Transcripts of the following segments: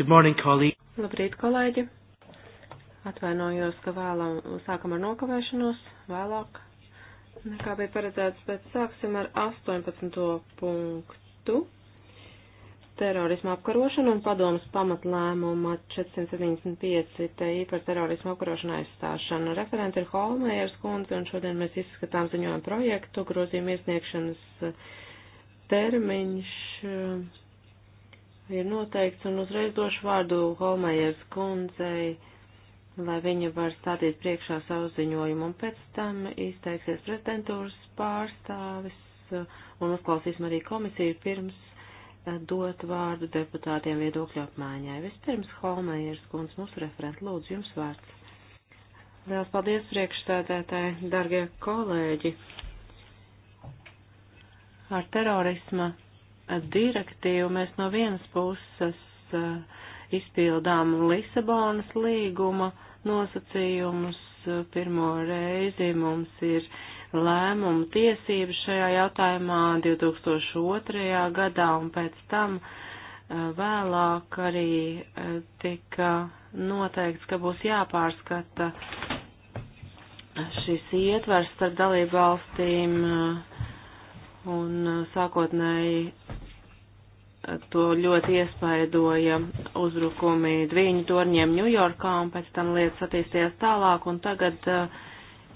Good morning, colleague. Labrīt, kolēģi. Atvainojos, ka vēlam, sākam ar nokavēšanos vēlāk nekā bija paredzēts, bet sāksim ar 18. punktu. Terorisma apkarošana un padomas pamatlēmuma 475 TI par terorismu apkarošanu aizstāšanu. Referenti ir Holmējers kundze un šodien mēs izskatām ziņojumu projektu, grozījumu iesniegšanas eh, termiņš. Uh, ir noteikts, un uzreiz došu vārdu Holmējers kundzei, lai viņa var stādīt priekšā savu ziņojumu, un pēc tam izteiksies prezidentūras pārstāvis, un uzklausīsim arī komisiju pirms eh, dot vārdu deputātiem viedokļu apmaiņai. Vispirms Holmējers kundz, mūsu referent, lūdzu, jums vārds. Liels paldies priekšstādētāji, dargie kolēģi! Ar terorisma direktīvu mēs no vienas puses eh, izpildām Lisabonas līguma nosacījumus. Pirmo reizi mums ir lēmumu tiesības šajā jautājumā 2002. gadā un pēc tam eh, vēlāk arī eh, tika noteikts, ka būs jāpārskata šis ietvers starp dalību valstīm un sākotnēji to ļoti iespaidoja uzbrukumi dviņu torņiem Ņujorkā, un pēc tam lietas attīstījās tālāk, un tagad uh,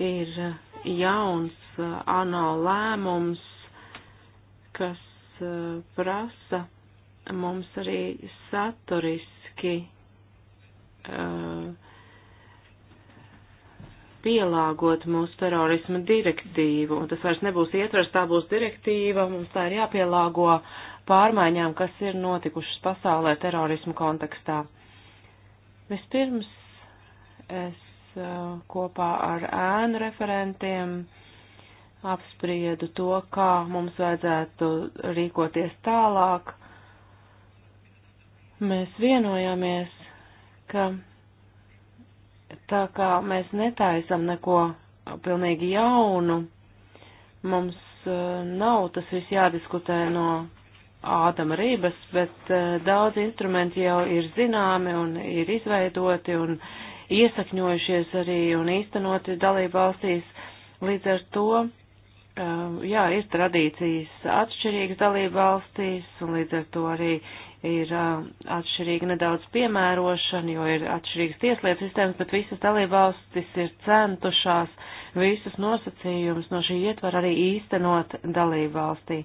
ir jauns uh, ANO lēmums, kas uh, prasa mums arī saturiski uh, pielāgot mūsu terorisma direktīvu, un tas vairs nebūs ietvers, tā būs direktīva, mums tā ir jāpielāgo uh, pārmaiņām, kas ir notikušas pasaulē terorismu kontekstā. Vispirms es eh, kopā ar ēnu referentiem apspriedu to, kā mums vajadzētu rīkoties tālāk. Mēs vienojāmies, ka tā kā mēs netaisam neko pilnīgi jaunu, mums eh, nav tas viss jādiskutē no ādama rības, bet uh, daudz instrumenti jau ir zināmi un ir izveidoti un iesakņojušies arī un īstenoti dalību valstīs. Līdz ar to, uh, jā, ir tradīcijas atšķirīgas dalību valstīs un līdz ar to arī ir uh, atšķirīga nedaudz piemērošana, jo ir atšķirīgas tieslietu sistēmas, bet visas dalībvalstis ir centušās visus nosacījumus no šī ietvara arī īstenot dalībvalstī.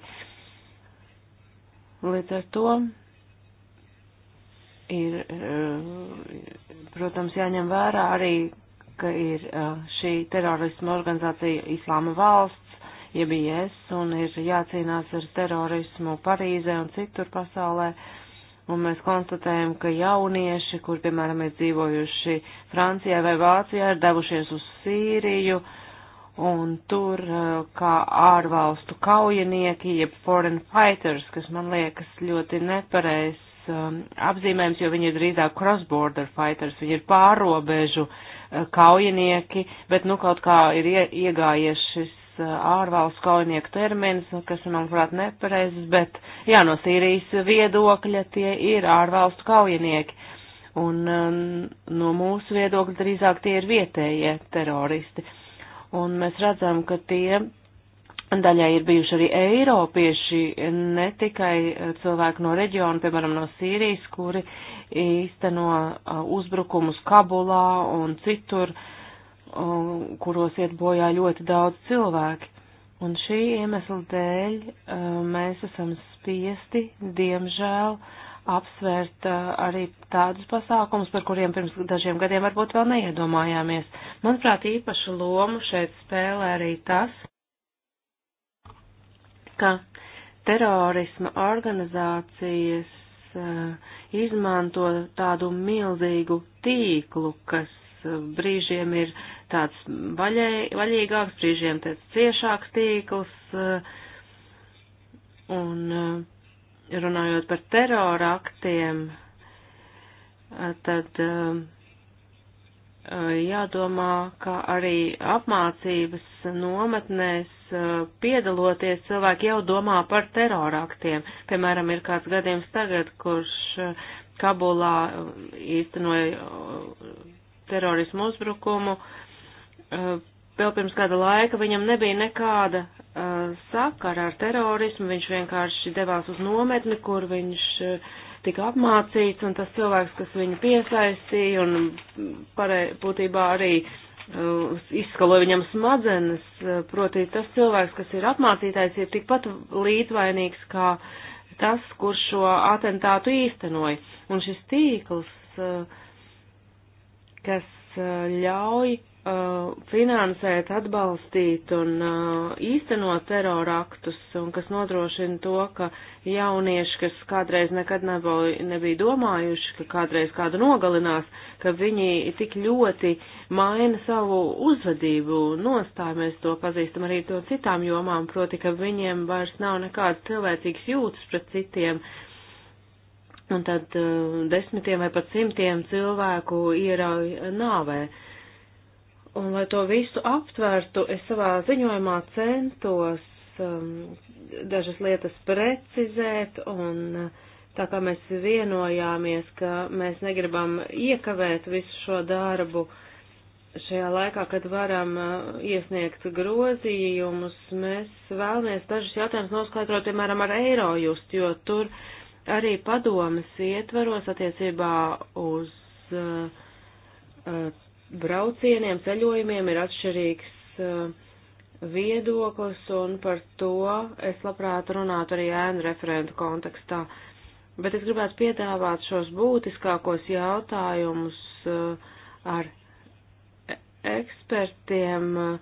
Līdz ar to ir, eh, protams, jāņem vērā arī, ka ir eh, šī terorisma organizācija Islāma valsts, jeb IS, un ir jācīnās ar terorismu Parīzē un citur pasaulē. Un mēs konstatējam, ka jaunieši, kur, piemēram, ir dzīvojuši Francijā vai Vācijā, ir devušies uz Sīriju, uh, un tur eh, kā ārvalstu kaujinieki, jeb foreign fighters, kas man liekas ļoti nepareizs um, apzīmējums, jo viņi ir drīzāk cross-border fighters, viņi ir pārobežu uh, kaujinieki, bet nu kaut kā ir ie, iegājies šis uh, ārvalstu kaujinieku termins, nu, kas, manuprāt, nepareizs, bet jā, no Sīrijas viedokļa tie ir ārvalstu kaujinieki. Un um, no mūsu viedokļa drīzāk tie ir vietējie teroristi. Uh, un mēs redzam, ka tie daļai ir bijuši arī eiropieši, ne tikai e, cilvēki no reģiona, piemēram, no Sīrijas, kuri īsteno e, uzbrukumus Kabulā un citur, kuros iet bojā ļoti daudz cilvēki. Un šī iemesla dēļ e, mēs esam spiesti, diemžēl, uh, apsvērt eh, arī tādus pasākumus, par kuriem pirms dažiem gadiem varbūt vēl neiedomājāmies. Manuprāt, īpašu lomu šeit spēlē arī tas, ka terorisma organizācijas eh, izmanto tādu milzīgu tīklu, kas eh, brīžiem ir tāds vaļai, vaļīgāks, brīžiem tāds ciešāks tīkls. Un uh, runājot par terora aktiem, tad eh, jādomā, ka arī apmācības nometnēs eh, piedaloties cilvēki jau domā par terora aktiem. Piemēram, ir kāds gadījums tagad, kurš eh, Kabulā īstenoja terorismu uzbrukumu vēl pirms kāda laika viņam nebija nekāda uh, sakara ar terorismu, viņš vienkārši devās uz nometni, kur viņš uh, tika apmācīts, un tas cilvēks, kas viņu piesaistīja un mm, parē, būtībā arī uh, izskaloja viņam smadzenes, uh, proti tas cilvēks, kas ir apmācītājs, ir tikpat līdzvainīgs kā tas, kurš šo atentātu īstenoja. Un šis tīkls, uh, kas uh, ļauj Uh, finansēt, atbalstīt un uh, īstenot teroraktus, un kas nodrošina to, ka jaunieši, kas kādreiz nekad nebija domājuši, ka kādreiz kādu nogalinās, ka viņi tik ļoti maina savu uzvedību, nostāju, mēs to pazīstam arī to citām jomām, proti, ka viņiem vairs nav nekādas cilvēcīgas jūtas pret citiem, un tad uh, desmitiem vai pat simtiem cilvēku ierauj nāvē. Uh, Un, lai to visu aptvertu, es savā ziņojumā centos um, dažas lietas precizēt, un uh, tā kā mēs vienojāmies, ka mēs negribam iekavēt visu šo darbu, šajā laikā, kad varam uh, iesniegt grozījumus, mēs vēlamies dažus jautājumus noskaidrot, piemēram, ar Eirojust, jo tur arī padomas ietvaros attiecībā uz uh, uh, braucieniem, ceļojumiem ir atšķirīgs uh, viedoklis, un par to es labprāt runātu arī ēnu referentu kontekstā. Bet es gribētu piedāvāt šos būtiskākos jautājumus uh, ar ekspertiem uh,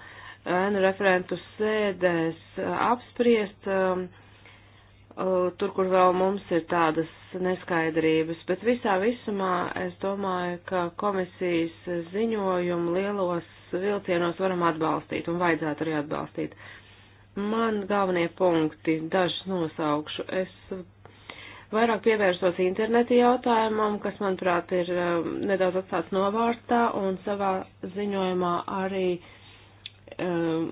ēnu referentu sēdēs apspriest, tur, kur vēl mums ir tādas neskaidrības, bet visā visumā es domāju, ka komisijas ziņojumu lielos vilcienos varam atbalstīt un vajadzētu arī atbalstīt. Man galvenie punkti, dažus nosaukšu. Es vairāk pievērsos interneta jautājumam, kas, manuprāt, ir um, nedaudz atstāts novārstā un savā ziņojumā arī um,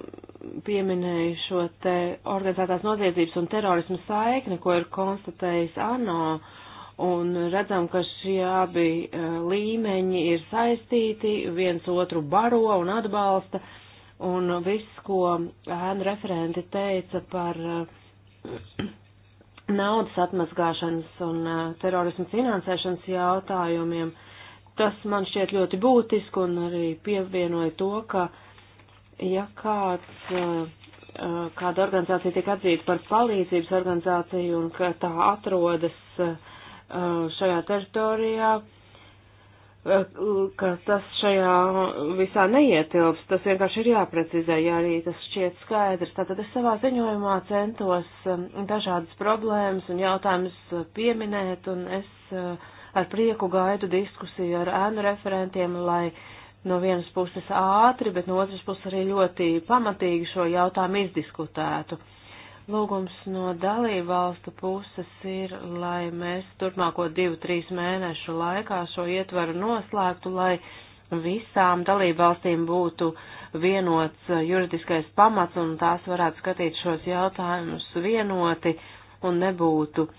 pieminēju šo te organizētās noziedzības un terorismu saikni, ko ir konstatējis ANO, un redzam, ka šie abi e, līmeņi ir saistīti, viens otru baro un atbalsta, un viss, ko ēnu referenti teica par e, naudas atmazgāšanas un e, terorismu finansēšanas jautājumiem, tas man šķiet ļoti būtiski un arī pievienoja to, ka uh, ja kāds, eh, eh, kāda organizācija tiek atzīta par palīdzības organizāciju un ka tā atrodas eh, šajā teritorijā, ka tas šajā visā neietilps, tas vienkārši ir jāprecizē, ja arī tas šķiet skaidrs. Tātad es savā ziņojumā centos dažādas problēmas un jautājumus pieminēt, un es ar prieku gaidu diskusiju ar ēnu referentiem, lai uh, no vienas puses ātri, bet no otras puses arī ļoti pamatīgi šo jautājumu izdiskutētu. Lūgums no dalību valstu puses ir, lai mēs turpmāko divu, trīs mēnešu laikā šo ietvaru noslēgtu, lai visām dalību valstīm būtu vienots juridiskais pamats un tās varētu skatīt šos jautājumus vienoti un nebūtu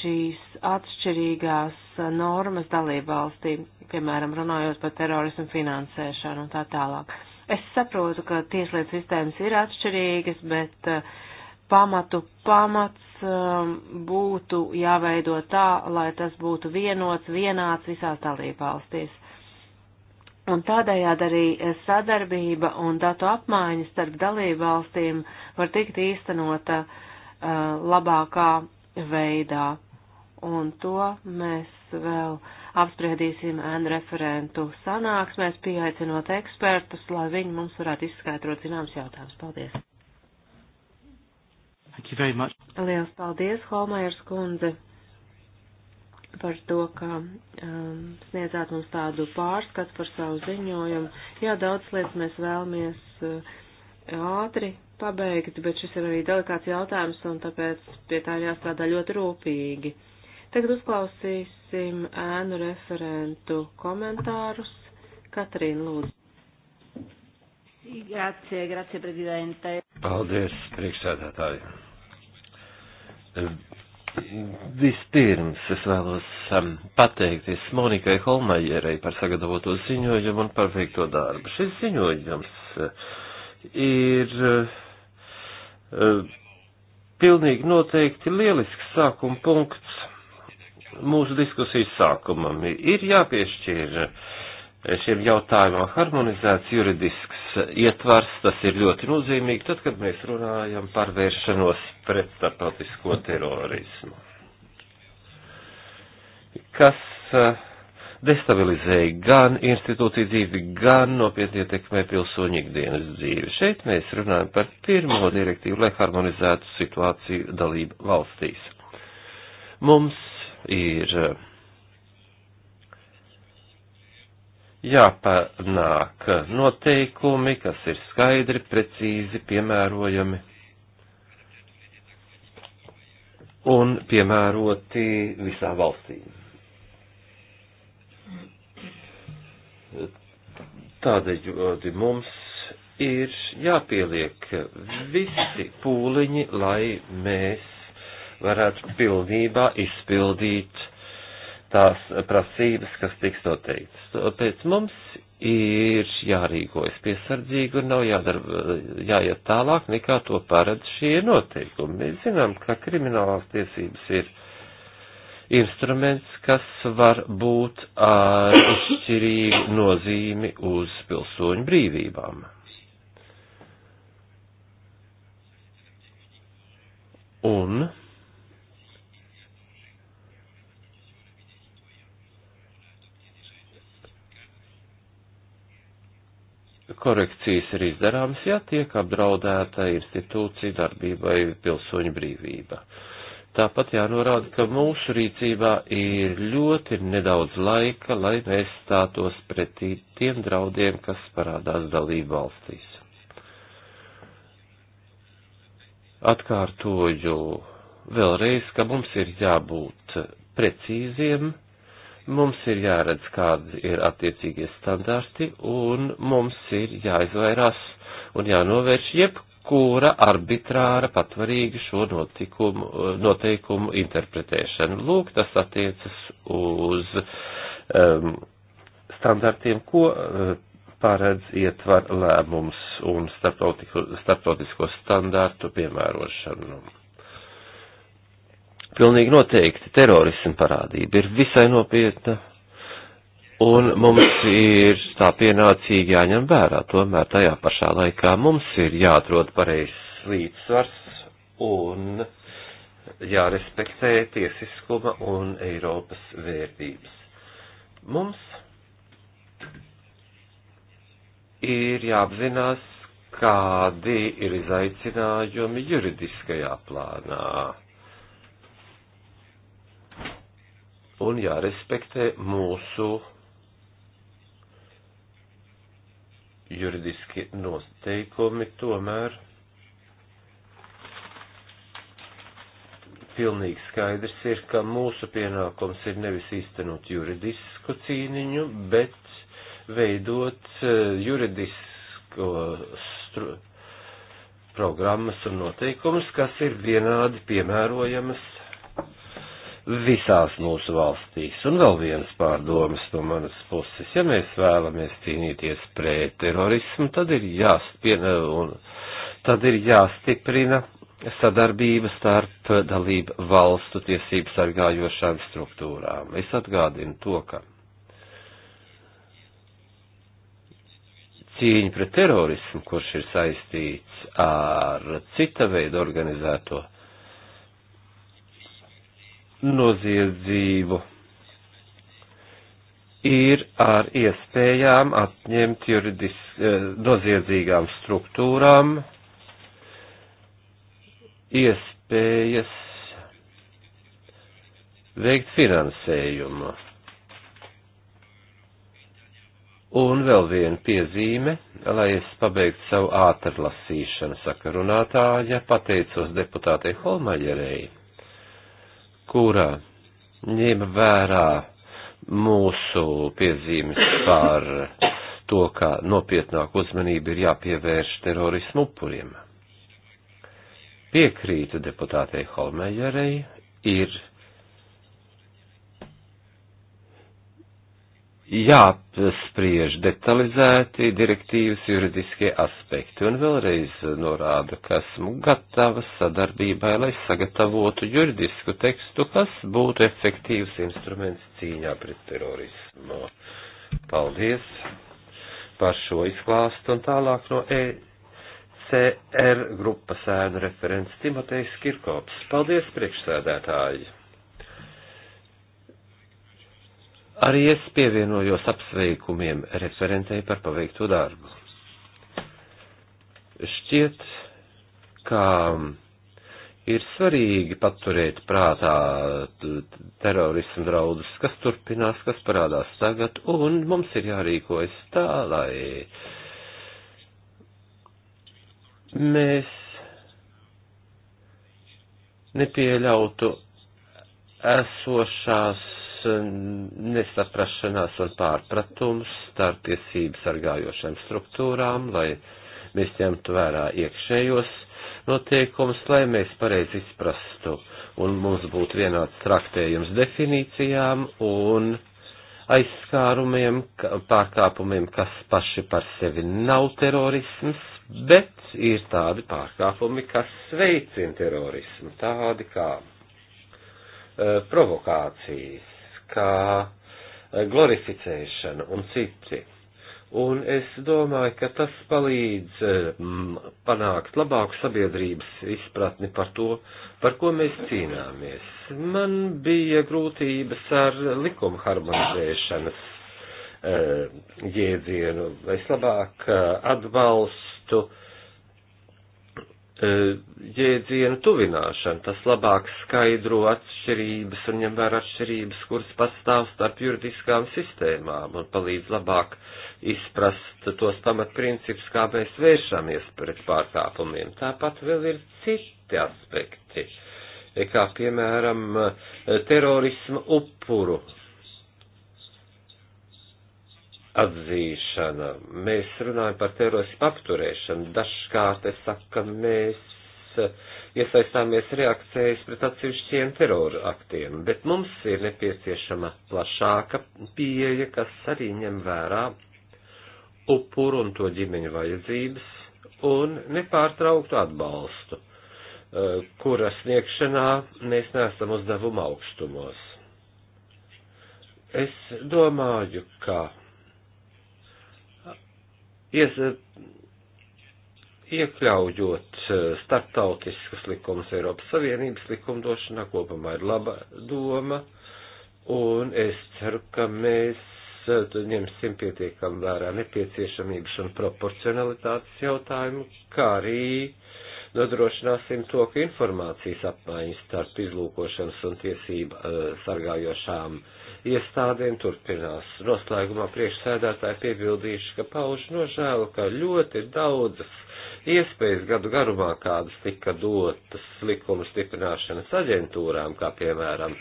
šīs atšķirīgās Uh, normas dalībvalstīm, piemēram, runājot par terorismu finansēšanu un tā tālāk. Es saprotu, ka tieslietu sistēmas ir atšķirīgas, bet uh, pamatu pamats um, būtu jāveido tā, lai tas būtu vienots, vienāds visās dalībvalstīs. Un tādējādi arī uh, sadarbība un datu apmaiņa starp dalībvalstīm var tikt īstenota uh, labākā veidā un to mēs vēl apspriedīsim ēnu referentu sanāksmēs, pieaicinot ekspertus, lai viņi mums varētu izskaidrot zināms jautājums. Paldies! Lielas paldies, Holmajers kundze, par to, ka um, sniedzāt mums tādu pārskatu par savu ziņojumu. Jā, daudz lietas mēs vēlamies uh, ātri pabeigt, bet šis ir arī delikāts jautājums, un tāpēc pie tā jāstrādā ļoti rūpīgi. Tagad uzklausīsim ēnu referentu komentārus. Katrīna, lūdzu. Grazie, grazie, prezidente. Paldies, priekšsēdētāji. Ehm, vispirms es vēlos um, pateikties Monikai Holmajerei par sagatavoto ziņojumu un par veikto darbu. Šis ziņojums eh, ir uh, pilnīgi noteikti lielisks sākuma punkts mūsu diskusijas sākumam. Ir jāpiešķir šiem jautājumam harmonizēts juridisks ietvars, tas ir ļoti nozīmīgi, tad, kad mēs runājam par vēršanos pret starptautisko terorismu. Kas eh, destabilizēja gan institūciju dzīvi, gan nopietni ietekmē pilsoņu ikdienas dzīvi. Šeit mēs runājam par pirmo direktīvu, lai harmonizētu situāciju dalību valstīs. Mums ir eh, jāpanāk noteikumi, kas ir skaidri, precīzi, piemērojami un piemēroti visā valstī. Tādēļ mums ir jāpieliek visi pūliņi, lai mēs varētu pilnībā izpildīt tās prasības, kas tiks noteiktas. Tāpēc mums ir jārīkojas piesardzīgi un nav jādara, jāiet tālāk nekā to paredz šie noteikumi. Mēs zinām, ka kriminālās tiesības ir instruments, kas var būt ar izšķirīgu nozīmi uz pilsoņu brīvībām. Un korekcijas ir izdarāmas, ja tiek apdraudēta institūcija darbība vai pilsoņu brīvība. Tāpat jānorāda, ka mūsu rīcībā ir ļoti nedaudz laika, lai mēs stātos pretī tiem draudiem, kas parādās dalību valstīs. Atkārtoju vēlreiz, ka mums ir jābūt precīziem Mums ir jāredz, kādi ir attiecīgie standarti, un mums ir jāizvairās un jānovērš jebkura arbitrāra patvarīga šo notikumu, noteikumu interpretēšana. Lūk, tas attiecas uz um, standartiem, ko uh, paredz ietver lēmums un starptautisko standārtu piemērošanu Pilnīgi noteikti terorismu parādība ir visai nopietna, un mums ir tā pienācīgi jāņem vērā. Tomēr tajā pašā laikā mums ir jāatrod pareizs līdzsvars un jārespektē tiesiskuma un Eiropas vērtības. Mums ir jāapzinās, kādi ir izaicinājumi juridiskajā plānā. un jārespektē mūsu juridiski noteikumi, tomēr pilnīgi skaidrs ir, ka mūsu pienākums ir nevis īstenot juridisku cīniņu, bet veidot eh, juridisku stru programmas un noteikumus, kas ir vienādi piemērojamas visās mūsu valstīs. Un vēl viens pārdomas no manas puses. Ja mēs vēlamies cīnīties pret terorismu, tad ir, jāstiprina, un, tad ir jāstiprina sadarbība starp dalību valstu tiesību sargājošām struktūrām. Es atgādinu to, ka cīņa pret terorismu, kurš ir saistīts ar cita veida organizēto, uh, noziedzību ir ar iespējām atņemt juridis, eh, noziedzīgām struktūrām iespējas veikt finansējumu. Un vēl viena piezīme, lai es pabeigtu savu ātrlasīšanu, saka runātāja, pateicos deputātei Holmajerei kurā ņem vērā mūsu piezīmes par to, ka nopietnāk uzmanība ir jāpievērš terorismu upuriem. Piekrītu deputātei Holmejerei, ir jāspriež detalizēti direktīvas juridiskie aspekti. Un vēlreiz norāda, ka esmu gatava sadarbībai, lai sagatavotu juridisku tekstu, kas būtu efektīvs instruments cīņā pret terorismu. Paldies par šo izklāstu un tālāk no ECR grupas ēnu referents Timotejs Kirkops. Paldies priekšsēdētāji! Arī es pievienojos apsveikumiem referentei par paveikto darbu. Šķiet, ka ir svarīgi paturēt prātā terorismu draudus, kas turpinās, kas parādās tagad, un mums ir jārīkojas tā, lai mēs nepieļautu esošās nesaprašanās un pārpratums starp tiesību sargājošām struktūrām, lai mēs ņemtu vērā iekšējos noteikumus, lai mēs pareizi izprastu un mums būtu vienāds traktējums definīcijām un aizskārumiem, pārkāpumiem, kas paši par sevi nav terorisms, bet ir tādi pārkāpumi, kas veicina terorismu, tādi kā eh, provokācijas, kā eh, glorificēšana un citi. Un es domāju, ka tas palīdz eh, panākt labāku sabiedrības izpratni par to, par ko mēs cīnāmies. Man bija grūtības ar likuma harmonizēšanas eh, jēdzienu. Es labāk atbalstu uh, Eh, jēdzienu tuvināšana. Tas labāk skaidro atšķirības un ņem vērā atšķirības, kuras pastāv starp juridiskām sistēmām un palīdz labāk izprast tos pamatprincipus, kā mēs vēršamies pret pārkāpumiem. Tāpat vēl ir citi aspekti, eh, kā piemēram eh, terorisma upuru atzīšana. Mēs runājam par terorismu apturēšanu. Dažkārt es saku, ka mēs eh, iesaistāmies reakcijas pret atsevišķiem teroru aktiem, bet mums ir nepieciešama plašāka pieeja, kas arī ņem vērā upuru un to ģimeņu vajadzības un nepārtrauktu atbalstu, eh, kura sniegšanā mēs neesam uzdevuma augstumos. Es domāju, ka ies, iekļaujot e, starptautiskas likumas Eiropas Savienības likumdošanā, kopumā ir laba doma, un es ceru, ka mēs e, ņemsim pietiekam vērā nepieciešamības un proporcionalitātes jautājumu, kā arī nodrošināsim to, ka informācijas apmaiņas starp izlūkošanas un tiesību e, sargājošām uh, iestādēm turpinās. Noslēgumā priekšsēdētāji piebildīšu, ka pauž nožēlu, ka ļoti daudzas iespējas gadu garumā, kādas tika dotas likuma stiprināšanas aģentūrām, kā piemēram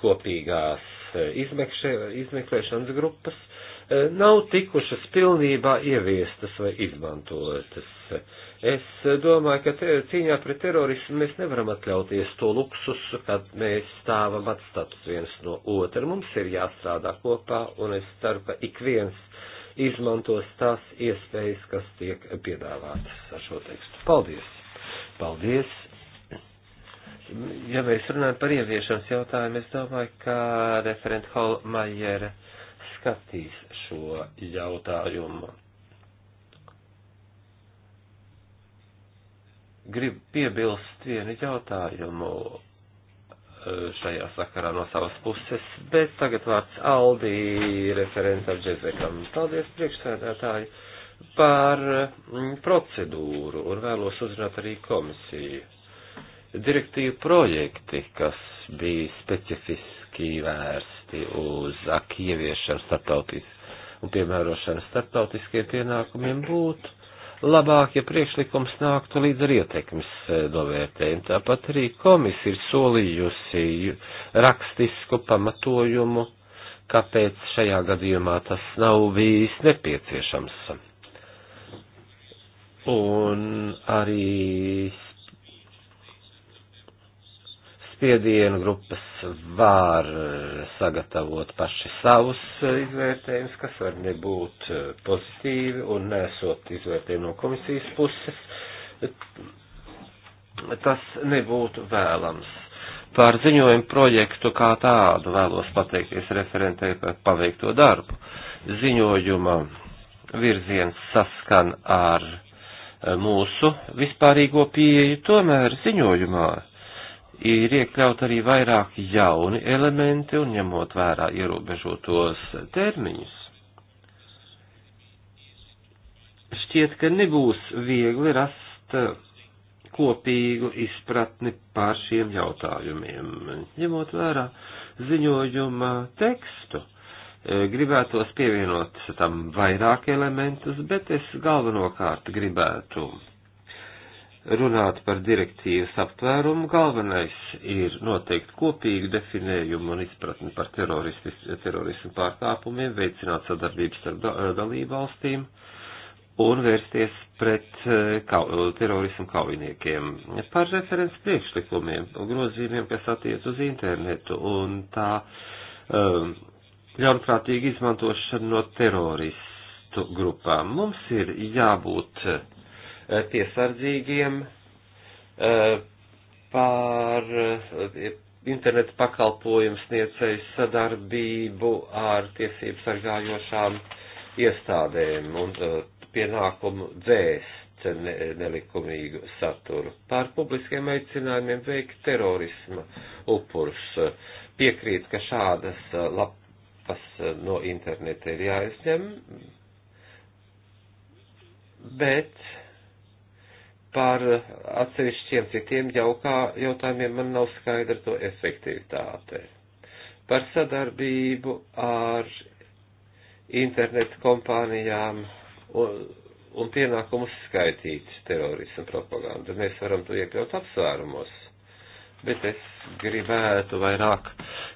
kopīgās eh, izmekšē, izmeklēšanas grupas, eh, nav tikušas pilnībā ieviestas vai izmantotas Es domāju, ka te, cīņā pret terorismu mēs nevaram atļauties to luksusu, kad mēs stāvam atstatus viens no otra. Mums ir jāstrādā kopā, un es ceru, ka ik viens izmantos tās iespējas, kas tiek piedāvātas ar šo tekstu. Paldies! Paldies! Ja mēs runājam par ieviešanas jautājumu, es domāju, ka referenta Holmajere skatīs šo jautājumu Gribu piebilst vienu jautājumu e, šajā sakarā no savas puses, bet tagad vārds Aldī referentam Džezekam. Paldies, priekšsēdētāji, par mm, procedūru un vēlos uzrunāt arī komisiju. Direktīvu projekti, kas bija specifiski vērsti uz akieviešanu starptautis un piemērošanu starptautiskiem pienākumiem, būtu labāk, ja priekšlikums nāktu līdz ar ietekmes e, novērtējumu. Tāpat arī komisija ir solījusi rakstisku pamatojumu, kāpēc šajā gadījumā tas nav bijis nepieciešams. Un arī spiedienu grupas var sagatavot paši savus eh, izvērtējumus, kas var nebūt eh, pozitīvi un nesot izvērtējumu no komisijas puses. Tas nebūtu vēlams. Par ziņojumu projektu kā tādu vēlos pateikties referentei par paveikto darbu. Ziņojuma virziens saskan ar eh, mūsu vispārīgo pieeju, tomēr ziņojumā ir iekļaut arī vairāki jauni elementi un ņemot vērā ierobežotos termiņus. Šķiet, ka nebūs viegli rast kopīgu izpratni pār šiem jautājumiem, ņemot vērā ziņojuma tekstu. Gribētos pievienot tam vairāk elementus, bet es galvenokārt gribētu runāt par direktīvas aptvērumu, galvenais ir noteikt kopīgu definējumu un izpratni par terorismu pārkāpumiem, veicināt sadarbības starp dalību valstīm un vērsties pret e, kau, terorismu kaujiniekiem. Par referents priekšlikumiem un grozījumiem, kas attiec uz internetu un tā um, ļaunprātīgu izmantošanu no teroristu grupām. Mums ir jābūt uh, Eh, piesardzīgiem eh, par eh, internetu pakalpojumu sniedzēju sadarbību ar tiesību sargājošām iestādēm un pienākumu dzēst ne, nelikumīgu saturu, par publiskiem aicinājumiem veikt terorisma upurus. Piekrīt, ka šādas lapas no interneta ir jāizņem, bet par eh, atsevišķiem citiem jaukā jautājumiem man nav skaidra to efektivitāte. Par sadarbību ar internetu kompānijām un, un pienākumu uzskaitīt terorismu propagandu. Mēs varam to iekļaut apsvērumos, bet es gribētu vairāk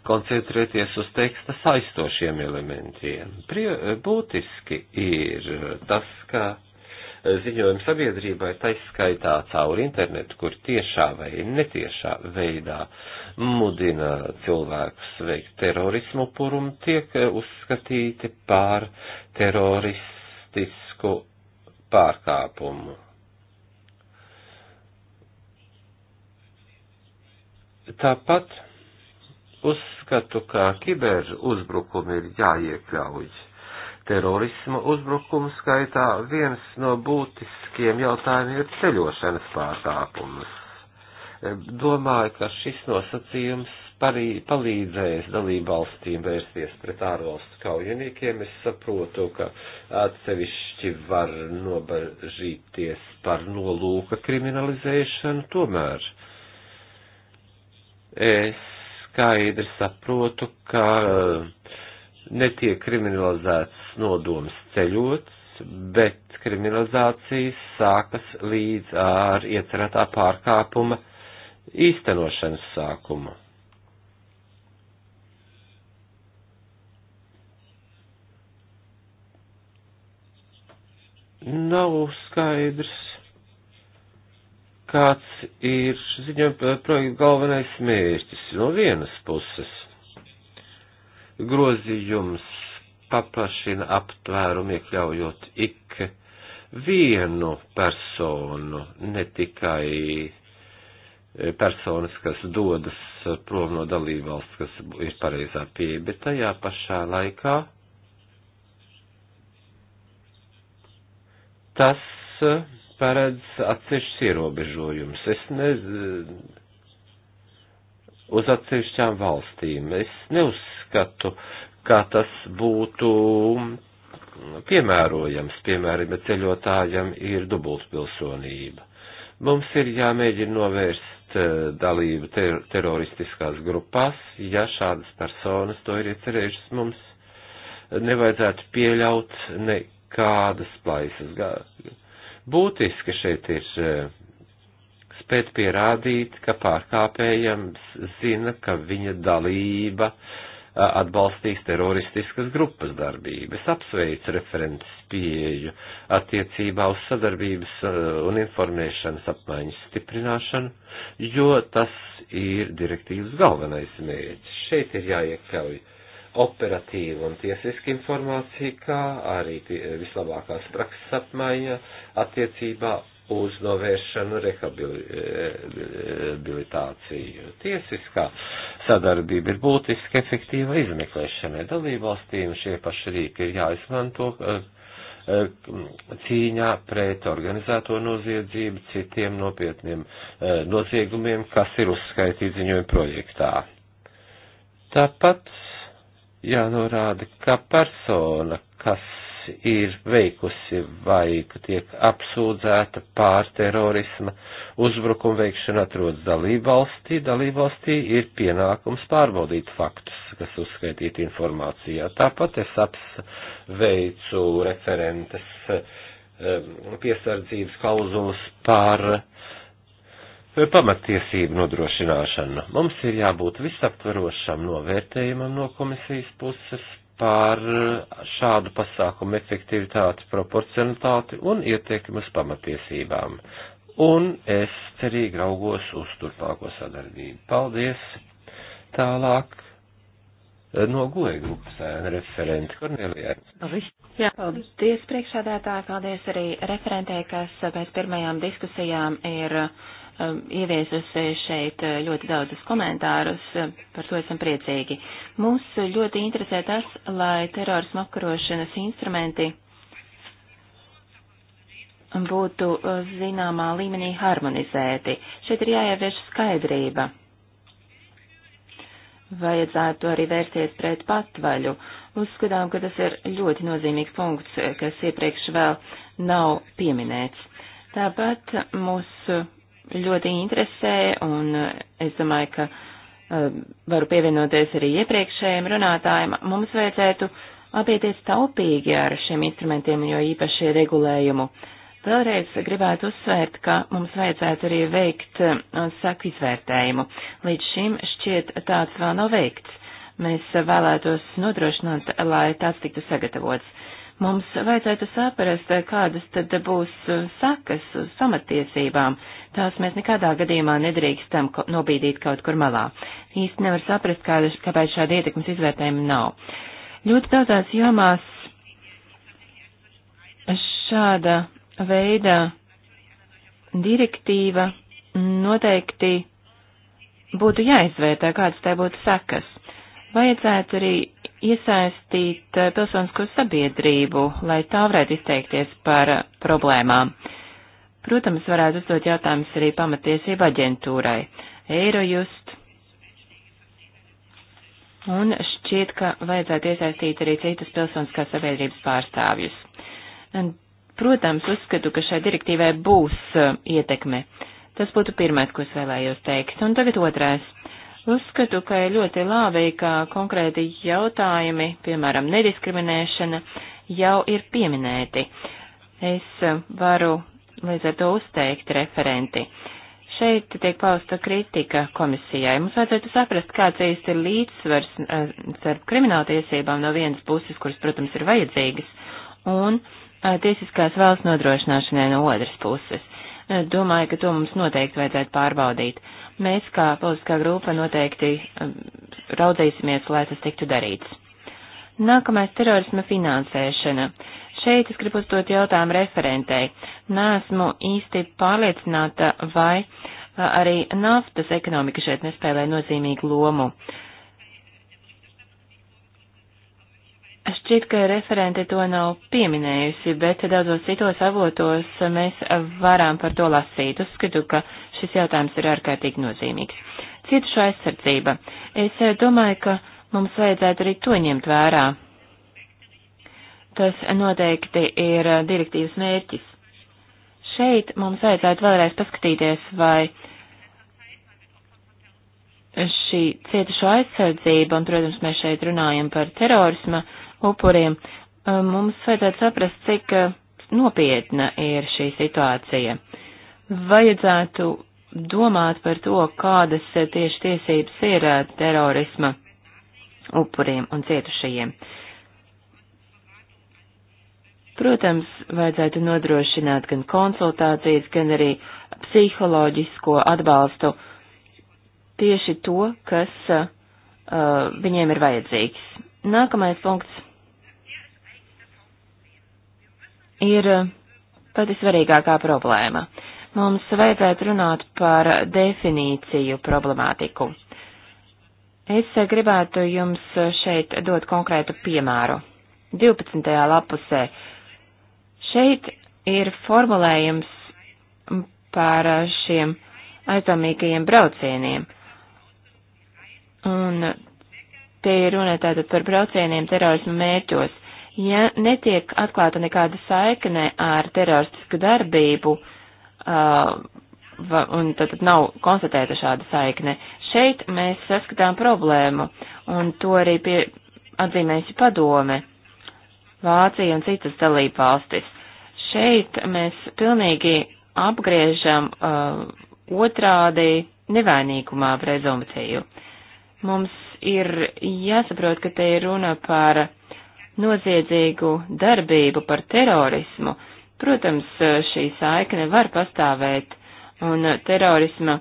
koncentrēties uz teksta saistošiem elementiem. Prie, būtiski ir tas, ka ziņojumu sabiedrībai, taiskaitā caur internetu, kur tiešā vai netiešā veidā mudina cilvēkus veikt terorismu purumu, tiek uzskatīti par teroristisku pārkāpumu. Tāpat uzskatu, ka kiber uzbrukumi ir jāiekļauj terorismu uzbrukumu skaitā viens no būtiskiem jautājumiem ir ceļošanas pārkāpums. Domāju, ka šis nosacījums parī, palīdzēs dalībvalstīm vērsties pret ārvalstu kaujiniekiem. Es saprotu, ka atsevišķi var nobažīties par nolūka kriminalizēšanu, tomēr es skaidri saprotu, ka netiek kriminalizēts nodoms ceļot, bet kriminalizācijas sākas līdz ar iecerētā pārkāpuma īstenošanas sākumu. Nav skaidrs, kāds ir ziņojuma projekta galvenais mērķis no vienas puses – grozījums paplašina aptvērumu iekļaujot ik vienu personu, ne tikai eh, personas, kas dodas prom no dalībvalsts, kas ir pareizā pieeja, bet tajā pašā laikā tas eh, paredz atsevišķus ierobežojumus. Es nezinu uz atsevišķām valstīm. Es neuzskatu, kā tas būtu piemērojams, piemēram, ja ceļotājam ir dubultpilsonība. Mums ir jāmēģina novērst eh, dalību ter teroristiskās grupās, ja šādas personas to ir iecerējušas mums. Nevajadzētu pieļaut nekādas plaisas. Būtiski šeit ir eh, turpēt pierādīt, ka pārkāpējiem zina, ka viņa dalība atbalstīs teroristiskas grupas darbības, apsveic referents pieeju attiecībā uz sadarbības un informēšanas apmaiņas stiprināšanu, jo tas ir direktīvas galvenais mērķis. Šeit ir jāiekļauj operatīva un tiesiska informācija, kā arī vislabākās prakses apmaiņa attiecībā uz novēršanu rehabilitāciju. Tiesiskā sadarbība ir būtiski efektīva izmeklēšanai. Dalībvalstīm šie paši rīki ir jāizmanto eh, eh, cīņā pret organizēto noziedzību, citiem nopietniem eh, noziegumiem, kas ir uzskaitīti ziņojuma projektā. Tāpat jānorāda, ka persona, kas ir veikusi vai tiek apsūdzēta pār terorisma uzbrukumu veikšanu atrodas dalībvalstī, dalībvalstī ir pienākums pārbaudīt faktus, kas uzskaitīti informācijā. Tāpat es apsveicu referentes um, piesardzības klauzulas par eh, pamatiesību nodrošināšanu. Mums ir jābūt visaptverošam novērtējumam no komisijas puses par šādu pasākumu efektivitāti, proporcionalitāti un ietekmi uz pamatiesībām. Un es cerīgi raugos uz turpāko sadarbību. Paldies! Tālāk eh, no goja grupas ēna referenti Kornelijai. Jā, paldies priekšādātāji, paldies arī referentē, kas pēc pirmajām diskusijām ir uh, Um, ieviesusi šeit uh, ļoti daudzus komentārus, uh, par to esam priecīgi. Mūs ļoti interesē tas, lai terorismu apkarošanas instrumenti būtu uh, zināmā līmenī harmonizēti. Šeit ir jāievieš skaidrība. Vajadzētu arī vērsties pret patvaļu. Uzskatām, ka tas ir ļoti nozīmīgs punkts, kas iepriekš vēl nav pieminēts. Tāpat mūsu ļoti interesē, un uh, es domāju, ka uh, varu pievienoties arī iepriekšējiem runātājiem. Mums vajadzētu apieties taupīgi ar šiem instrumentiem, jo īpaši regulējumu. Vēlreiz gribētu uzsvērt, ka mums vajadzētu arī veikt uh, saku izvērtējumu. Līdz šim šķiet tāds vēl nav veikts. Mēs vēlētos nodrošināt, lai tāds tiktu sagatavots. Mums vajadzētu saprast, kādas tad būs uh, sakas uz pamatiesībām. Tās mēs nekādā gadījumā nedrīkstam nobīdīt kaut kur malā. Īsti nevar saprast, kāda, kāpēc šāda ietekmes izvērtējuma nav. Ļoti daudzās jomās šāda veida direktīva noteikti būtu jāizvērtē, kādas tai būtu sakas. Vajadzētu arī iesaistīt eh, pilsonisko sabiedrību, lai tā varētu izteikties par problēmām. Protams, varētu uzdot jautājumus arī pamatiesība aģentūrai, Eirojust. Un šķiet, ka vajadzētu iesaistīt arī citus pilsoniskās sabiedrības pārstāvjus. Protams, uzskatu, ka šai direktīvai būs eh, ietekme. Tas būtu pirmais, ko es vēlējos teikt. Un tagad otrais. Uzskatu, ka ir ļoti labi, ka konkrēti jautājumi, piemēram, nediskriminēšana, jau ir pieminēti. Es varu līdz ar to uzteikt referenti. Šeit tiek pausta kritika komisijai. Mums vajadzētu saprast, kāds īsti ir līdzsvars eh, starp krimināltiesībām no vienas puses, kuras, protams, ir vajadzīgas, un eh, tiesiskās valsts nodrošināšanai no otras puses. Eh, domāju, ka to mums noteikti vajadzētu pārbaudīt. Mēs kā politiskā grupa noteikti um, raudzīsimies, lai tas tiktu darīts. Nākamais - terorisma finansēšana. Šeit es gribu uzdot jautājumu referentei. Nēsmu īsti pārliecināta, vai uh, arī naftas ekonomika šeit nespēlē nozīmīgu lomu. Uh, Šķiet, ka referente to nav pieminējusi, bet daudzos citos avotos mēs varam par to lasīt. Uzskatu, ka šis jautājums ir ārkārtīgi nozīmīgs. Cietušo aizsardzība. Es domāju, ka mums vajadzētu arī to ņemt vērā. Tas noteikti ir direktīvas mērķis. Šeit mums vajadzētu vēlreiz paskatīties, vai šī cietušo aizsardzība, un, protams, mēs šeit runājam par terorisma, uh, upuriem. Mums vajadzētu saprast, cik nopietna ir šī situācija. Vajadzētu domāt par to, kādas tieši tiesības ir terorisma upuriem un cietušajiem. Protams, vajadzētu nodrošināt gan konsultācijas, gan arī psiholoģisko atbalstu tieši to, kas uh, viņiem ir vajadzīgs. Nākamais punkts ir eh, pati svarīgākā problēma. Mums vajadzētu runāt par definīciju problemātiku. Es gribētu jums šeit dot konkrētu piemēru. 12. lapusē šeit ir formulējums par šiem aizdomīgajiem braucieniem. Un te ir runa tātad par braucieniem terorismu mērķos. Ja netiek atklāta nekāda saikne ar teroristisku darbību, uh, un tad nav konstatēta šāda saikne, šeit mēs saskatām problēmu, un to arī pie, atzīmēsi padome, Vācija un citas dalībvalstis. Šeit mēs pilnīgi apgriežam uh, otrādi nevainīgumā prezumpciju. Mums ir jāsaprot, ka te ir runa par noziedzīgu darbību, par terorismu, protams, šī saikne var pastāvēt, un terorisma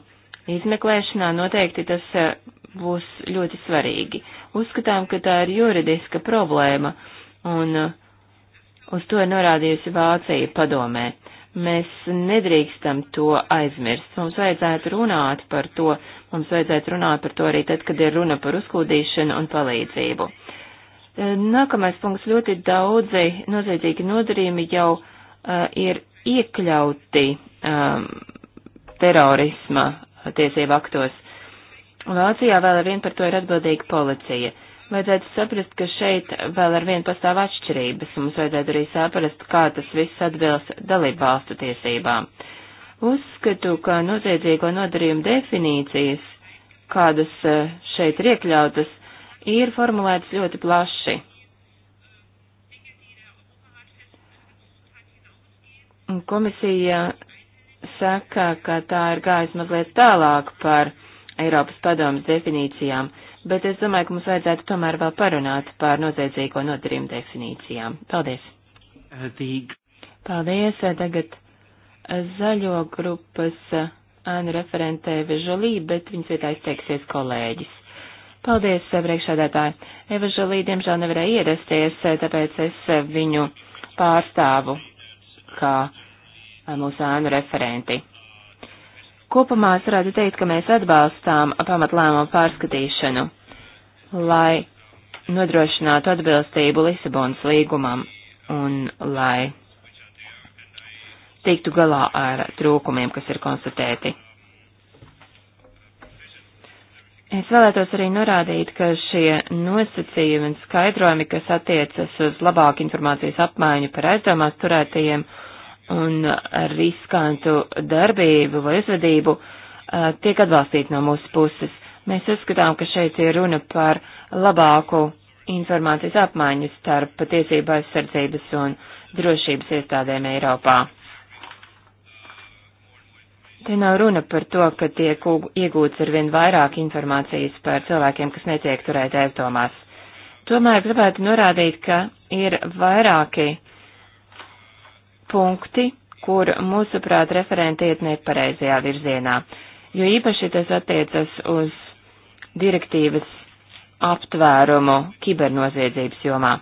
izmeklēšanā noteikti tas e, būs ļoti svarīgi. Uzskatām, ka tā ir juridiska problēma, un e, uz to ir norādījusi Vācija padomē. Mēs nedrīkstam to aizmirst. Mums vajadzētu runāt par to, mums vajadzētu runāt par to arī tad, kad ir runa par uzkūdīšanu un palīdzību. Nākamais punkts ļoti daudzi noziedzīgi nodarījumi jau uh, ir iekļauti um, terorisma tiesību aktos. Vācijā vēl ar vien par to ir atbildīga policija. Vajadzētu saprast, ka šeit vēl ar vien pastāv atšķirības, un mums vajadzētu arī saprast, kā tas viss atbilst dalību valstu tiesībām. Uzskatu, ka noziedzīgo nodarījumu definīcijas, kādas šeit ir iekļautas, ir formulētas ļoti plaši. Komisija saka, ka tā ir gājusi mazliet tālāk par Eiropas padomas definīcijām, bet es domāju, ka mums vajadzētu tomēr vēl parunāt par noziedzīgo nodarījumu definīcijām. Paldies! Paldies! Tagad zaļo grupas Anna referentē Vežolī, bet viņas vietā izteiksies kolēģis. Paldies, eh, priekšsēdētāji. Eva Žalī, diemžēl, nevarēja ierasties, eh, tāpēc es eh, viņu pārstāvu kā mūsu ēnu referenti. Kopumā es varētu teikt, ka mēs atbalstām pamatlēmumu pārskatīšanu, lai nodrošinātu atbilstību Lisabonas līgumam un lai tiktu galā ar trūkumiem, kas ir konstatēti. Es vēlētos arī norādīt, ka šie nosacījumi un skaidrojumi, kas attiecas uz labāku informācijas apmaiņu par aizdomās turētajiem un riskantu darbību vai uzvedību, eh, tiek atbalstīti no mūsu puses. Mēs uzskatām, ka šeit ir runa par labāku informācijas apmaiņu starp tiesību aizsardzības un drošības iestādēm Eiropā. Te nav runa par to, ka tiek iegūts ar vien vairāk informācijas par cilvēkiem, kas netiek turēt aizdomās. Tomēr gribētu norādīt, ka ir vairāki punkti, kur mūsuprāt referenti iet nepareizajā virzienā, jo īpaši tas attiecas uz direktīvas aptvērumu kibernoziedzības jomā.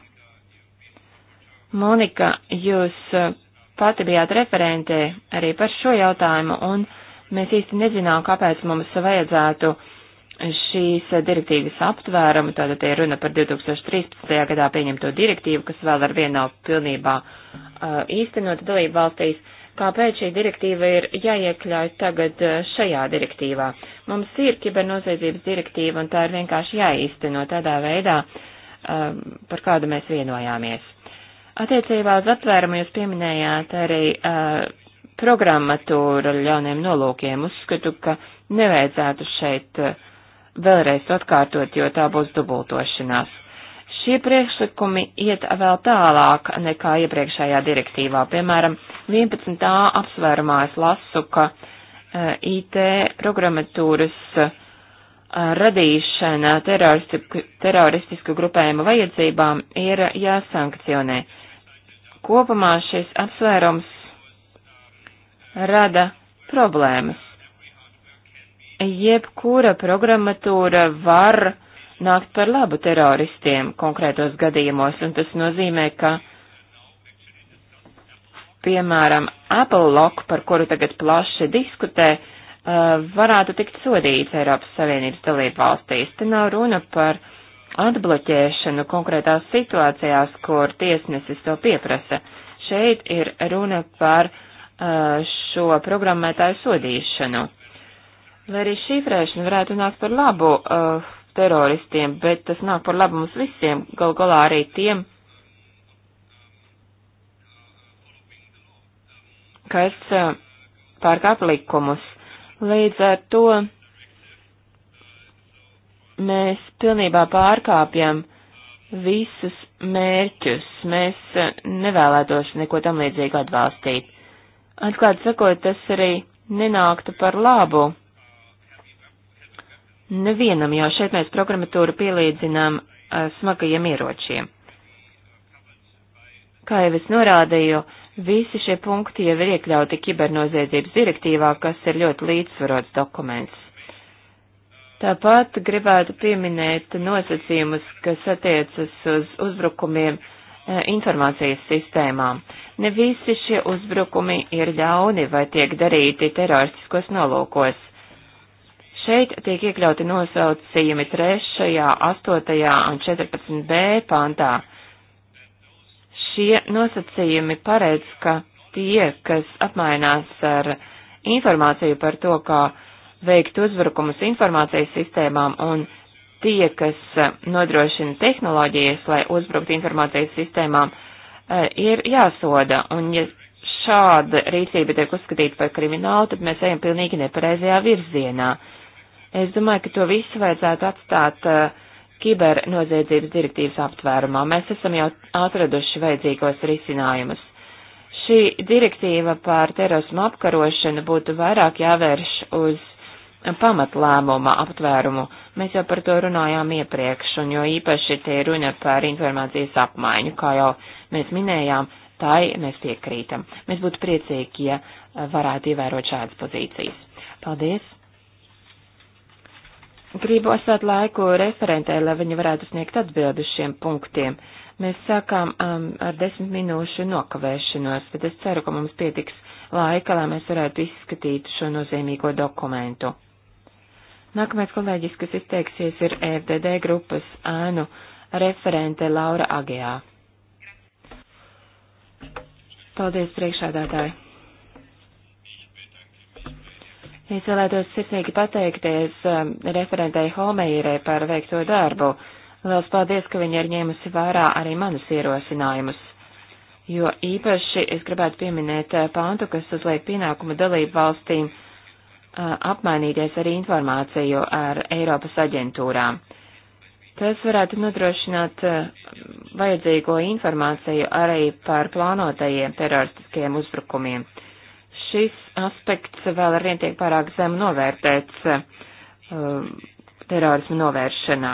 Monika, jūs pati bijāt referentē arī par šo jautājumu, un mēs īsti nezinām, kāpēc mums vajadzētu šīs direktīvas aptvērumu, tātad ir runa par 2013. gadā pieņemto direktīvu, kas vēl ar vienu nav pilnībā uh, īstenota dalību valstīs. Kāpēc šī direktīva ir jāiekļauj tagad šajā direktīvā? Mums ir kibernoziedzības direktīva, un tā ir vienkārši jāīsteno tādā veidā, uh, par kādu mēs vienojāmies. Attiecībā uz aptvērumu jūs pieminējāt arī uh, programmatūru ar ļauniem nolūkiem. Uzskatu, ka nevajadzētu šeit vēlreiz atkārtot, jo tā būs dubultošanās. Šie priekšlikumi iet vēl tālāk nekā iepriekšējā direktīvā. Piemēram, 11. apsvērumā es lasu, ka uh, IT programmatūras uh, radīšana teroristisku grupējumu vajadzībām ir jāsankcionē kopumā šis apsvērums rada problēmas. Jebkura programmatūra var nākt par labu teroristiem konkrētos gadījumos, un tas nozīmē, ka, piemēram, Apple Lock, par kuru tagad plaši diskutē, uh, varētu tikt sodīts Eiropas Savienības dalību valstīs. Te nav runa par uh, atbloķēšanu konkrētās situācijās, kur tiesnesis to pieprasa. Šeit ir runa par uh, šo programmētāju sodīšanu. Lai arī šifrēšana varētu nākt par labu uh, teroristiem, bet tas nāk par labu mums visiem, gal galā arī tiem, kas uh, pārkāp likumus. Līdz ar to mēs pilnībā pārkāpjam visus mērķus. Mēs eh, nevēlētos neko tam līdzīgu atbalstīt. Atklāt sakot, tas arī nenāktu par labu. Nevienam jau šeit mēs programmatūru pielīdzinām eh, smagajiem ieročiem. Kā jau es norādīju, visi šie punkti jau ir iekļauti kibernoziedzības direktīvā, kas ir ļoti līdzsvarots dokuments. Tāpat gribētu pieminēt nosacījumus, kas attiecas uz uzbrukumiem eh, informācijas sistēmām. Ne visi šie uzbrukumi ir ļauni vai tiek darīti teroristiskos nolūkos. Šeit tiek iekļauti nosaucījumi 3., 8. un 14b pantā. Šie nosacījumi paredz, ka tie, kas apmainās ar informāciju par to, kā ka veikt uzbrukumus informācijas sistēmām un tie, kas eh, nodrošina tehnoloģijas, lai uzbruktu informācijas sistēmām, eh, ir jāsoda. Un, ja šāda rīcība tiek uzskatīta par kriminālu, tad mēs ejam pilnīgi nepareizajā virzienā. Es domāju, ka to visu vajadzētu atstāt eh, kibernoziedzības direktīvas aptvērumā. Mēs esam jau atraduši vajadzīgos risinājumus. Šī direktīva par terorismu apkarošanu būtu vairāk jāvērš uz pamatlēmuma aptvērumu. Mēs jau par to runājām iepriekš, un jo īpaši te ir runa par informācijas apmaiņu, kā jau mēs minējām, tai mēs piekrītam. Mēs būtu priecīgi, ja varētu ievērot šādas pozīcijas. Paldies! Gribu atstāt laiku referentē, lai viņi varētu sniegt atbildi uz šiem punktiem. Mēs sākām um, ar desmit minūšu nokavēšanos, bet es ceru, ka mums pietiks laika, lai mēs varētu izskatīt šo nozīmīgo dokumentu. Nākamais kolēģis, kas izteiksies, ir EFDD grupas ēnu referente Laura Agijā. Paldies, priekšādātāji! Es vēlētos sirsnīgi pateikties um, referentei Holmeierē par veikto darbu. Liels paldies, ka viņa ir ņēmusi vērā arī manus ierosinājumus. Jo īpaši es gribētu pieminēt uh, pāntu, kas uzliek pienākumu dalību valstīm apmainīties arī informāciju ar Eiropas aģentūrām. Tas varētu nodrošināt vajadzīgo informāciju arī par plānotajiem teroristiskajiem uzbrukumiem. Šis aspekts vēl arvien tiek pārāk zem novērtēts uh, terorismu novēršanā.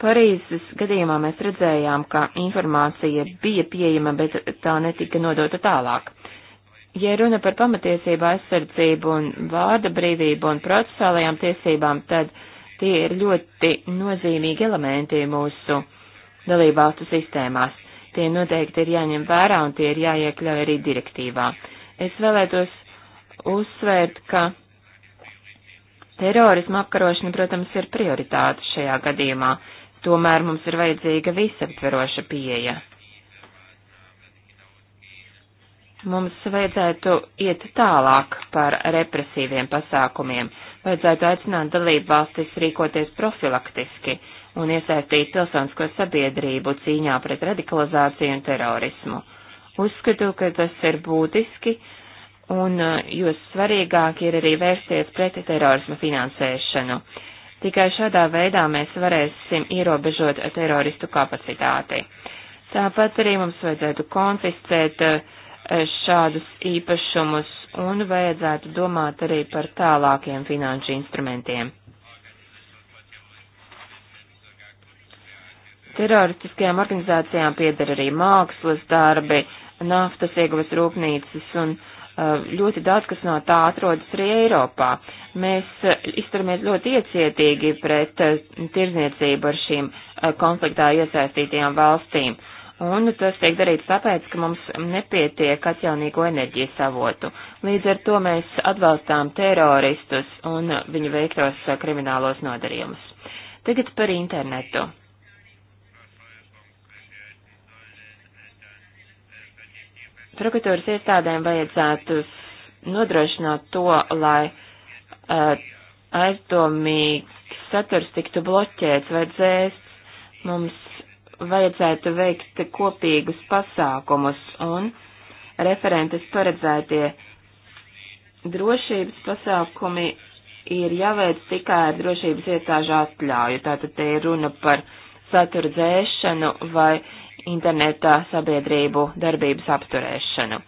Parīzes gadījumā mēs redzējām, ka informācija bija pieejama, bet tā netika nodota tālāk. Ja runa par pamatiesību aizsardzību un vārda brīvību un procesuālajām tiesībām, tad tie ir ļoti nozīmīgi elementi mūsu dalībvalstu sistēmās. Tie noteikti ir jāņem vērā un tie ir jāiekļauj arī direktīvā. Es vēlētos uzsvērt, ka terorisma apkarošana, protams, ir prioritāte šajā gadījumā, tomēr mums ir vajadzīga visaptveroša pieeja. Mums vajadzētu iet tālāk par represīviem pasākumiem. Vajadzētu aicināt dalību valstis rīkoties profilaktiski un iesaistīt pilsonisko sabiedrību cīņā pret radikalizāciju un terorismu. Uzskatu, ka tas ir būtiski, un eh, jo svarīgāk ir arī vērsties pret terorisma finansēšanu. Tikai šādā veidā mēs varēsim ierobežot teroristu kapacitāti. Tāpat arī mums vajadzētu konfiscēt uh, Eh, šādus īpašumus un vajadzētu domāt arī par tālākiem finanšu instrumentiem. Teroristiskajām organizācijām pieder arī mākslas darbi, naftas ieguves rūpnīcas un eh, ļoti daudz, kas no tā atrodas arī Eiropā. Mēs eh, izturamies ļoti iecietīgi pret tirzniecību ar šīm konfliktā iesaistītajām valstīm Un tas tiek darīts tāpēc, ka mums nepietiek atjaunīgo enerģijas avotu. Līdz ar to mēs atbalstām teroristus un viņu veiktos kriminālos nodarījumus. Tagad par internetu. Prokuratūras iestādēm vajadzētu nodrošināt to, lai uh, aizdomīgs saturs tiktu bloķēts vai dzēsts. Mums vajadzētu veikt kopīgus pasākumus un referentes paredzētie drošības pasākumi ir jāveic tikai ar drošības iestāžu atļauju. Tātad te ir runa par satura dzēšanu vai internetā sabiedrību darbības apturēšanu.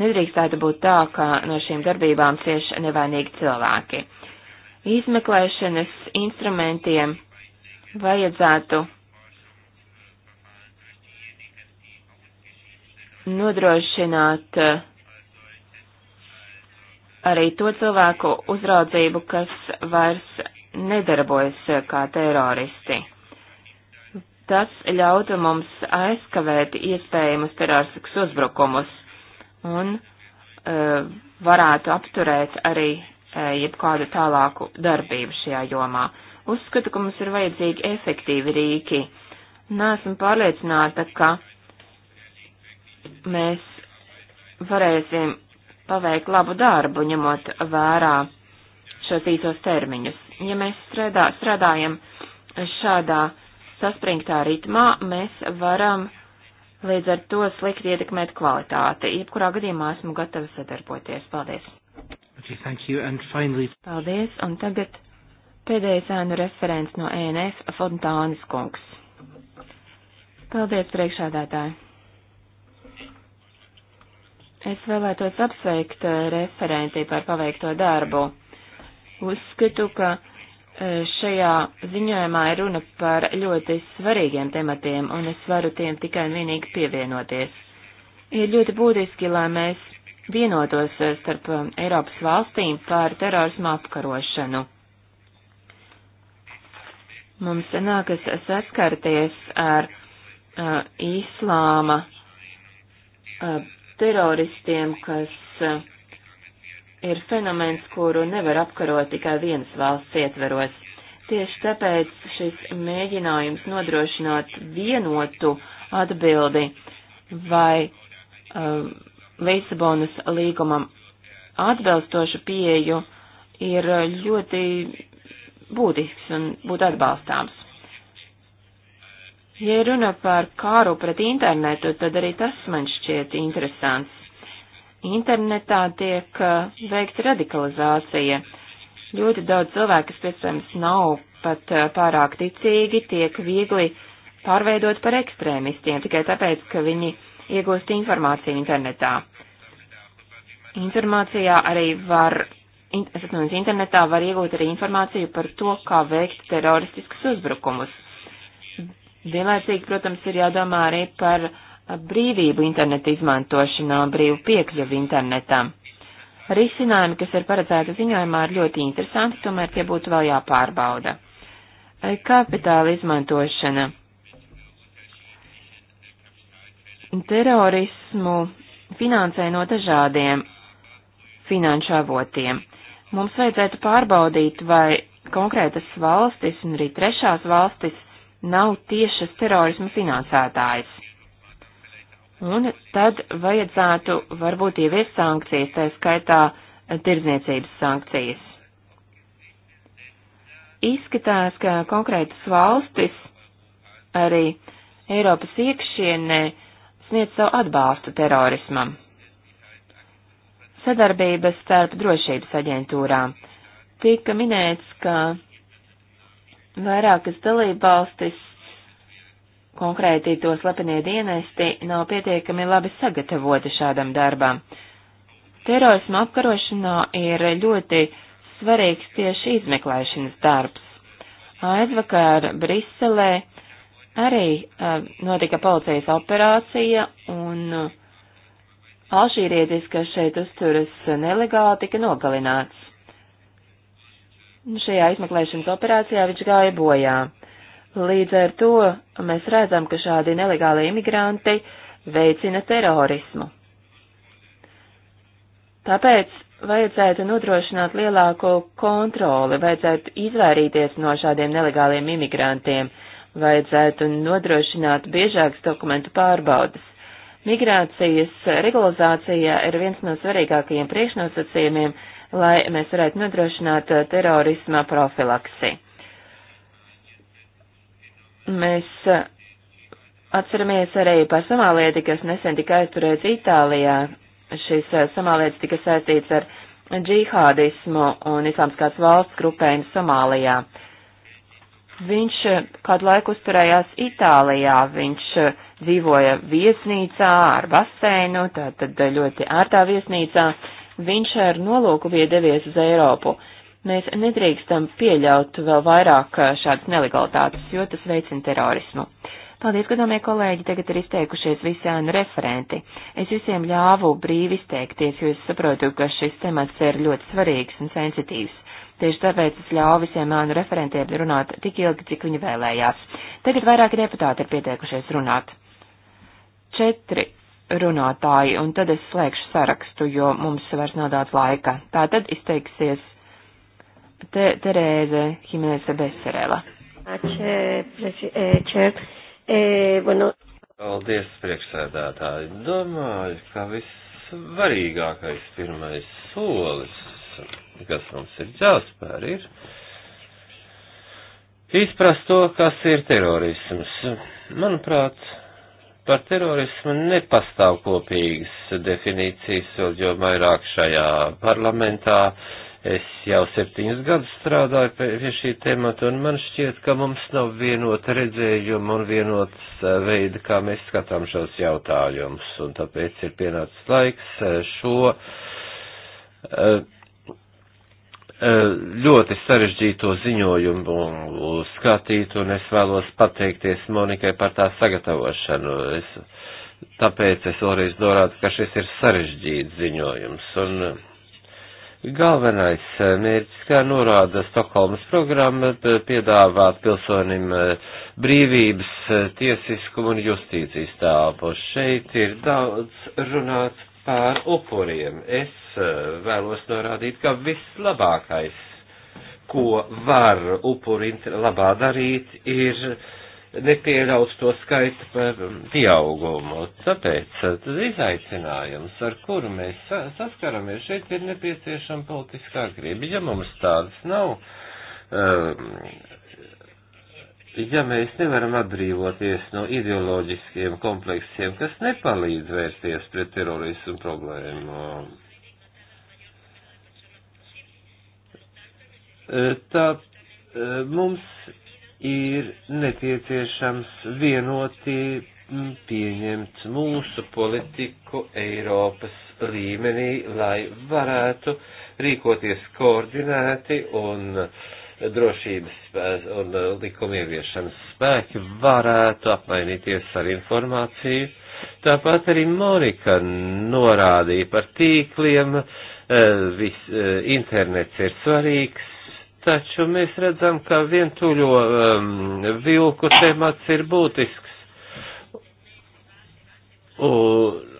Nedrīkstētu būt tā, ka no šīm darbībām cieši nevainīgi cilvēki. Izmeklēšanas instrumentiem vajadzētu nodrošināt eh, arī to cilvēku uzraudzību, kas vairs nedarbojas eh, kā teroristi. Tas ļautu mums aizkavēt iespējamus teroristiskus uzbrukumus un uh, varētu apturēt arī uh, jebkādu tālāku darbību šajā jomā. Uzskatu, ka mums ir vajadzīgi efektīvi rīki. Nāsmu pārliecināta, ka uh, mēs varēsim paveikt labu darbu, ņemot vērā šos īsos termiņus. Ja mēs strādā, strādājam šādā saspringtā ritmā, mēs varam līdz ar to slikti ietekmēt kvalitāti. Jebkurā gadījumā esmu gatava sadarboties. Paldies! Okay, thank you. And finally... Paldies, un tagad pēdējais ēnu referents no ENF Fontānis kungs. Paldies, priekšādātāji! Es vēlētos apsveikt eh, referenti par paveikto darbu. Uzskatu, ka eh, šajā ziņojumā ir runa par ļoti svarīgiem tematiem, un es varu tiem tikai un vienīgi pievienoties. Ir ļoti būtiski, lai mēs vienotos eh, starp Eiropas valstīm par terorismu apkarošanu. Mums nākas saskarties ar uh, īslāma uh, teroristiem, kas eh, ir fenomens, kuru nevar apkarot tikai vienas valsts ietveros. Tieši tāpēc šis mēģinājums nodrošināt vienotu atbildi vai uh, Lisabonas līgumam atbilstošu pieju ir eh, ļoti būtisks un būtu atbalstāms. Ja runa par kāru pret internetu, tad arī tas man šķiet interesants. Internetā tiek uh, veikta radikalizācija. Ļoti daudz cilvēku, kas, piemēram, nav pat uh, pārāk ticīgi, tiek viegli pārveidot par ekstrēmistiem tikai tāpēc, ka viņi iegūst informāciju internetā. Informācijā arī var, es atceros, internetā var iegūt arī informāciju par to, kā veikt teroristiskus uzbrukumus. Vienlaicīgi, protams, ir jādomā arī par brīvību interneta izmantošanā un brīvu piekļuvi internetam. Risinājumi, kas ir paredzēti ziņojumā, ir ļoti interesanti, tomēr tie būtu vēl jāpārbauda. Kapitāla izmantošana. Terorismu finansē no dažādiem finanšu avotiem. Mums vajadzētu pārbaudīt, vai konkrētas valstis un arī trešās valstis nav tiešas terorismu finansētājs. Un tad vajadzētu varbūt ieviest sankcijas, tā skaitā tirdzniecības sankcijas. Izskatās, ka konkrētas valstis arī Eiropas iekšienē sniedz savu atbalstu terorismam. Sadarbības starp drošības aģentūrām tika minēts, ka Vairākas dalībvalstis, konkrēti to slepenie dienesti, nav pietiekami labi sagatavoti šādam darbam. Terorismu apkarošanā ir ļoti svarīgs tieši izmeklēšanas darbs. Aizvakar Briselē arī uh, notika policijas operācija un uh, alžīrietis, kas šeit uzturas nelegāli, tika nogalināts. Šajā izmeklēšanas operācijā viņš gāja bojā. Līdz ar to mēs redzam, ka šādi nelegāli imigranti veicina terorismu. Tāpēc vajadzētu nodrošināt lielāko kontroli, vajadzētu izvairīties no šādiem nelegāliem imigrantiem, vajadzētu nodrošināt biežākas dokumentu pārbaudas. Migrācijas regularizācija ir viens no svarīgākajiem priekšnosacījumiem, lai mēs varētu nodrošināt uh, terorisma profilaksi. Mēs uh, atceramies arī par somālieti, kas nesen tika aizturēts Itālijā. Šis uh, somālietis tika saistīts ar džihādismu un islāmskās valsts grupējumu Somālijā. Viņš kādu laiku uzturējās Itālijā, viņš dzīvoja viesnīcā ar baseinu, tātad ļoti ērtā viesnīcā, viņš ar nolūku bija devies uz Eiropu. Mēs nedrīkstam pieļaut vēl vairāk eh, šādas nelegalitātes, jo tas veicina terorismu. Paldies, godāmie kolēģi, tagad ir izteikušies visi ēnu referenti. Es visiem ļāvu brīvi izteikties, jo es saprotu, ka šis temats ir ļoti svarīgs un sensitīvs. Tieši tāpēc es ļāvu visiem ēnu referentiem runāt tik ilgi, cik viņi vēlējās. Tagad vairāki deputāti ir pieteikušies runāt. Četri runātāji, un tad es slēgšu sarakstu, jo mums vairs nav daudz laika. Tā tad izteiksies te, Terēze Himenese Beserela. Eh, eh, Paldies, priekšsēdētāji. Domāju, ka vissvarīgākais pirmais solis, kas mums ir jāspēr, ir izprast to, kas ir terorisms. Manuprāt, Par terorismu nepastāv kopīgas definīcijas, vēl jau vairāk šajā parlamentā. Es jau septiņus gadus strādāju pie šī temata, un man šķiet, ka mums nav vienota redzējuma un vienotas eh, veida, kā mēs skatām šos jautājumus, un tāpēc ir pienācis laiks eh, šo uh, Eh, ļoti sarežģīto ziņojumu skatīt, un es vēlos pateikties Monikai par tā sagatavošanu. Es, tāpēc es vēlreiz norādu, ka šis ir sarežģīts ziņojums. Un eh, galvenais eh, mērķis, kā norāda Stokholmas programma, piedāvāt pilsonim brīvības, tiesiskumu un justīcijas tāpu. Šeit ir daudz runāts par upuriem. Es eh, vēlos norādīt, ka vislabākais, ko var upuri labā darīt, ir nepieļaut to skaitu par pieaugumu. Tāpēc eh, izaicinājums, ar kuru mēs saskaramies, šeit ir nepieciešama politiskā grība. Ja mums tādas nav, um, ja mēs nevaram atbrīvoties no ideoloģiskiem kompleksiem, kas nepalīdz vērsties pret terorismu problēmu. E, tā e, mums ir nepieciešams vienoti pieņemt mūsu politiku Eiropas līmenī, lai varētu rīkoties koordinēti un uh, drošības un uh, likuma ieviešanas spēki varētu apmainīties ar informāciju. Tāpat arī Monika norādīja par tīkliem, uh, vis, uh, internets ir svarīgs, taču mēs redzam, ka vientuļo um, vilku temats ir būtisks. Un,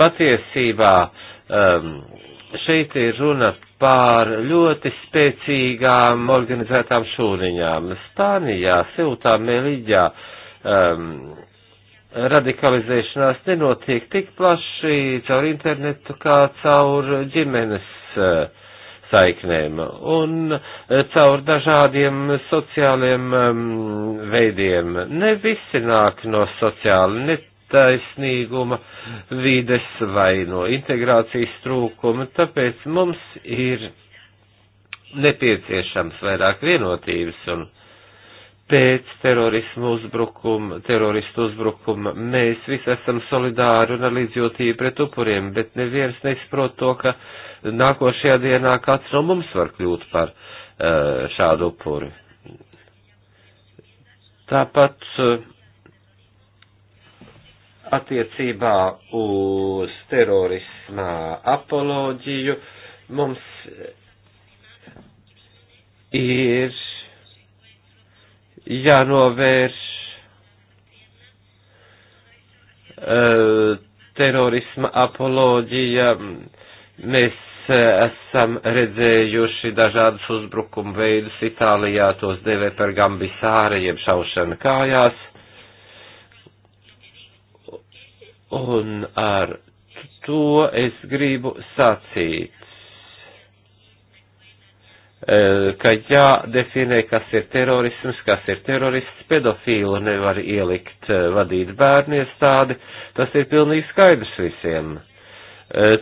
patiesībā um, šeit ir runa pār ļoti spēcīgām organizētām šūniņām. Spānijā, Siltā, Meliģā um, radikalizēšanās nenotiek tik plaši caur internetu kā caur ģimenes uh, saiknēm un uh, caur dažādiem sociāliem um, veidiem. Ne visi nāk no sociāli, ne taisnīguma vides vai no integrācijas trūkuma, tāpēc mums ir nepieciešams vairāk vienotības un pēc terorismu uzbrukuma, teroristu uzbrukuma mēs visi esam solidāri un ar līdzjūtību pret upuriem, bet neviens neizprot to, ka nākošajā dienā kāds no mums var kļūt par uh, šādu upuri. Tāpat uh, attiecībā uz terorismā apoloģiju mums ir jānovērš uh, terorisma apoloģija. Mēs eh, esam redzējuši dažādus uzbrukumu veidus. Itālijā tos devē par gambisāra, jeb šaušana kājās. Un ar to es gribu sacīt, e, ka jādefinē, kas ir terorisms, kas ir terorists, pedofīlu nevar ielikt e, vadīt bērnu iestādi, tas ir pilnīgi skaidrs visiem. E,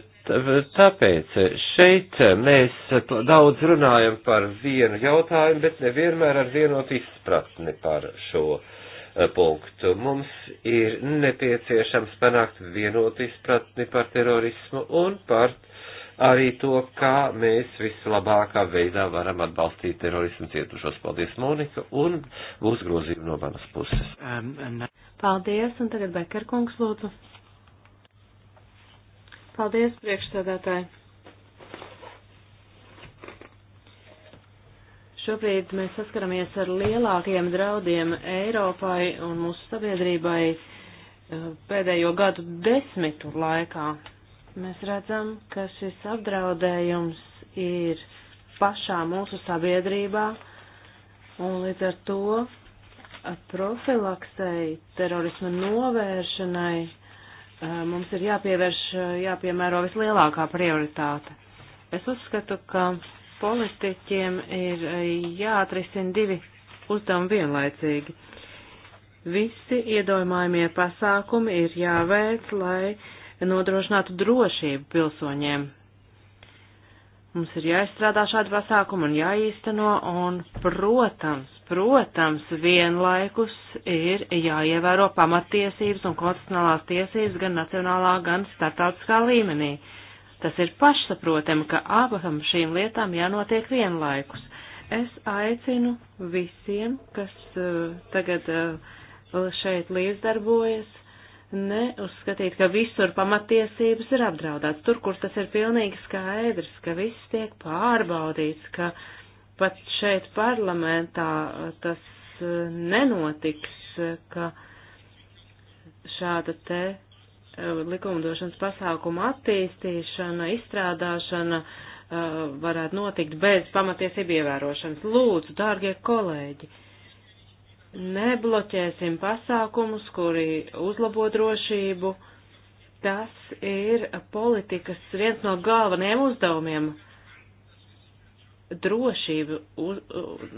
tāpēc šeit mēs daudz runājam par vienu jautājumu, bet nevienmēr ar vienotu izpratni par šo jautājumu Eh, punktu. Mums ir nepieciešams panākt vienotu izpratni par terorismu un par arī to, kā mēs vislabākā veidā varam atbalstīt terorismu cietušos. Paldies, Monika, un būs grozījumi no manas puses. Um, Paldies, un tagad Bekarkungs lūdzu. Paldies, priekšstādātāji. Šobrīd mēs saskaramies ar lielākajiem draudiem Eiropai un mūsu sabiedrībai eh, pēdējo gadu desmitu laikā. Mēs redzam, ka šis apdraudējums ir pašā mūsu sabiedrībā un līdz ar to profilaksei, terorisma novēršanai eh, mums ir jāpievērš, jāpiemēro vislielākā prioritāte. Es uzskatu, ka Politiķiem ir eh, jāatrisina divi uzdevumi vienlaicīgi. Visi iedomājumie pasākumi ir jāveic, lai nodrošinātu drošību pilsoņiem. Mums ir jāizstrādā šādi pasākumi un jāīsteno, un, protams, protams, vienlaikus ir jāievēro pamatiesības un konstitucionālās tiesības gan nacionālā, gan starptautiskā līmenī. Uh, Tas ir pašsaprotami, ka abām šīm lietām jānotiek vienlaikus. Es aicinu visiem, kas uh, tagad uh, šeit līdzdarbojas, neuzskatīt, ka visur pamatiesības ir apdraudēts. Tur, kur tas ir pilnīgi skaidrs, ka viss tiek pārbaudīts, ka pat šeit parlamentā eh, tas nenotiks, ka šāda te Eh, likumdošanas pasākumu attīstīšana, izstrādāšana eh, varētu notikt bez pamatiesību ievērošanas. Lūdzu, dārgie kolēģi, nebloķēsim pasākumus, kuri uzlabo drošību. Tas ir politikas viens no galvenajiem uzdevumiem drošību uz,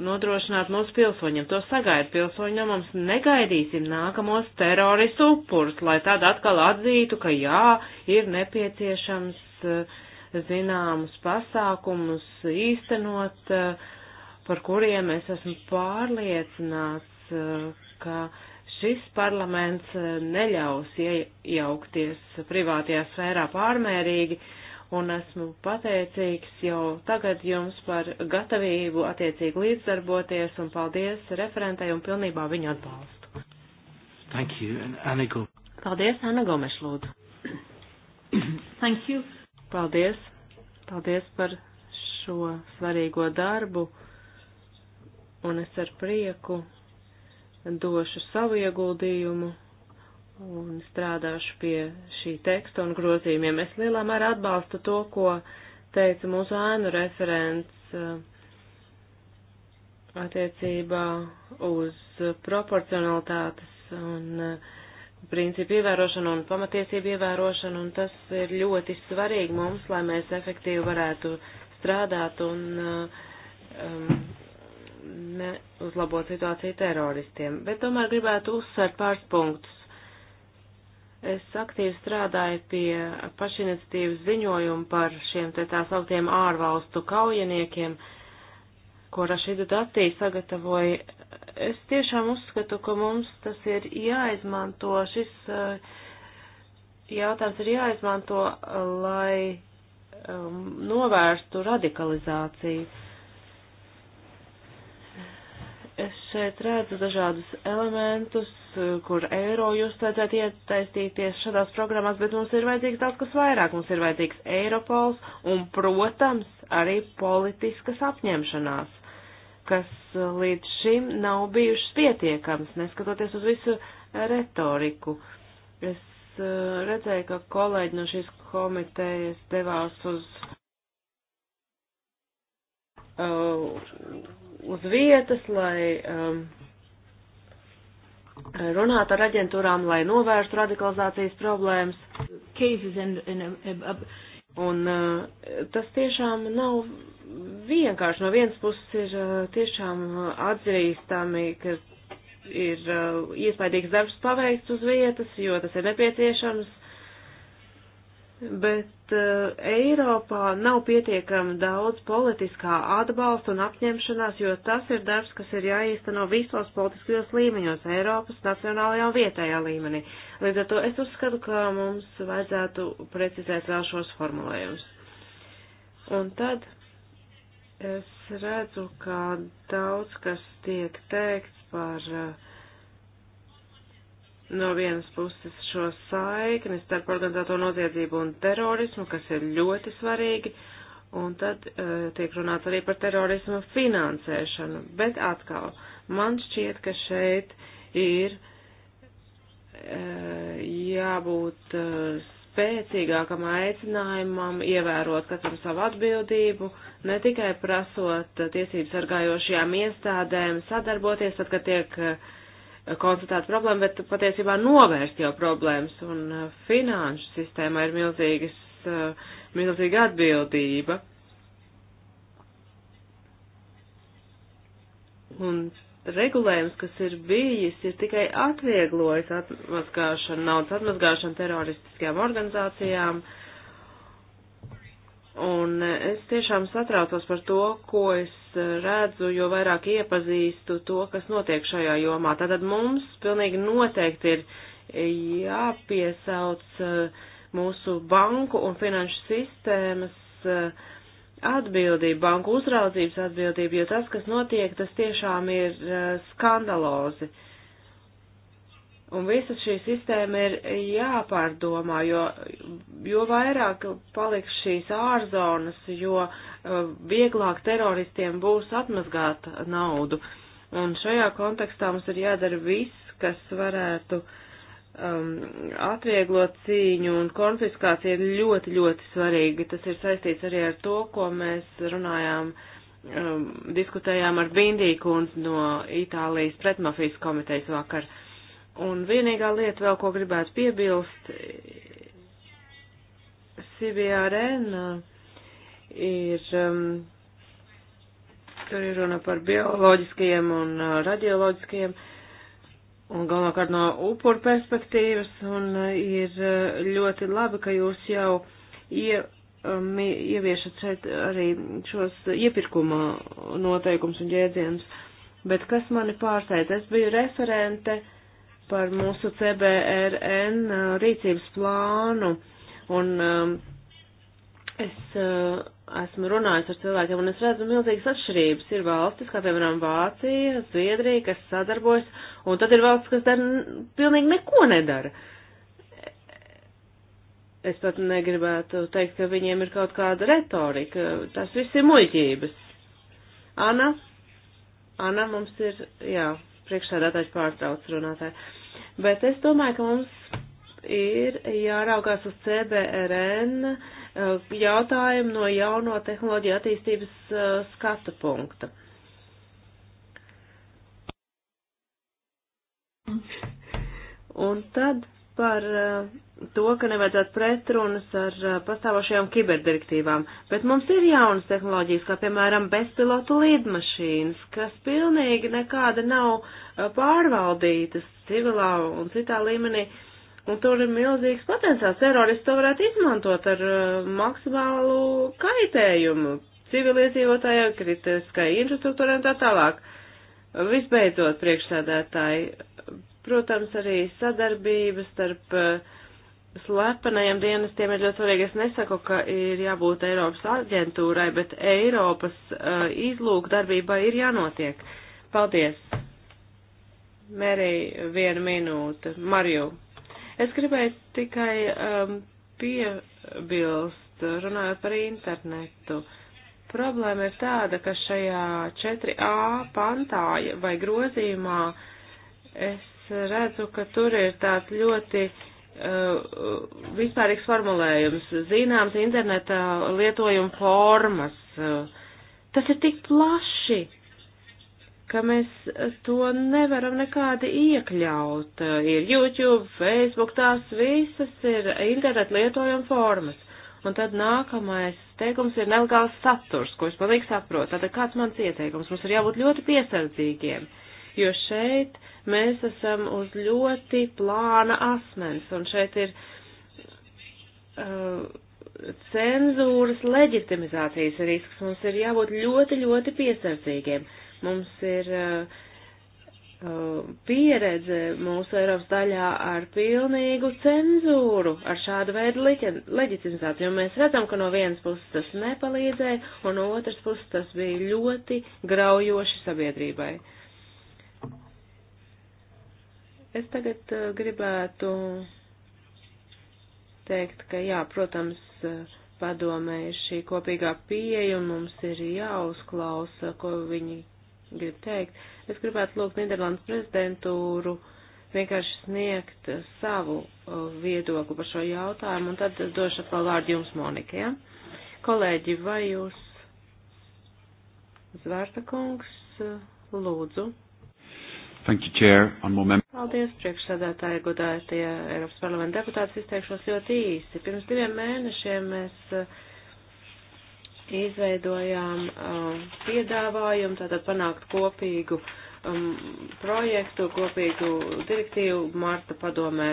nodrošināt mūsu pilsoņiem. To sagaida pilsoņi no mums. Negaidīsim nākamos teroristu upurus, lai tāda atkal atzītu, ka jā, ir nepieciešams eh, zināmus pasākumus īstenot, eh, par kuriem es esmu pārliecināts, eh, ka šis parlaments neļaus iejaukties privātajā sfērā pārmērīgi un esmu pateicīgs jau tagad jums par gatavību attiecīgi līdzdarboties un paldies referentai un pilnībā viņu atbalstu. Thank you, Anna Gomes. Paldies, Anna Gomes, lūdzu. Thank you. Paldies. Paldies par šo svarīgo darbu un es ar prieku došu savu ieguldījumu un strādāšu pie šī teksta un grozījumiem. Es lielā mērā atbalstu to, ko teica mūsu ēnu referents eh, attiecībā uz proporcionalitātes un eh, principu ievērošanu un pamatiesību ievērošanu, un tas ir ļoti svarīgi mums, lai mēs efektīvi varētu strādāt un eh, um, ne, uzlabot situāciju teroristiem. Bet tomēr gribētu uzsvērt pāris punktus Es aktīvi strādāju pie pašiniciatīvas ziņojuma par šiem te tā sauktiem ārvalstu kaujiniekiem, ko Rašidu Datī sagatavoja. Es tiešām uzskatu, ka mums tas ir jāizmanto, šis eh, jautājums ir jāizmanto, lai um, novērstu radikalizāciju. Es šeit redzu dažādus elementus, Eh, kur eiro jūs vajadzētu iesaistīties šādās programmās, bet mums ir vajadzīgs daudz kas vairāk. Mums ir vajadzīgs Eiropols un, protams, arī politiskas apņemšanās, kas eh, līdz šim nav bijušas pietiekams, neskatoties uz visu retoriku. Es eh, redzēju, ka kolēģi no šīs komitejas devās uz, uz vietas, lai. Um, runāt ar aģentūrām, lai novērstu radikalizācijas problēmas. And, and, uh, un uh, tas tiešām nav vienkārši. No vienas puses ir uh, tiešām atzīstami, ka ir uh, iespaidīgs darbs paveikts uz vietas, jo tas ir nepieciešams bet uh, Eiropā nav pietiekami daudz politiskā atbalsta un apņemšanās, jo tas ir darbs, kas ir jāīsteno visos politiskajos līmeņos - Eiropas, nacionālajā un vietējā līmenī. Līdz ar to es uzskatu, ka mums vajadzētu precizēt vēl šos formulējumus. Un tad es redzu, ka daudz kas tiek teikts par uh, no vienas puses šo saikni starp organizēto noziedzību un terorismu, kas ir ļoti svarīgi, un tad uh, tiek runāts arī par terorismu finansēšanu. Bet atkal, man šķiet, ka šeit ir uh, jābūt uh, spēcīgākam aicinājumam ievērot katram savu atbildību, ne tikai prasot tiesības sargājošajām iestādēm sadarboties, tad, kad tiek uh, konstatēt problēmu, bet patiesībā novērst jau problēmas. Un uh, finanšu sistēmā ir milzīgas, uh, milzīga atbildība. Un regulējums, kas ir bijis, ir tikai atvieglojis atmazgāšanu, naudas atmazgāšanu teroristiskajām organizācijām. Uh, Un es tiešām satraucos par to, ko es redzu, jo vairāk iepazīstu to, kas notiek šajā jomā. Tātad mums pilnīgi noteikti ir jāpiesauc eh, mūsu banku un finanšu sistēmas eh, atbildību, banku uzraudzības atbildību, jo tas, kas notiek, tas tiešām ir eh, skandalozi. Uh, Un visa šī sistēma ir jāpārdomā, jo, jo vairāk paliks šīs ārzonas, jo uh, vieglāk teroristiem būs atmazgāt naudu. Un šajā kontekstā mums ir jādara viss, kas varētu um, atvieglot cīņu, un konfiskācija ir ļoti, ļoti svarīga. Tas ir saistīts arī ar to, ko mēs runājām um, diskutējām ar Bindīku un no Itālijas pretmafijas komitejas vakar. Un vienīgā lieta vēl, ko gribētu piebilst, CBRN ir, um, tur ir runa par bioloģiskajiem un uh, radioloģiskajiem, un galvenokārt no upuru perspektīvas, un uh, ir uh, ļoti labi, ka jūs jau ie, um, ieviešat šeit arī šos iepirkuma noteikums un jēdzienus. Bet kas mani pārsteidz? Es biju referente uh, par mūsu CBRN uh, rīcības plānu. Un um, es uh, esmu runājis ar cilvēkiem, un es redzu milzīgas atšķirības. Ir valstis, kā piemēram Vācija, Zviedrija, kas sadarbojas, un tad ir valsts, kas dar, pilnīgi neko nedara. Es pat negribētu teikt, ka viņiem ir kaut kāda retorika. Tas viss ir muļķības. Ana, Ana mums ir, jā, priekšsēdētājs pārtrauc runātāju. Bet es domāju, ka mums ir jāraugās uz CBRN uh, jautājumu no jauno tehnoloģiju attīstības uh, skatu punkta. Un tad par uh, to, ka nevajadzētu pretrunas ar pastāvošajām kiberdirektīvām, bet mums ir jaunas tehnoloģijas, kā piemēram bezpilotu lidmašīnas, kas pilnīgi nekāda nav pārvaldītas civilā un citā līmenī, un tur ir milzīgs potenciāls. Teroristi to varētu izmantot ar maksimālu kaitējumu civiliedzīvotājiem, kritiskai infrastruktūrai un tā tālāk. Visbeidzot, priekšsēdētāji, protams, arī sadarbības starp uh, slepenajiem dienestiem ir ļoti svarīgi. Es nesaku, ka ir jābūt Eiropas aģentūrai, bet Eiropas uh, eh, izlūkdarbībai ir jānotiek. Paldies! Mērī, viena minūte. Marju, es gribēju tikai um, piebilst, runājot par internetu. Problēma ir tāda, ka šajā 4a pantā vai grozījumā es redzu, ka tur ir tāds ļoti uh, Uh, uh, vispārīgs formulējums, zināms interneta lietojuma formas. Uh, tas ir tik plaši, ka mēs to nevaram nekādi iekļaut. Ir YouTube, Facebook, tās visas ir interneta lietojuma formas. Un tad nākamais teikums ir nelegāls saturs, ko es palīgi saprotu. Tātad kāds mans ieteikums? Mums ir jābūt ļoti piesardzīgiem, jo šeit uh, mēs esam uz ļoti plāna asmens, un šeit ir uh, cenzūras leģitimizācijas risks. Mums ir jābūt ļoti, ļoti piesardzīgiem. Mums ir uh, uh pieredze mūsu Eiropas daļā ar pilnīgu cenzūru, ar šādu veidu leģitimizāciju. Mēs redzam, ka no vienas puses tas nepalīdzēja, un no otras puses tas bija ļoti graujoši sabiedrībai. Uh, Es tagad eh, gribētu teikt, ka jā, protams, eh, padomē šī kopīgā pieeja un mums ir jāuzklausa, ko viņi grib teikt. Es gribētu lūgt Nīderlandes prezidentūru vienkārši sniegt eh, savu viedokli par šo jautājumu, un tad došu atkal vārdu jums, Monika. Ja? Kolēģi, vai jūs, Zvērta kungs, lūdzu? Thank you, Chair. On moment. Paldies, priekšsēdētāji, godātie Eiropas parlamenta deputāti. Izteikšos ļoti īsi. Pirms diviem mēnešiem mēs eh, izveidojām eh, piedāvājumu, tātad panākt kopīgu um, projektu, kopīgu direktīvu Marta padomē.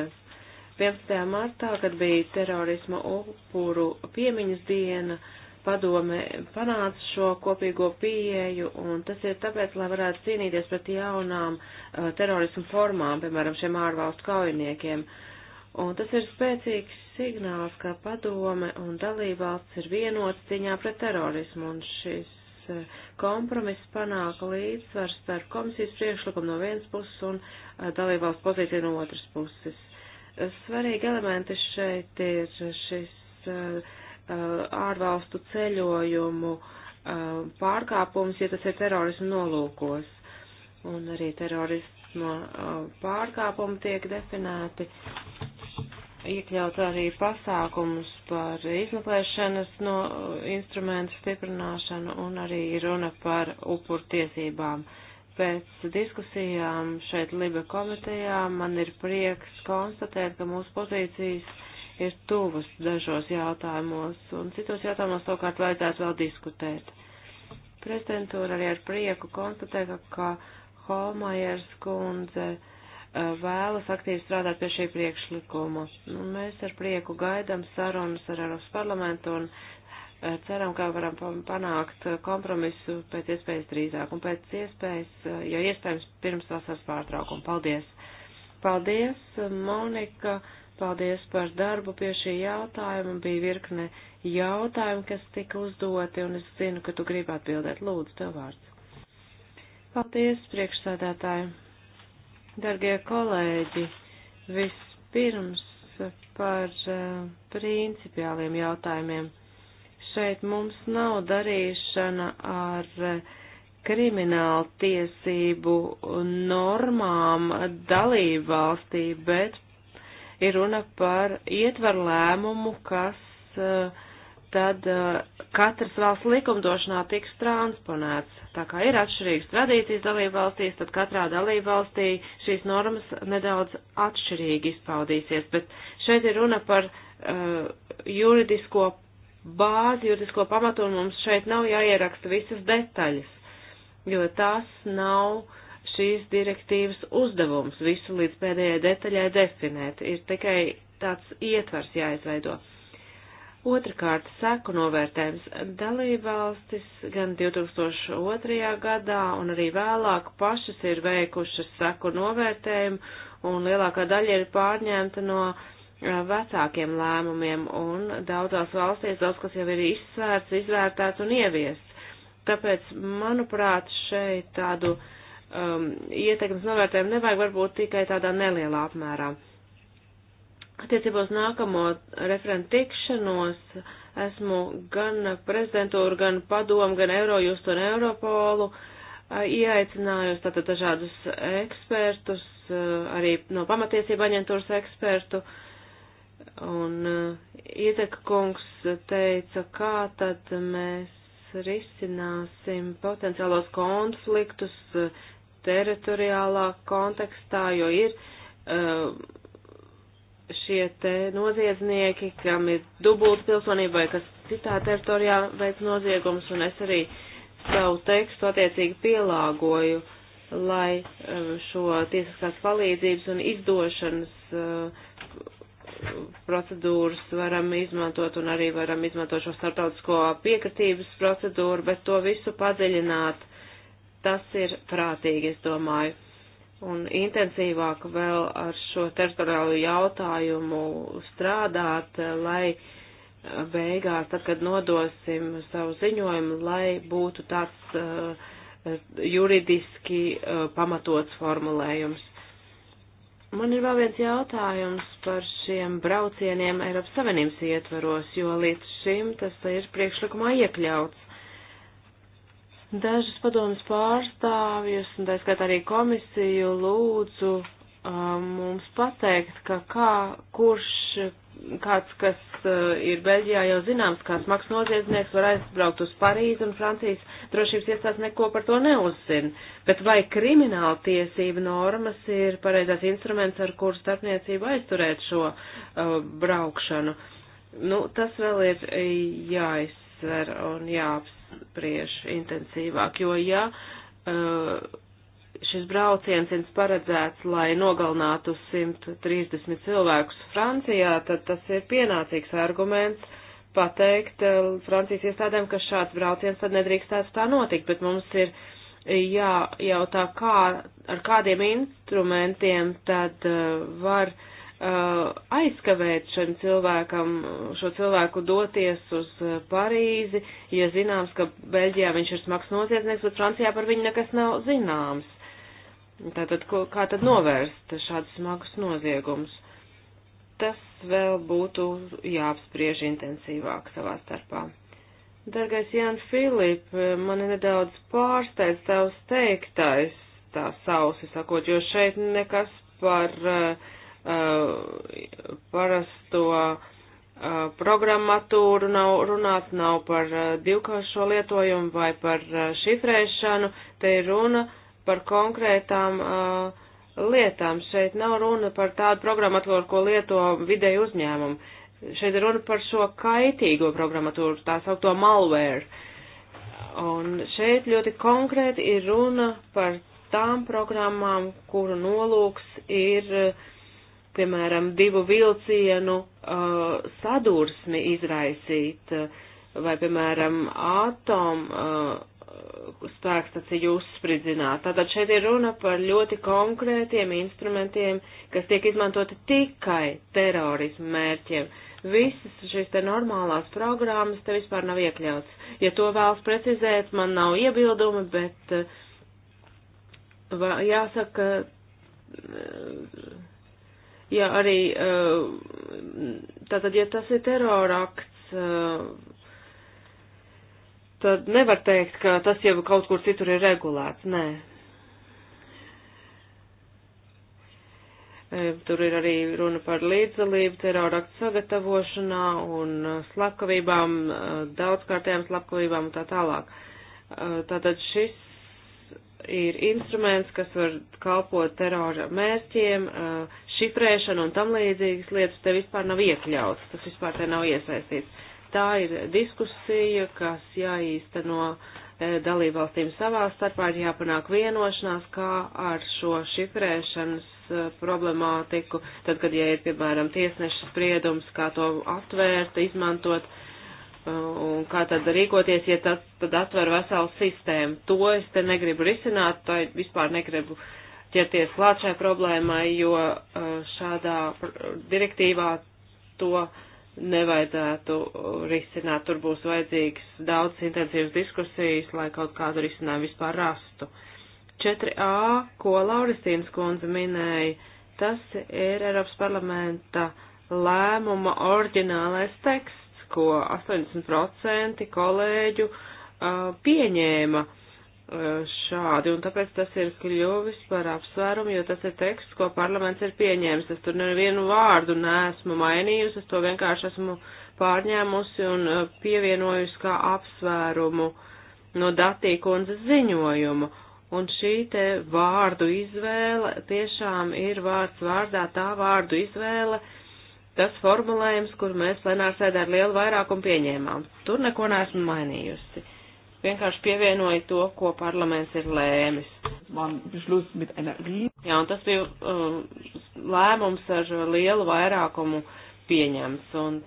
11. martā, kad bija terorisma upuru piemiņas diena, uh, padome panāca šo kopīgo pieeju, un tas ir tāpēc, lai varētu cīnīties pret jaunām uh, terorismu formām, piemēram, šiem ārvalstu kaujiniekiem. Un tas ir spēcīgs signāls, ka padome un dalībvalsts ir vienots cīņā pret terorismu, un šis uh, kompromiss panāka līdzsvars starp komisijas priekšlikumu no vienas puses un uh, dalībvalsts pozīciju no otras puses. Svarīgi elementi šeit ir šis uh, Eh, ārvalstu ceļojumu eh, pārkāpums, ja tas ir terorismu nolūkos. Un arī terorismu eh, pārkāpumu tiek definēti, iekļaut arī pasākumus par izmeklēšanas no instrumentu stiprināšanu un arī runa par upur tiesībām. Pēc diskusijām šeit Liba komitejā man ir prieks konstatēt, ka mūsu pozīcijas ir tuvas dažos jautājumos, un citos jautājumos savukārt vajadzētu vēl diskutēt. Prezidentūra arī ar prieku konstatē, ka Holmajers kundze e, vēlas aktīvi strādāt pie šī priekšlikuma. Un nu, mēs ar prieku gaidām sarunas ar Eiropas parlamentu un e, ceram, ka varam panākt kompromisu pēc iespējas drīzāk un pēc iespējas, e, jo iespējams pirms vasaras pārtraukuma. Paldies! Paldies, Monika! Paldies par darbu pie šī jautājuma. Bija virkne jautājumu, kas tika uzdoti, un es zinu, ka tu gribi atbildēt. Lūdzu, tev vārds. Paldies, priekšsādātāji. Dargie kolēģi, vispirms par uh, principiāliem jautājumiem. Šeit mums nav darīšana ar uh, eh, kriminālu tiesību normām dalību valstī, bet ir runa par ietvaru lēmumu, kas uh, tad uh, katras valsts likumdošanā tiks transponēts. Tā kā ir atšķirīgas tradīcijas dalībvalstīs, tad katrā dalībvalstī šīs normas nedaudz atšķirīgi izpaudīsies, bet šeit ir runa par uh, juridisko bāzi, juridisko pamatu, un mums šeit nav jāieraksta visas detaļas, jo tās nav uh, šīs direktīvas uzdevums visu līdz pēdējai detaļai definēt. Ir tikai tāds ietvars jāizveido. Otrakārt, seku novērtējums dalībvalstis gan 2002. gadā un arī vēlāk pašas ir veikušas seku novērtējumu un lielākā daļa ir pārņemta no vecākiem lēmumiem un daudzās valstīs daudz kas jau ir izsvērts, izvērtēts un ieviests. Tāpēc, manuprāt, šeit tādu uh, um, ietekmes novērtējumu nevajag varbūt tikai tādā nelielā apmērā. Attiecībā uz nākamo referentu tikšanos esmu gan prezidentūru, gan padomu, gan Eurojustu un Europolu uh, ieaicinājusi tātad dažādus ekspertus, uh, arī no pamatiesība aģentūras ekspertu, un uh, Iedeka kungs teica, kā tad mēs risināsim potenciālos konfliktus teritoriālā kontekstā, jo ir uh, šie te noziedznieki, kam ir dubult pilsonība vai kas citā teritorijā veic noziegums, un es arī savu tekstu attiecīgi pielāgoju, lai uh, šo tiesiskās palīdzības un izdošanas uh, procedūras varam izmantot un arī varam izmantot šo startautisko piekritības procedūru, bet to visu padziļināt tas ir prātīgi, es domāju. Un intensīvāk vēl ar šo teritoriālu jautājumu strādāt, lai beigās, tad, kad nodosim savu ziņojumu, lai būtu tāds uh, juridiski uh, pamatots formulējums. Man ir vēl viens jautājums par šiem braucieniem Eiropas Savienības ietvaros, jo līdz šim tas ir priekšlikumā iekļauts. Dažas padomas pārstāvjas, un tā skaitā arī komisiju, lūdzu um, mums pateikt, ka kā, kurš, kāds, kas uh, ir Beļģijā jau zināms, kāds maks noziedznieks var aizbraukt uz Parīzi, un Francijas drošības iestādes neko par to neuzzina. Bet vai krimināla tiesība normas ir pareizais instruments, ar kuru starpniecību aizturēt šo uh, braukšanu? Nu, tas vēl ir jāizsver un jāaps jāapspriež intensīvāk, jo ja eh, šis brauciens ir paredzēts, lai nogalinātu 130 cilvēkus Francijā, tad tas ir pienācīgs arguments pateikt eh, Francijas iestādēm, ka šāds brauciens tad nedrīkstētu tā notikt, bet mums ir jājautā, kā, ar kādiem instrumentiem tad eh, var uh, Uh, aizkavēt šim cilvēkam, šo cilvēku doties uz uh, Parīzi, ja zināms, ka Beļģijā viņš ir smags noziedznieks, bet Francijā par viņu nekas nav zināms. Tātad, kā tad novērst šādus smagus noziegumus? Tas vēl būtu jāapspriež intensīvāk savā starpā. Dargais Jānis Filip, mani nedaudz pārsteidz tavs teiktais, tā sausi sakot, jo šeit nekas par uh, Eh, parasto eh, programmatūru nav runāts, nav par eh, divkāršo lietojumu vai par šifrēšanu, te ir runa par konkrētām lietām. Šeit nav runa par tādu programmatūru, ko lieto vidēji uzņēmumi. Šeit ir runa par šo kaitīgo programmatūru, tā saukto malware. Un šeit ļoti konkrēti ir runa par tām programmām, kuru nolūks ir uh, piemēram, divu vilcienu uh, sadursmi izraisīt, uh, vai, piemēram, atomu uh, spēkstaciju uzspridzināt. Tātad šeit ir runa par ļoti konkrētiem instrumentiem, kas tiek izmantoti tikai terorismu mērķiem. Visas šīs te normālās programmas te vispār nav iekļauts. Ja to vēlas precizēt, man nav iebildumi, bet uh, jāsaka, uh, ja arī, eh, tātad, ja tas ir terorakts, eh, tad nevar teikt, ka tas jau kaut kur citur ir regulēts, nē. Eh, tur ir arī runa par līdzdalību teroraktu sagatavošanā un slepkavībām, daudzkārtējām slepkavībām un tā tālāk. Tātad šis ir instruments, kas var kalpot terora mērķiem, šifrēšana un tam līdzīgas lietas te vispār nav iekļauts, tas vispār te nav iesaistīts. Tā ir diskusija, kas jāīsteno e, dalībvalstīm savā starpā, ir jāpanāk vienošanās, kā ar šo šifrēšanas e, problemātiku, tad, kad, ja ir, piemēram, tiesneša spriedums, kā to aptvērt, izmantot, e, un kā tad rīkoties, ja tad, tad atver veselu sistēmu. To es te negribu risināt, to vispār negribu uh, ķerties klāt šai problēmai, jo uh, šādā uh, direktīvā to nevajadzētu uh, risināt. Tur būs vajadzīgs daudz intensīvas diskusijas, lai kaut kādu risinājumu vispār rastu. 4a, ko Lauristīnas kundze minēja, tas ir Eiropas parlamenta lēmuma oriģinālais teksts, ko 80% kolēģu uh, pieņēma. Uh, šādi, un tāpēc tas ir kļuvis par apsvērumu, jo tas ir teksts, ko parlaments ir pieņēmis. Es tur nevienu vārdu neesmu mainījusi, es to vienkārši esmu pārņēmusi un uh, pievienojusi kā apsvērumu no datīkundzes ziņojumu. Un šī te vārdu izvēle tiešām ir vārds vārdā tā vārdu izvēle, tas formulējums, kur mēs plenārsēdē ar lielu vairākumu pieņēmām. Tur neko neesmu mainījusi vienkārši pievienoja to, ko parlaments ir lēmis. Jā, un tas bija um, lēmums ar lielu vairākumu pieņems. Un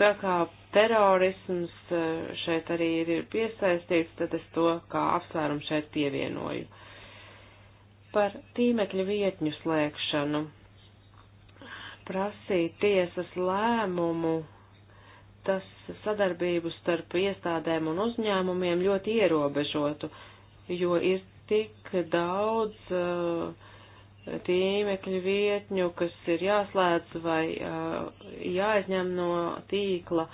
tā kā terorisms uh, šeit arī ir piesaistīts, tad es to kā apsvērumu šeit pievienoju. Par tīmekļa vietņu slēgšanu prasīja tiesas lēmumu tas sadarbību starp iestādēm un uzņēmumiem ļoti ierobežotu, jo ir tik daudz uh, tīmekļu vietņu, kas ir jāslēdz vai uh, jāizņem no tīkla,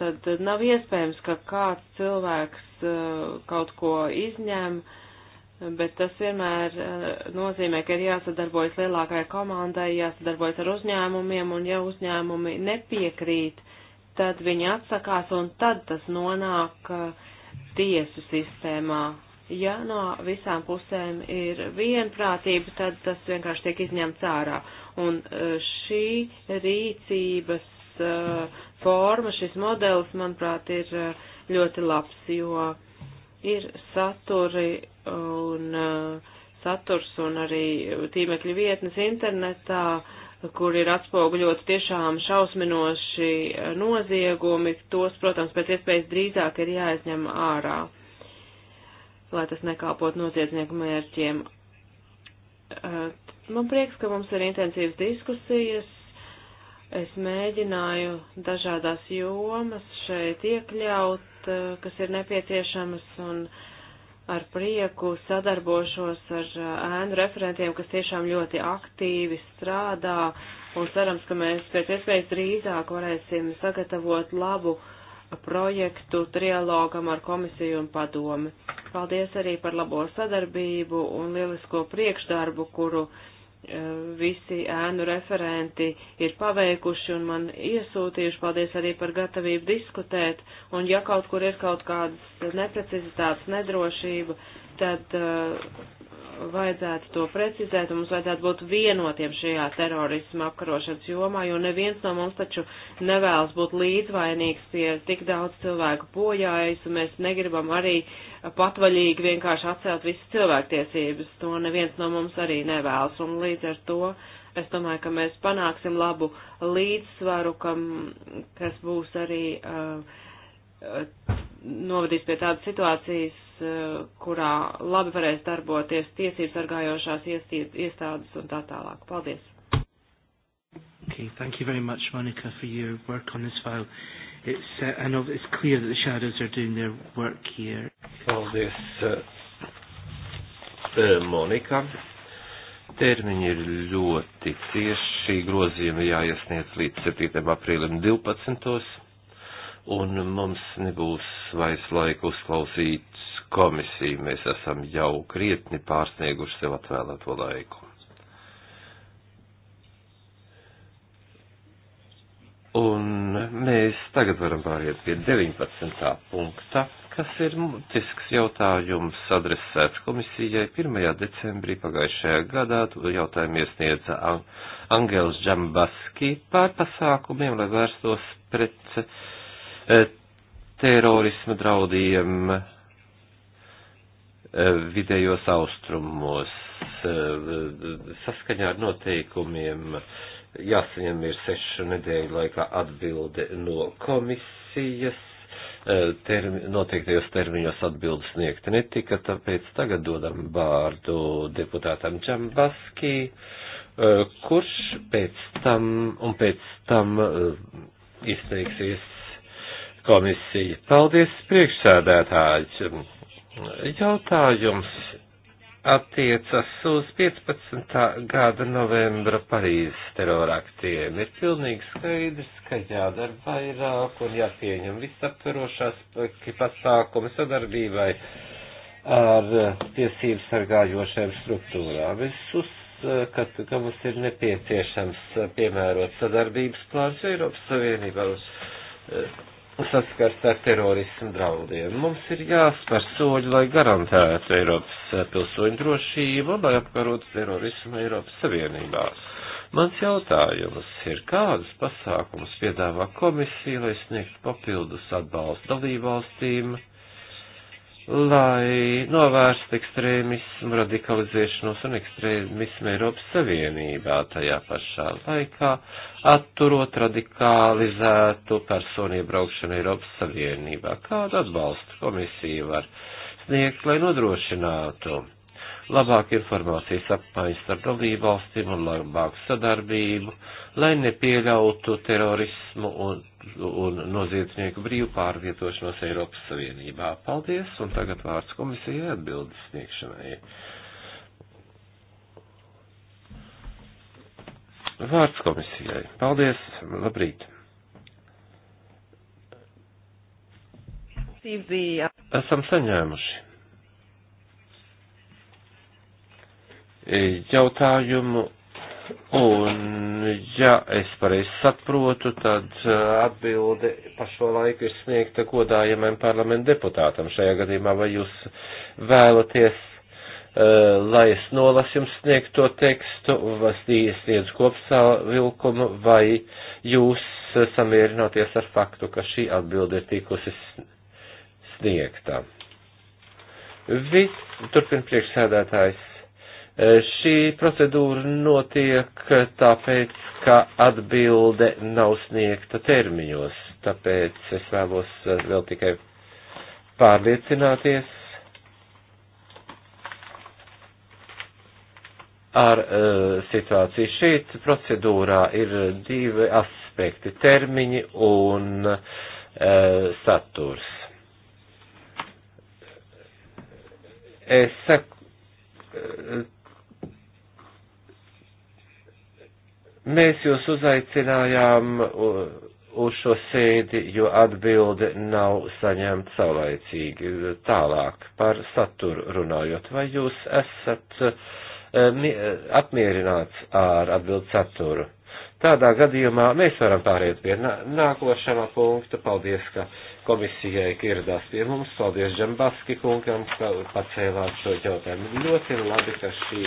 tad nav iespējams, ka kāds cilvēks uh, kaut ko izņem, bet tas vienmēr uh, nozīmē, ka ir jāsadarbojas lielākai komandai, jāsadarbojas ar uzņēmumiem, un ja uzņēmumi nepiekrīt, tad viņi atsakās un tad tas nonāk uh, tiesu sistēmā. Ja no visām pusēm ir vienprātība, tad tas vienkārši tiek izņemts ārā. Un uh, šī rīcības uh, forma, šis modelis, manuprāt, ir ļoti labs, jo ir saturi un saturs un arī tīmekļa vietnes internetā, uh, kur ir atspoguļot tiešām šausminoši noziegumi, tos, protams, pēc iespējas drīzāk ir jāizņem ārā, lai tas nekāpot noziedznieku mērķiem. Eh, man prieks, ka mums ir intensīvas diskusijas. Es mēģināju dažādās jomas šeit iekļaut, eh, kas ir nepieciešamas, un uh, ar prieku sadarbošos ar uh, ēnu referentiem, kas tiešām ļoti aktīvi strādā, un cerams, ka mēs pēc iespējas drīzāk varēsim sagatavot labu projektu trialogam ar komisiju un padomi. Paldies arī par labo sadarbību un lielisko priekšdarbu, kuru uh, visi ēnu referenti ir paveikuši un man iesūtījuši. Paldies arī par gatavību diskutēt. Un ja kaut kur ir kaut kādas neprecizitātes, nedrošība, tad uh, vajadzētu to precizēt, un mums vajadzētu būt vienotiem šajā terorisma apkarošanas jomā, jo neviens no mums taču nevēlas būt līdzvainīgs pie tik daudz cilvēku bojājas, un mēs negribam arī patvaļīgi vienkārši atcelt visas cilvēktiesības. To neviens no mums arī nevēlas, un līdz ar to es domāju, ka mēs panāksim labu līdzsvaru, kam, kas būs arī. Uh, uh novadīs pie tādas situācijas, Eh, kurā labi varēs darboties tiesības sargājošās iestādes un tā tālāk. Paldies! Okay, thank you very much, Monica, for your work on this file. It's, uh, I know it's clear that the shadows are doing their work here. Paldies, uh, eh, eh, Monika. Termiņi ir ļoti cieši. Grozījumi jāiesniedz līdz 7. aprīlim 12 un mums nebūs vairs laika uzklausīt komisiju. Mēs esam jau krietni pārsnieguši sev atvēlēto laiku. Un mēs tagad varam pāriet pie 19. punkta, kas ir mutisks jautājums adresēts komisijai 1. decembrī pagājušajā gadā. Jautājumu iesniedza Angels Džambaski par pasākumiem, lai vērstos pret eh, terorisma draudiem vidējos austrumos. Saskaņā ar noteikumiem jāsaņem ir sešu nedēļu laikā atbilde no komisijas. Termi, noteiktajos termiņos atbildes sniegta netika, tāpēc tagad dodam vārdu deputātam Čambaskī, kurš pēc tam un pēc tam eh, izteiksies komisija. Paldies, priekšsēdētāji! Jautājums attiecas uz 15. gada novembra Parīzes teroraktiem. Ir pilnīgi skaidrs, ka jādara vairāk un jāpieņem visaptverošās pasākumi sadarbībai ar tiesību sargājošajām struktūrām. Es uzskatu, ka mums ir nepieciešams piemērot sadarbības plāns Eiropas Savienībā. Uz, saskars ar terorismu draudiem. Mums ir jāspēr soļi, lai garantētu Eiropas eh, pilsoņu drošību un lai apkarotu terorismu Eiropas Savienībā. Mans jautājums ir, kādus pasākumus piedāvā komisija, lai sniegtu papildus atbalstu dalībvalstīm? valstīm? lai novērstu ekstrēmismu, radikalizēšanos un ekstrēmismu Eiropas Savienībā tajā pašā laikā, atturot radikalizētu personu iebraukšanu Eiropas Savienībā. Kādu atbalstu komisija var sniegt, lai nodrošinātu? labāku informācijas apmaiņu starp dalību valstīm un labāku sadarbību, lai nepieļautu terorismu un, un noziedznieku brīvu pārvietošanos Eiropas Savienībā. Paldies, un tagad vārds komisijai atbildes sniegšanai. Vārds komisijai. Paldies, labrīt. Esam saņēmuši E, jautājumu. Un, ja es pareizi saprotu, tad e, atbilde pa šo laiku ir sniegta godājamajam parlamentu deputātam šajā gadījumā, vai jūs vēlaties e, lai es nolasu jums sniegto tekstu, vai sniedzu kopsavilkumu, vai jūs samierināties ar faktu, ka šī atbilde ir tikusi sniegta. Viss, turpin priekšsēdētājs, Šī procedūra notiek tāpēc, ka atbilde nav sniegta termiņos, tāpēc es vēlos eh, vēl tikai pārliecināties ar uh, situāciju. Šeit procedūrā ir divi aspekti - termiņi un uh, saturs. Es saku, uh, Mēs jūs uzaicinājām uz šo sēdi, jo atbilde nav saņemta saulaicīgi. Tālāk par saturu runājot, vai jūs esat e, e, apmierināts ar atbildu saturu? Tādā gadījumā mēs varam pāriet pie nākošā punkta. Paldies, ka komisijai, ka ieradās pie mums. Paldies Džambaski kungam, ka pacēlāt šo jautājumu. Ļoti labi, ka šī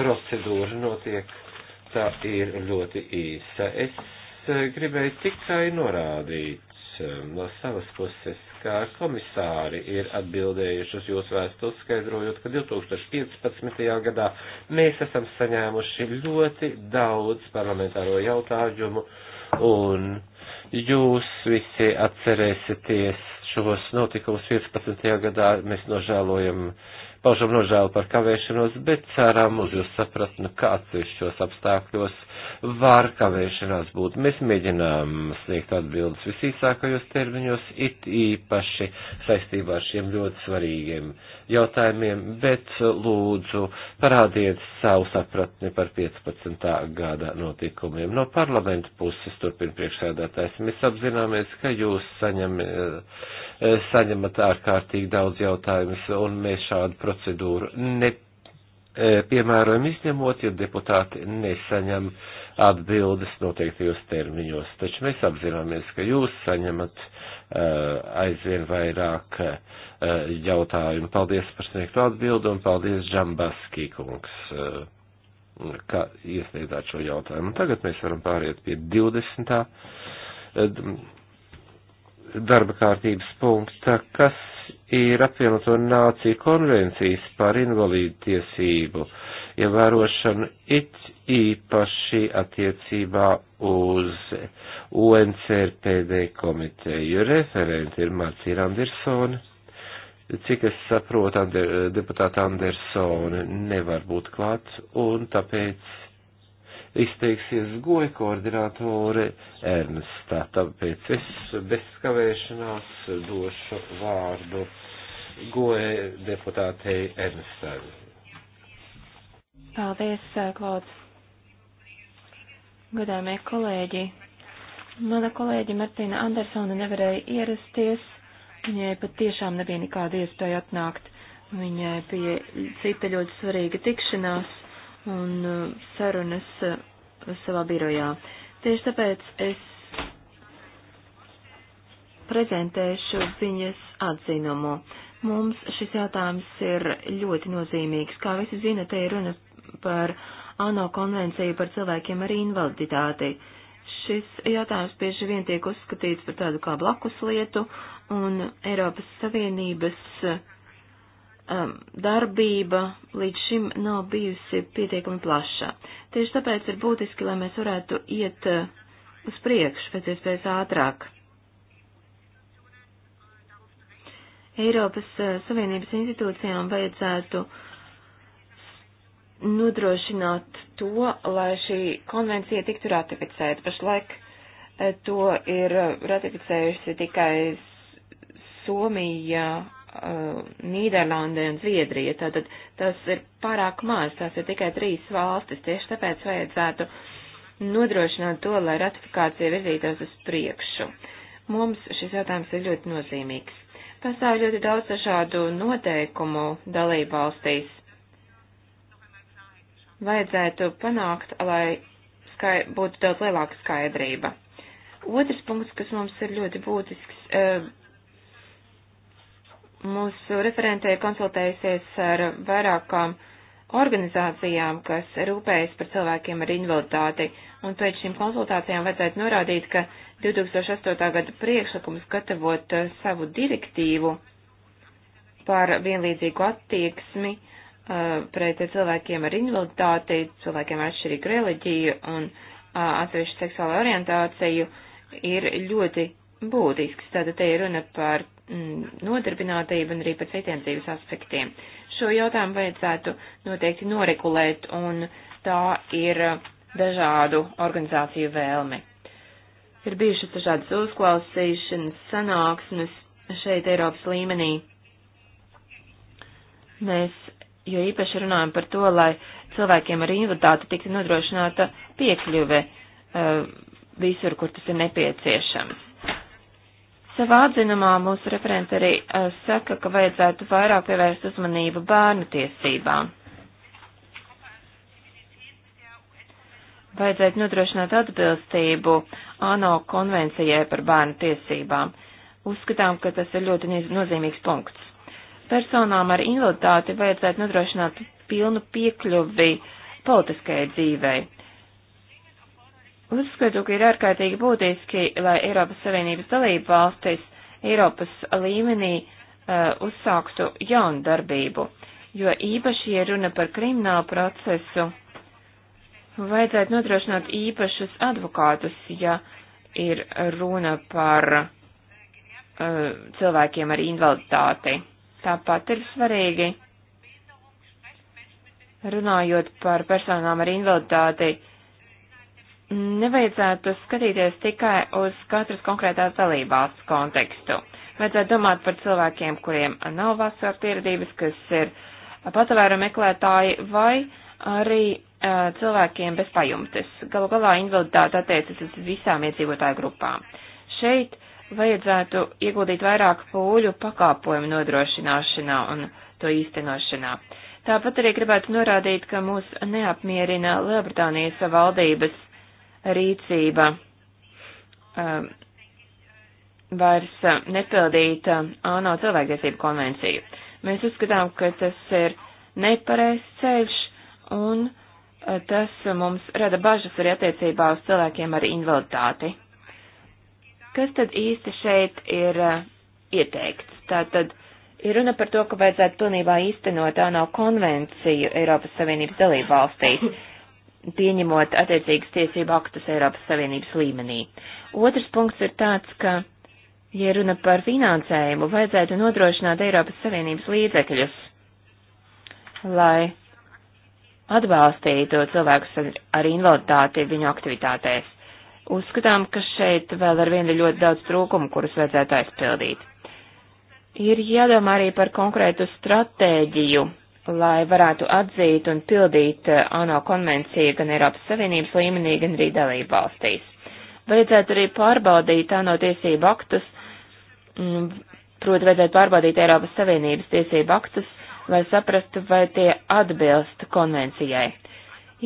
procedūra notiek tā ir ļoti īsa. Es eh, gribēju tikai norādīt eh, no savas puses, kā komisāri ir atbildējuši uz jūsu vēstuli, skaidrojot, ka 2015. gadā mēs esam saņēmuši ļoti daudz parlamentāro jautājumu, un jūs visi atcerēsieties šos notikumus 15. gadā. Mēs nožēlojam uh, paužam nožēlu par kavēšanos, bet ceram uz jūsu sapratni, ka atsevišķos apstākļos var kavēšanās būt. Mēs mēģinām sniegt atbildes visīsākajos termiņos, it īpaši saistībā ar šiem ļoti svarīgiem jautājumiem, bet lūdzu parādiet savu sapratni par 15. gada notikumiem. No parlamenta puses turpina priekšsēdētājs. Mēs apzināmies, ka jūs saņem, eh, saņemat ārkārtīgi daudz jautājumus, un mēs šādu procedūru ne, eh, piemērojam izņemot, ja deputāti nesaņem atbildes noteiktajos termiņos. Taču mēs apzināmies, ka jūs saņemat Eh, aizvien vairāk eh, jautājumu. Paldies par sniegtu atbildu un paldies Džambaskī kungs, eh, ka iesniedzāt šo jautājumu. Tagad mēs varam pāriet pie 20. darba kārtības punkta, kas ir apvienoto nāciju konvencijas par invalīdu tiesību ievērošanu it īpaši attiecībā uz UNCRPD komiteju. Referenti ir Marcija Andersone. Cik es saprotu, Ander, deputāta Andersone nevar būt klāt, un tāpēc izteiksies goja koordinātore Ernsta. Tāpēc es bez kavēšanās došu vārdu goja deputātei Ernstai. Paldies, Klauds. Godājumie kolēģi, mana kolēģi Martina Andersona nevarēja ierasties, viņai pat tiešām nebija nekāda iespēja atnākt. Viņai bija cita ļoti svarīga tikšanās un uh, sarunas uh, savā birojā. Tieši tāpēc es prezentēšu viņas atzinumu. Mums šis jautājums ir ļoti nozīmīgs. Kā visi zina, te ir runa par uh, ANO konvenciju par cilvēkiem ar invaliditāti. Šis jautājums bieži vien tiek uzskatīts par tādu kā blakus lietu, un Eiropas Savienības um, darbība līdz šim nav bijusi pietiekami plaša. Tieši tāpēc ir būtiski, lai mēs varētu iet uh, uz priekšu pēc iespējas ātrāk. Eiropas uh, Savienības institūcijām vajadzētu uh, nodrošināt to, lai šī konvencija tiktu ratificēta. Pašlaik eh, to ir eh, ratificējusi tikai Somija, eh, Nīderlandē un Zviedrija. Tātad tas ir pārāk maz, tās ir tikai trīs valstis. Tieši tāpēc vajadzētu nodrošināt to, lai ratifikācija virzītos uz priekšu. Mums šis jautājums ir ļoti nozīmīgs. Pastāv ļoti daudz dažādu noteikumu dalībvalstīs vajadzētu panākt, lai skai, būtu daudz lielāka skaidrība. Otrs punkts, kas mums ir ļoti būtisks, eh, mūsu referentē konsultējusies ar vairākām organizācijām, kas rūpējas par cilvēkiem ar invaliditāti, un pēc šīm konsultācijām vajadzētu norādīt, ka 2008. gada priekšlikums gatavot eh, savu direktīvu par vienlīdzīgu attieksmi uh, pret cilvēkiem ar invaliditāti, cilvēkiem ar atšķirīgu reliģiju un atsevišķu seksuālo orientāciju ir ļoti būtisks. Tātad te ir runa par mm, nodarbinātību un arī par citiem dzīves aspektiem. Šo jautājumu vajadzētu noteikti noregulēt, un tā ir dažādu organizāciju vēlme. Ir bijušas dažādas uzklausīšanas, sanāksmes šeit Eiropas līmenī. Mēs jo īpaši runājam par to, lai cilvēkiem ar invaliditāti tiktu nodrošināta piekļuve eh, visur, kur tas ir nepieciešams. Savā atzinumā mūsu referenti arī eh, saka, ka vajadzētu vairāk pievērst uzmanību bērnu tiesībām. Vajadzētu nodrošināt atbilstību ANO konvencijai par bērnu tiesībām. Uzskatām, ka tas ir ļoti nozīmīgs punkts personām ar invaliditāti vajadzētu nodrošināt pilnu piekļuvi politiskajai dzīvei. Uzskatu, ka ir ārkārtīgi būtiski, lai Eiropas Savienības dalība valstis Eiropas līmenī uh, uzsāktu jaunu darbību, jo īpaši, ja runa par kriminālu procesu, vajadzētu nodrošināt īpašus advokātus, ja ir runa par uh, cilvēkiem ar invaliditāti. Tāpat ir svarīgi, runājot par personām ar invaliditāti, nevajadzētu skatīties tikai uz katras konkrētās dalībās kontekstu. Vajadzētu domāt par cilvēkiem, kuriem nav vasaras pieredības, kas ir patvēru meklētāji vai arī uh, cilvēkiem bez pajumtes. Galu galā invaliditāte attiecas uz visām iedzīvotāju grupām. Šeit uh, vajadzētu ieguldīt vairāk pūļu pakāpojumu nodrošināšanā un to īstenošanā. Tāpat arī gribētu norādīt, ka mūs neapmierina Lielbritānijas valdības rīcība um, vairs nepildīt um, ANO cilvēktiesību konvenciju. Mēs uzskatām, ka tas ir nepareizs ceļš un uh, tas mums rada bažas arī attiecībā uz cilvēkiem ar invaliditāti. Kas tad īsti šeit ir uh, ieteikts? Tātad ir runa par to, ka vajadzētu pilnībā īstenot ANO konvenciju Eiropas Savienības dalību valstīs, pieņemot attiecīgas tiesību aktus Eiropas Savienības līmenī. Otrs punkts ir tāds, ka, ja runa par finansējumu, vajadzētu nodrošināt Eiropas Savienības līdzekļus, lai atbalstītu cilvēkus ar invaliditāti viņu aktivitātēs. Uzskatām, ka šeit vēl ar vienu ļoti daudz trūkumu, kurus vajadzētu aizpildīt. Ir jādomā arī par konkrētu stratēģiju, lai varētu atzīt un pildīt eh, ANO konvenciju gan Eiropas Savienības līmenī, gan arī dalību valstīs. Vajadzētu arī pārbaudīt ANO tiesību aktus, mm, proti vajadzētu pārbaudīt Eiropas Savienības tiesību aktus, lai saprastu, vai tie atbilst konvencijai.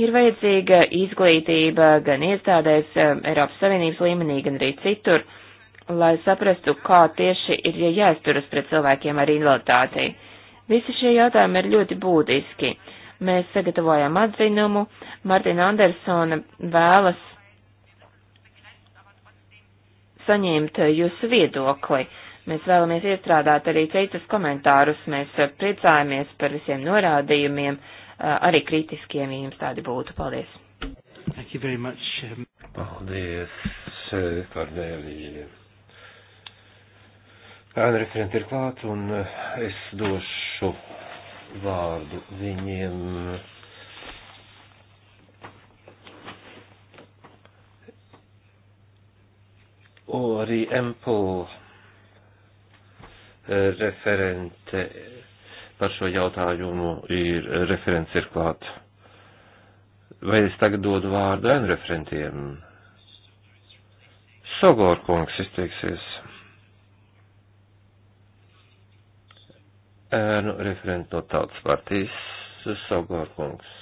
Ir vajadzīga izglītība gan iestādēs um, Eiropas Savienības līmenī, gan arī citur, lai saprastu, kā tieši ir jāizturas pret cilvēkiem ar invaliditāti. Visi šie jautājumi ir ļoti būtiski. Mēs sagatavojam atzinumu, Martina Andersona vēlas saņemt uh, jūsu viedokli. Mēs vēlamies iestrādāt arī citus komentārus, mēs uh, priecājamies par visiem norādījumiem Eh, arī kritiskiem, ja jums tādi būtu. Paldies! Thank you very much. Um, Paldies, Kornēlija. Eh, Ēna referenti ir klāt, un eh, es došu vārdu viņiem. O, arī Empel referente par šo jautājumu ir referents ir klāt. Vai es tagad dodu vārdu N referentiem? Sogor kungs izteiksies. Ēnu referents no tautas partijas, Sogor kungs.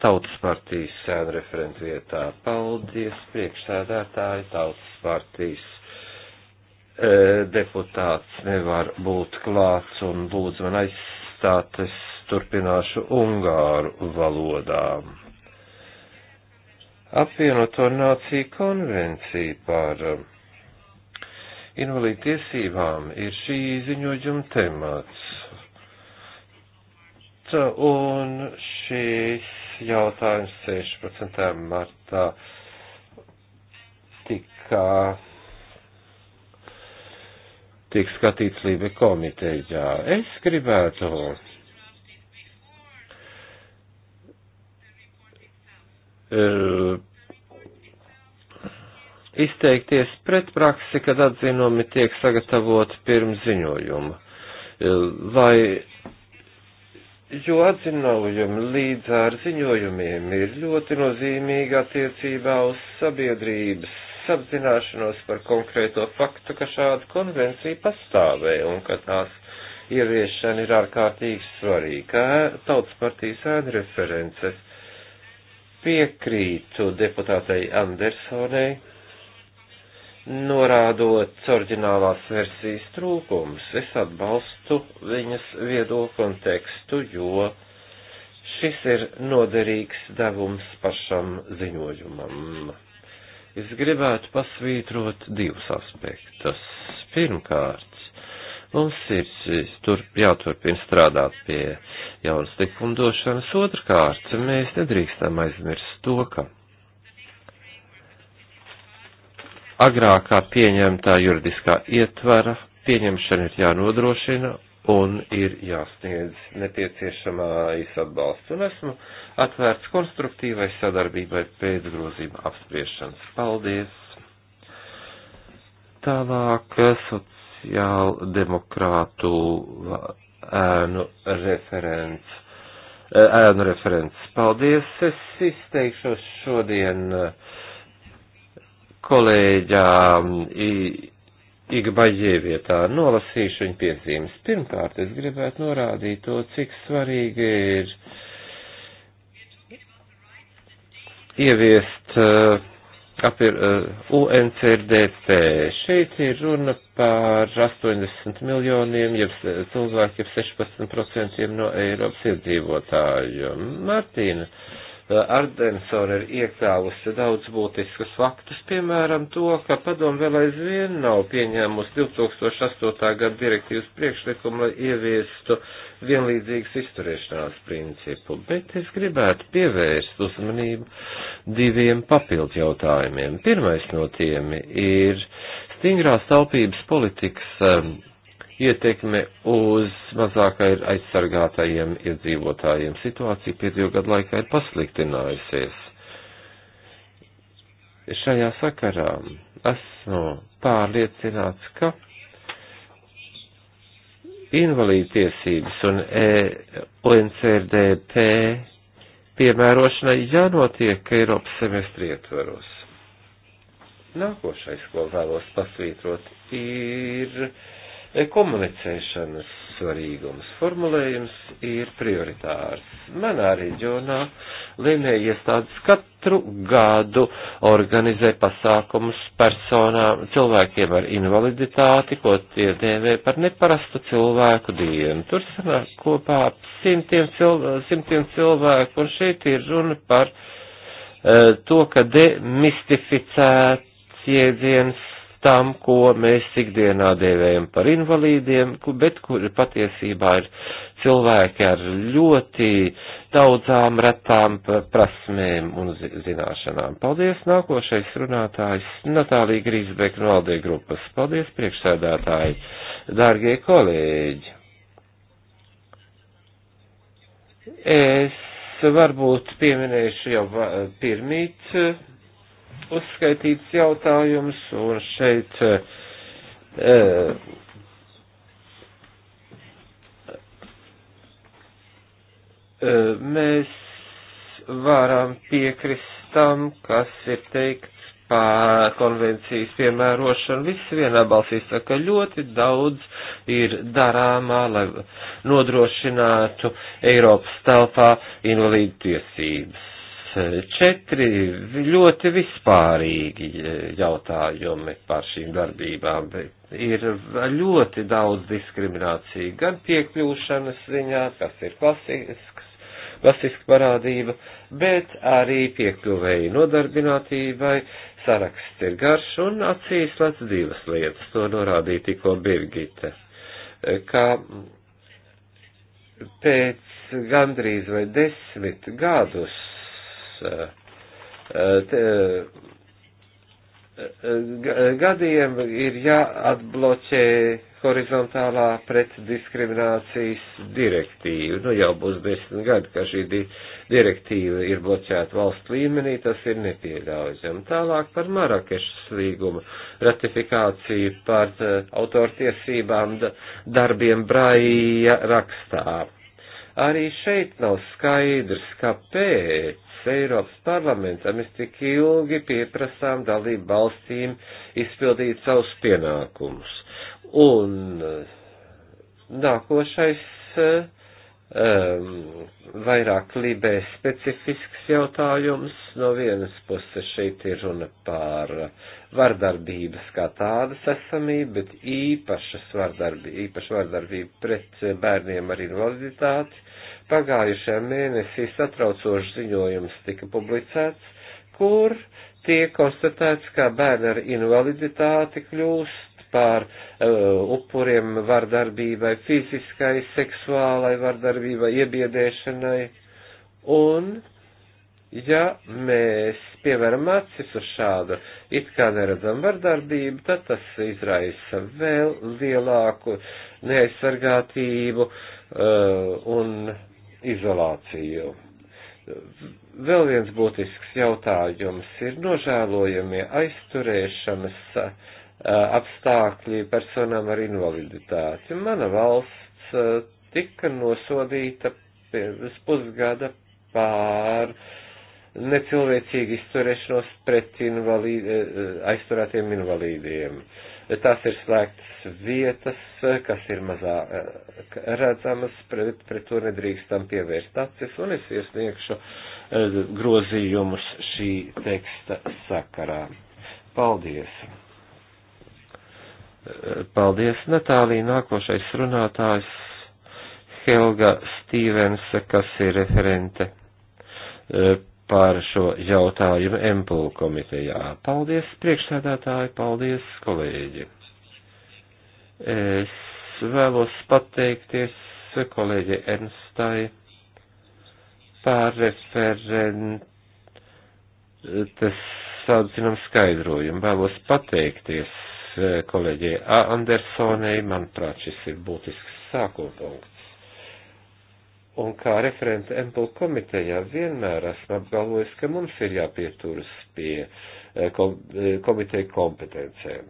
Tautas partijas sēna referenta vietā. Paldies, priekšsēdētāji, tautas partijas E, deputāts nevar būt klāts un lūdzu man aizstāt, es turpināšu ungāru valodā. Apvienoto nāciju konvencija par e, invalīdu tiesībām ir šī ziņoģuma temats. Un šīs jautājums 16. martā tika tiek skatīts Lībe komitejā. Es gribētu uh, izteikties pret praksi, kad atzinumi tiek sagatavot pirms ziņojuma. Vai, eh, jo atzinojumi līdz ar ziņojumiem ir ļoti nozīmīga attiecībā uz sabiedrības cilvēks apzināšanos par konkrēto faktu, ka šāda konvencija pastāvē un ka tās ieviešana ir ārkārtīgi svarīga. Kā tautas partijas ēna references piekrītu deputātei Andersonai, norādot oriģinālās versijas trūkumus. Es atbalstu viņas viedokli un tekstu, jo šis ir noderīgs devums pašam ziņojumam. Es gribētu pasvītrot divus aspektus. Pirmkārt, mums ir tur, jāturpina strādāt pie jaunas likumdošanas. Otrkārt, mēs nedrīkstam aizmirst to, ka agrākā pieņemtā juridiskā ietvara pieņemšana ir jānodrošina un ir jāsniedz nepieciešamais atbalsts. Un esmu atvērts konstruktīvai sadarbībai pēc grozījuma apspriešanas. Paldies! Tālāk sociāldemokrātu ēnu referents. Ēnu referents. Paldies! Es izteikšos šodien kolēģām. I, Igbaļievietā nolasīšu viņa piezīmes. Pirmkārt, es gribētu norādīt to, cik svarīgi ir ieviest uh, apir, uh, UNCRDP. Šeit ir runa par 80 miljoniem jeb, uh, cilvēku, jeb 16% no Eiropas iedzīvotāju. Martīna. Uh, Eh, Ardensona ir iekāvusi daudz būtiskus faktus, piemēram to, ka padomu vēl aizvien nav pieņēmusi 2008. gada direktīvas priekšlikumu, lai ieviestu vienlīdzīgas izturēšanās principu, bet es gribētu pievērst uzmanību diviem papildu jautājumiem. Pirmais no tiem ir stingrās taupības politikas ietekme uz mazākai aizsargātajiem iedzīvotājiem. Situācija pēdējo gadu laikā ir pasliktinājusies. Šajā sakarā esmu pārliecināts, ka invalīdu tiesības un e, UNCRDP piemērošanai jānotiek Eiropas semestri ietvaros. Nākošais, ko vēlos pasvītrot, ir komunicēšanas svarīgums. Formulējums ir prioritārs. Manā reģionā līmēja iestādes katru gadu organizē pasākumus personām, cilvēkiem ar invaliditāti, ko tie dēvē par neparastu cilvēku dienu. Tur sanāk kopā simtiem, cilv simtiem cilvēku, un šeit ir runa par uh, to, ka demistificēts jēdziens tam, ko mēs ikdienā dēvējam par invalīdiem, bet kuri patiesībā ir cilvēki ar ļoti daudzām retām prasmēm un zināšanām. Paldies, nākošais runātājs Natālija Grīsbek no Aldē grupas. Paldies, priekšsēdētāji, dārgie kolēģi. Es varbūt pieminēšu jau pirmīt uzskaitīts jautājums, un šeit e, e, mēs varam piekrist tam, kas ir teikts par konvencijas piemērošanu. Visi vienā balsī saka, ļoti daudz ir darāmā, lai nodrošinātu Eiropas telpā invalīdu tiesības četri ļoti vispārīgi e, jautājumi par šīm darbībām, bet ir ļoti daudz diskriminācija gan piekļūšanas ziņā, kas ir klasisks, klasiska parādība, bet arī piekļuvēji nodarbinātībai. Saraksts ir garš un acīs lec divas lietas, to norādīja tikko Birgite, e, ka pēc gandrīz vai desmit gadus te, gadiem ir jāatbloķē horizontālā pretdiskriminācijas direktīva. Nu, jau būs desmit gadi, ka šī di direktīva ir bloķēta valsts līmenī, tas ir nepieļaujami. Tālāk par Marakešas līgumu ratifikāciju par eh, autortiesībām darbiem Braija rakstā. Arī šeit nav skaidrs, kāpēc Eiropas parlamentam, mēs tik ilgi pieprasām dalību valstīm izpildīt savus pienākumus. Un eh, nākošais um, vairāk libē specifisks jautājums. No vienas puses šeit ir runa par vardarbības kā tādas esamību, bet īpašas vardarbība, īpaša vardarbība pret bērniem ar invaliditāti. Pagājušajā mēnesī satraucošs ziņojums tika publicēts, kur tiek konstatēts, ka bērni ar invaliditāti kļūst par uh, upuriem vardarbībai, fiziskai, seksuālai vardarbībai, iebiedēšanai. Un, ja mēs pievēram acis uz šādu it kā neredzam vardarbību, tad tas izraisa vēl lielāku neaizsargātību uh, un izolāciju. Vēl viens būtisks jautājums ir nožēlojamie aizturēšanas apstākļi personām ar invaliditāti. Mana valsts tika nosodīta pirms pusgada pār necilvēcīgu izturēšanos pret invalīdi, aizturētiem invalīdiem. Uh, tās ir slēgtas vietas, kas ir mazā eh, redzamas, pret, pret to nedrīkstam pievērst acis, un es iesniegšu eh, grozījumus šī teksta sakarā. Paldies! Eh, paldies, Natālija. Nākošais runātājs Helga Stīvensa, kas ir referente par šo jautājumu MPL komitejā. Paldies, priekšsēdētāji, paldies, kolēģi. Es vēlos pateikties kolēģi Ernstai par referentes sādzinam skaidrojumu. Vēlos pateikties kolēģi Andersonei, manuprāt, šis ir būtisks sākotnpunkts Un kā referenta Empel komitejā vienmēr esmu apgalvojis, ka mums ir jāpieturas pie eh, eh, komiteja kompetencēm.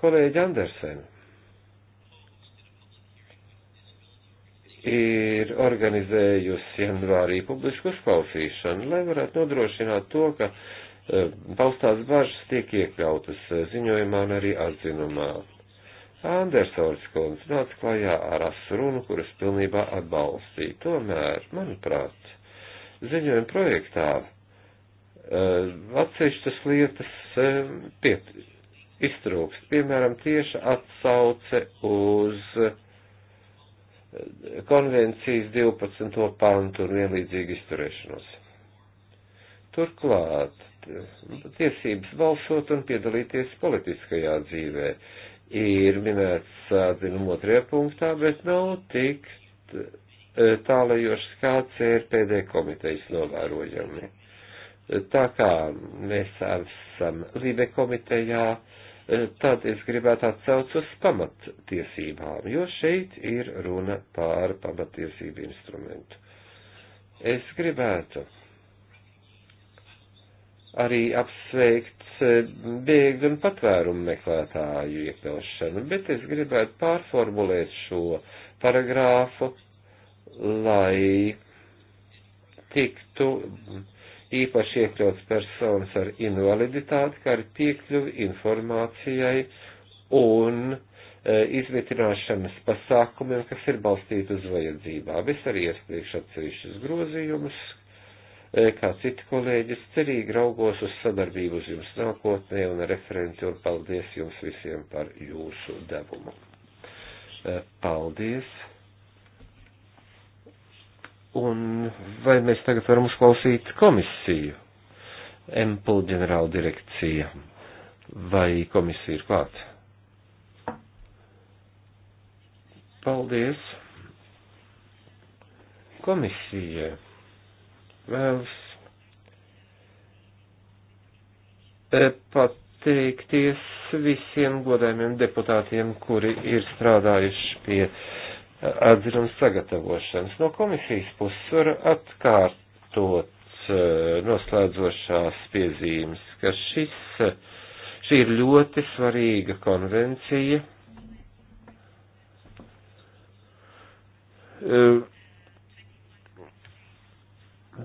Kolēģi Andersen ir organizējusi janvārī publisku uzklausīšanu, lai varētu nodrošināt to, ka eh, paustās bažas tiek iekļautas ziņojumā un arī atzinumā Andersons kundze nāca klajā ar asrunu, kuras pilnībā atbalstīja. Tomēr, manuprāt, ziņojuma projektā uh, atsevišķas lietas uh, piet, iztrūkst, piemēram, tieša atsauce uz uh, konvencijas 12. pantu un vienlīdzīgu izturēšanos. Turklāt, tiesības balsot un piedalīties politiskajā dzīvē ir minēts atzinuma otrajā punktā, bet nav tik tālajošs kā CRPD komitejas novērojami. Tā kā mēs esam Lībe komitejā, tad es gribētu atcaukt uz pamattiesībām, jo šeit ir runa pār pamattiesību instrumentu. Es gribētu arī apsveikt Eh, bēgļu un patvērumu meklētāju iekļaušanu, bet es gribētu pārformulēt šo paragrāfu, lai tiktu īpaši iekļauts personas ar invaliditāti, kā arī piekļuvi informācijai un e, izmitināšanas pasākumiem, kas ir balstīti uz vajadzībām. Es arī iespriekš atsevišķus grozījumus, E, kā citi kolēģis, cerīgi raugos uz sadarbību uz jums nākotnē un referenti un paldies jums visiem par jūsu devumu. E, paldies! Un vai mēs tagad varam uzklausīt komisiju? Empel ģenerāla direkcija. Vai komisija ir klāt? Paldies! Komisija Eh, pateikties visiem godājumiem deputātiem, kuri ir strādājuši pie eh, atzinuma sagatavošanas. No komisijas puses var atkārtot eh, noslēdzošās piezīmes, ka šis, šī ir ļoti svarīga konvencija. Uh,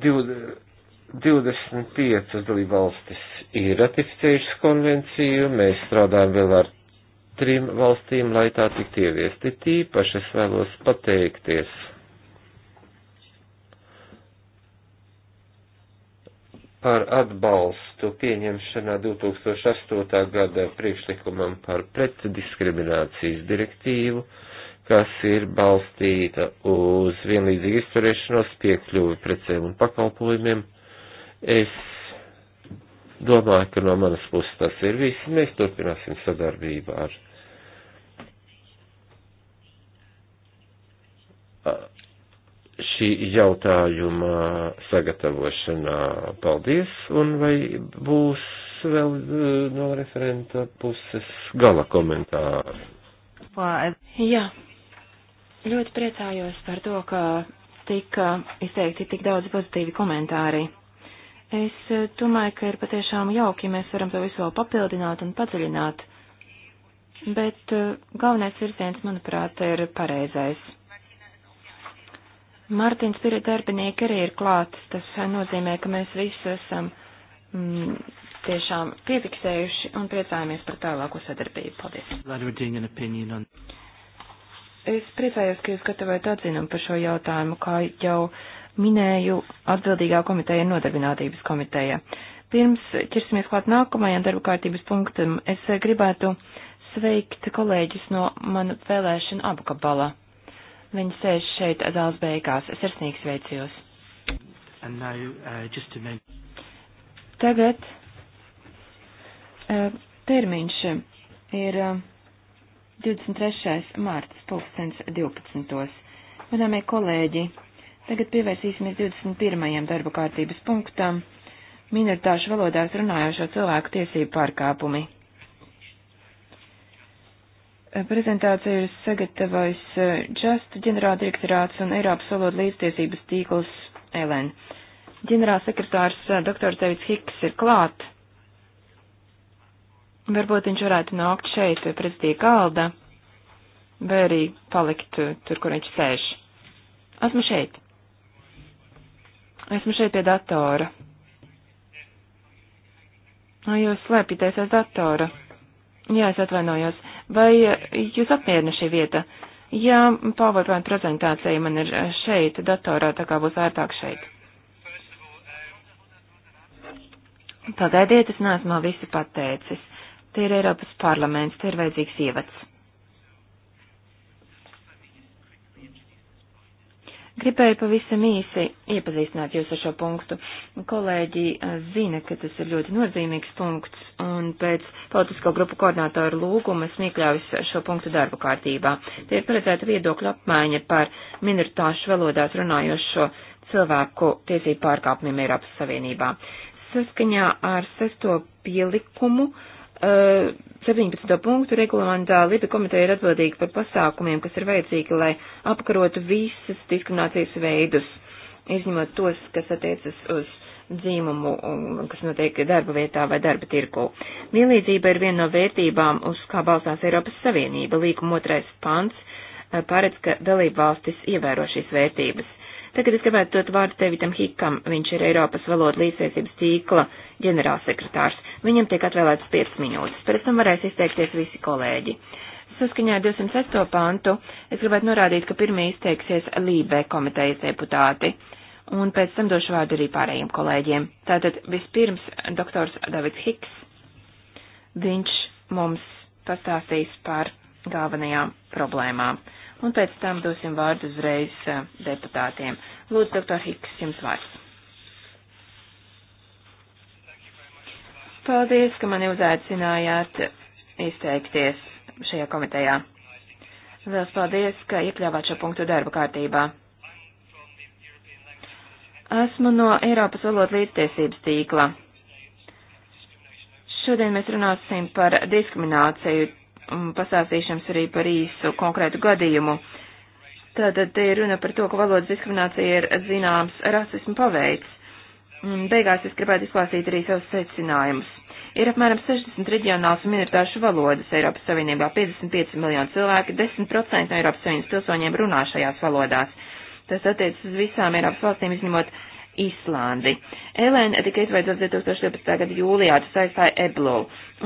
25 dalībvalstis ir ratificējušas konvenciju, mēs strādājam vēl ar trim valstīm, lai tā tiktu ieviesti. Tīpaši es vēlos pateikties par atbalstu pieņemšanā 2008. gada priekšlikumam par pretdiskriminācijas direktīvu kas ir balstīta uz vienlīdzīgu izturēšanos, piekļuvi precēm un pakalpojumiem. Es domāju, ka no manas puses tas ir viss. Mēs turpināsim sadarbību ar. Šī jautājuma sagatavošanā paldies, un vai būs vēl e, no referenta puses gala komentāri? Jā, Ļoti priecājos par to, ka tika izteikti tik daudz pozitīvi komentāri. Es eh, domāju, ka ir patiešām jauki, mēs varam to visu vēl papildināt un padziļināt. Bet eh, galvenais virziens, manuprāt, ir pareizais. Mārtiņš Piri darbinieki arī ir klāts. Tas nozīmē, ka mēs visi esam mm, tiešām piefiksējuši un priecājamies par tālāko sadarbību. Paldies! Es priecājos, ka jūs gatavojat atzinumu par šo jautājumu, kā jau minēju, atbildīgā komiteja ir nodarbinātības komiteja. Pirms ķersimies klāt nākamajam darba kārtības punktam, es gribētu sveikt kolēģis no manu vēlēšanu apgabala. Viņi sēž šeit zāles beigās. Es sirsnīgi sveicu jūs. Now, uh, make... Tagad uh, termiņš ir. Uh, 23. mārts 2012. Manāmie kolēģi, tagad pievērsīsimies 21. darba kārtības punktam - minoritāšu valodās runājošo cilvēku tiesību pārkāpumi. Prezentāciju ir sagatavojis eh, Just ģenerāldirektorāts un Eiropas valodu līdztiesības tīkls Elen. Ģenerālsekretārs eh, dr. Davids Hiks ir klāt. Varbūt viņš varētu nākt šeit vai prezidija galda, vai arī palikt tur, kur viņš sēž. Esmu šeit. Esmu šeit pie datora. Vai jūs slēpjaties aiz datora? Jā, es atvainojos. Vai jūs apmierina šī vieta? Jā, PowerPoint prezentācija man ir šeit, datorā, tā kā būs ērtāk šeit. Pagaidiet, es neesmu vēl visi pateicis. Te ir Eiropas parlaments, te ir vajadzīgs ievads. Gribēju pavisam īsi iepazīstināt jūs ar šo punktu. Kolēģi eh, zina, ka tas ir ļoti nozīmīgs punkts, un pēc politisko grupu koordinātoru lūguma es iekļāvis šo punktu darba kārtībā. Te ir paredzēta viedokļa apmaiņa par minoritāšu valodās runājošo cilvēku tiesību pārkāpumiem Eiropas Savienībā. Saskaņā ar sesto pielikumu 17. Eh, punktu reglamentā Liba komiteja ir atbildīga par pasākumiem, kas ir vajadzīgi, lai apkarotu visas diskriminācijas veidus, izņemot tos, kas attiecas uz dzīmumu, kas notiek darba vietā vai darba tirku. Vienlīdzība ir viena no vērtībām, uz kā balstās Eiropas Savienība. Līkuma otrais pants eh, paredz, ka dalība valstis ievēro šīs vērtības. Tagad es gribētu dot vārdu Davidam Hikam, viņš ir Eiropas valoda līdzsēsības tīkla ģenerālsekretārs. Viņam tiek atvēlētas 5 minūtes, pēc tam varēs izteikties visi kolēģi. Saskaņā ar 206. pantu es gribētu norādīt, ka pirmie izteiksies Lībē komitejas deputāti, un pēc tam došu vārdu arī pārējiem kolēģiem. Tātad vispirms doktors Davids Hiks, viņš mums pastāstīs par galvenajām problēmām un pēc tam dosim vārdu uzreiz deputātiem. Lūdzu, doktor Hiks, jums vārds. Paldies, ka mani uzaicinājāt izteikties šajā komitejā. Vēl paldies, ka iekļāvāt šo punktu darba kārtībā. Esmu no Eiropas valodu līdztiesības tīkla. Šodien mēs runāsim par diskrimināciju Mm, pasāstīšams arī par īsu konkrētu gadījumu. Tātad te ir runa par to, ka valodas diskriminācija ir zināms rasismu paveids. Mm, beigās es gribētu izklāstīt arī savus secinājumus. Ir apmēram 60 reģionāls un minoritāšu valodas Eiropas Savienībā, 55 miljoni cilvēki, 10% no Eiropas Savienības pilsoņiem runā šajās valodās. Tas attiecas uz visām Eiropas valstīm, izņemot Islandi. Elēna tika izveidots 2012. gada jūlijā, tas aizstāja Eblo,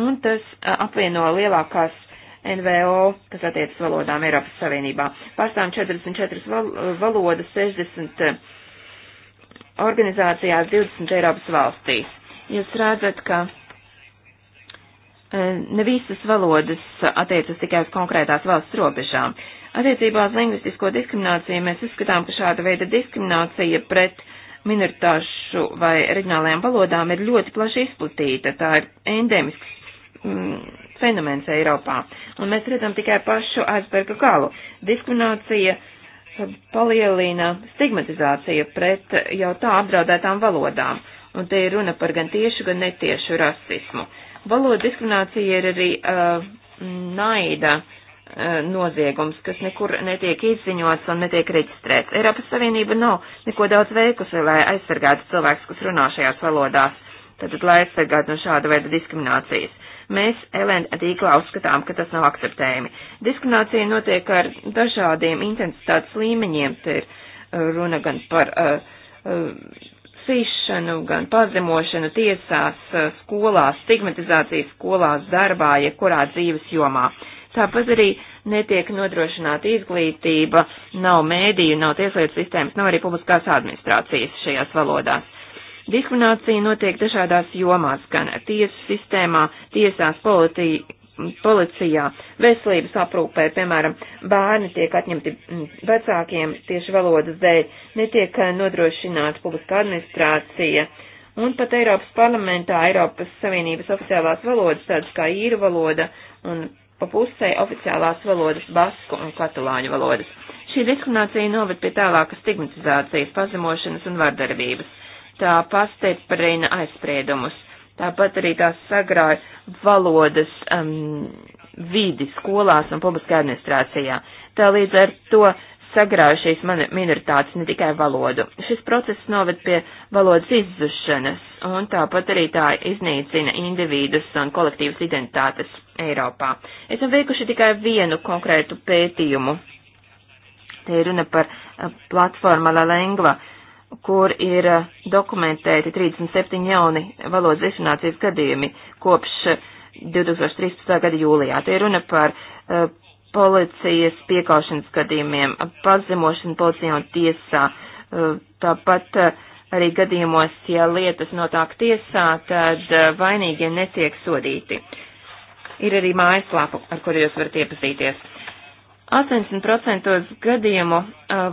un tas apvieno lielākās NVO, kas attiecas valodām Eiropas Savienībā. Pārstāvam 44 val valodas, 60 eh, organizācijās, 20 Eiropas valstīs. Jūs redzat, ka eh, ne visas valodas attiecas tikai uz konkrētās valsts robežām. Attiecībā uz lingvistisko diskrimināciju mēs uzskatām, ka šāda veida diskriminācija pret minoritāšu vai reģionālajām valodām ir ļoti plaši izplatīta. Tā ir endemisks mm, fenomens Eiropā, un mēs redzam tikai pašu aizberga galu. Diskriminācija eh, palielina stigmatizāciju pret jau tā apdraudētām valodām, un te ir runa par gan tiešu, gan netiešu rasismu. Valoda diskriminācija ir arī uh, naida uh, noziegums, kas nekur netiek izziņots un netiek reģistrēts. Eiropas Savienība nav neko daudz veikusi, lai aizsargātu cilvēkus, kas runā šajās valodās, tātad lai aizsargātu no šāda veida diskriminācijas. Mēs LND tīklā uzskatām, ka tas nav akceptējami. Diskriminācija notiek ar dažādiem intensitātes līmeņiem. Te ir uh, runa gan par uh, uh, cīšanu, gan pazemošanu tiesās, uh, skolās, stigmatizāciju skolās, darbā, jebkurā ja dzīves jomā. Tāpat arī netiek nodrošināta izglītība, nav mēdīju, nav tieslietu sistēmas, nav arī publiskās administrācijas šajās valodās. Diskriminācija notiek dažādās jomās, gan tiesu sistēmā, tiesās, politi, policijā, veselības aprūpē, piemēram, bērni tiek atņemti mm, vecākiem tieši valodas dēļ, netiek eh, nodrošināta publiska administrācija. Un pat Eiropas parlamentā Eiropas Savienības oficiālās valodas, tādas kā īru valoda un pa pusē oficiālās valodas basku un katalāņu valodas. Šī diskriminācija noved pie tālākas stigmatizācijas, pazemošanas un vardarbības tā pastiprina aizspriedumus. Tāpat arī tās sagrāja valodas um, vidi skolās un publiskajā administrācijā. Tā līdz ar to sagrāja šīs minoritātes ne tikai valodu. Šis process noved pie valodas izzušanas, un tāpat arī tā iznīcina individus un kolektīvas identitātes Eiropā. Esam veikuši tikai vienu konkrētu pētījumu. Te ir runa par uh, platformu La Lengva, kur ir eh, dokumentēti 37 jauni valodas disinācijas gadījumi kopš 2013. Eh, gada jūlijā. Te ir runa par uh, policijas piekaušanas gadījumiem, pazemošanu policijā un tiesā. Uh, tāpat uh, arī gadījumos, ja lietas notāk tiesā, tad vainīgie netiek sodīti. Ir arī mājaslāpu, ar kuru jūs varat iepazīties. 80% gadījumu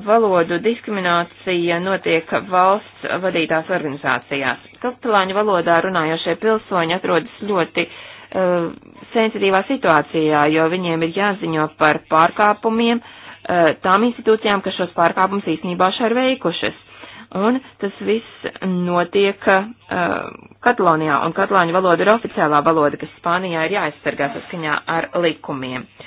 valodu diskriminācija notiek valsts vadītās organizācijās. Katalāņu valodā runājošie pilsoņi atrodas ļoti uh, sensitīvā situācijā, jo viņiem ir jāziņo par pārkāpumiem uh, tām institūcijām, kas šos pārkāpumus īstenībā šai ir veikušas. Un tas viss notiek uh, Katalonijā, un katalāņu valoda ir oficiālā valoda, kas Spānijā ir jāaizsargā saskaņā ar likumiem. Uh,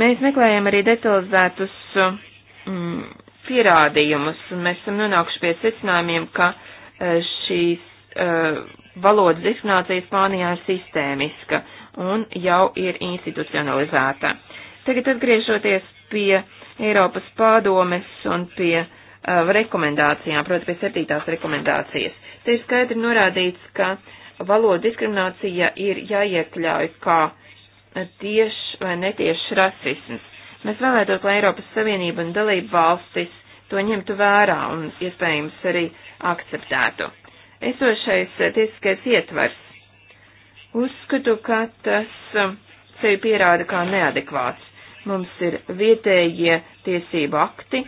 Mēs meklējam arī detalizētus mm, pierādījumus, un mēs esam nonākuši pie secinājumiem, ka e, šīs uh, valodas diskriminācija Spānijā ir sistēmiska un jau ir institucionalizēta. Tagad atgriežoties pie Eiropas pārdomes un pie uh, rekomendācijām, proti pie septītās rekomendācijas. Te ir skaidri norādīts, ka valoda diskriminācija ir jāiekļauj kā tieši vai netieši rasisms. Mēs vēlētos, lai Eiropas Savienība un dalība valstis to ņemtu vērā un iespējams arī akceptētu. Esošais eh, tiesiskais ietvers. Uzskatu, ka tas eh, sevi pierāda kā neadekvāts. Mums ir vietējie tiesību akti,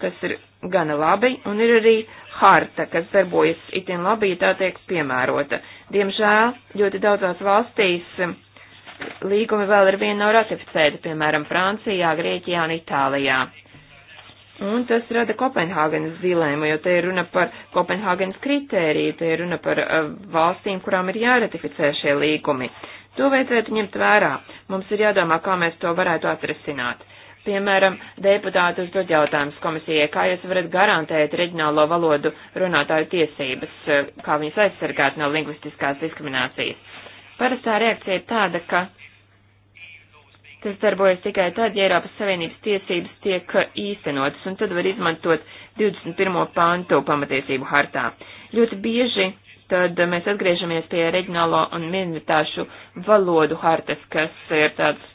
kas ir gana labi, un ir arī harta, kas darbojas itin labi, ja tā tiek piemērota. Diemžēl ļoti daudzās valstīs līgumi vēl ar vienu nav ratificēti, piemēram, Francijā, Grieķijā un Itālijā. Un tas rada Kopenhāgenes dilēmu, jo te ir runa par Kopenhāgenes kritēriju, te ir runa par uh, valstīm, kurām ir jāratificē šie līgumi. To vajadzētu ņemt vērā. Mums ir jādomā, kā mēs to varētu atrisināt. Piemēram, deputāti uzdod jautājums komisijai, kā jūs varat garantēt reģionālo valodu runātāju tiesības, uh, kā viņas aizsargāt no lingvistiskās diskriminācijas. Parastā reakcija ir tāda, ka tas darbojas tikai tad, ja Eiropas Savienības tiesības tiek īstenotas, un tad var izmantot 21. pantu pamatiesību hartā. Ļoti bieži tad mēs atgriežamies pie reģionālo un minoritāšu valodu hartas, kas ir tāds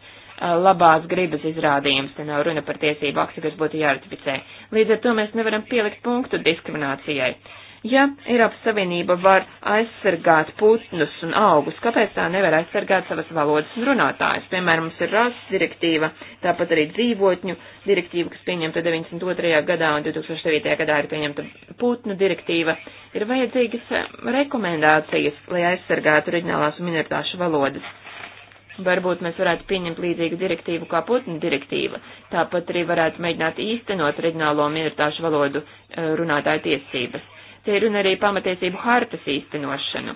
labās gribas izrādījums, te nav runa par tiesību aktu, kas būtu jāratificē. Līdz ar to mēs nevaram pielikt punktu diskriminācijai. Ja Eiropas Savienība var aizsargāt putnus un augus, kāpēc tā nevar aizsargāt savas valodas un runātājus? Piemēram, mums ir rases direktīva, tāpat arī dzīvotņu direktīva, kas pieņemta 92. gadā un 2009. gadā ir pieņemta putnu direktīva. Ir vajadzīgas eh, rekomendācijas, lai aizsargātu reģionālās un minoritāšu valodas. Varbūt mēs varētu pieņemt līdzīgu direktīvu kā putnu direktīva. Tāpat arī varētu mēģināt īstenot reģionālo minoritāšu valodu eh, runātāju tiesības Te ir runa arī pamatiesību hartas īstenošanu.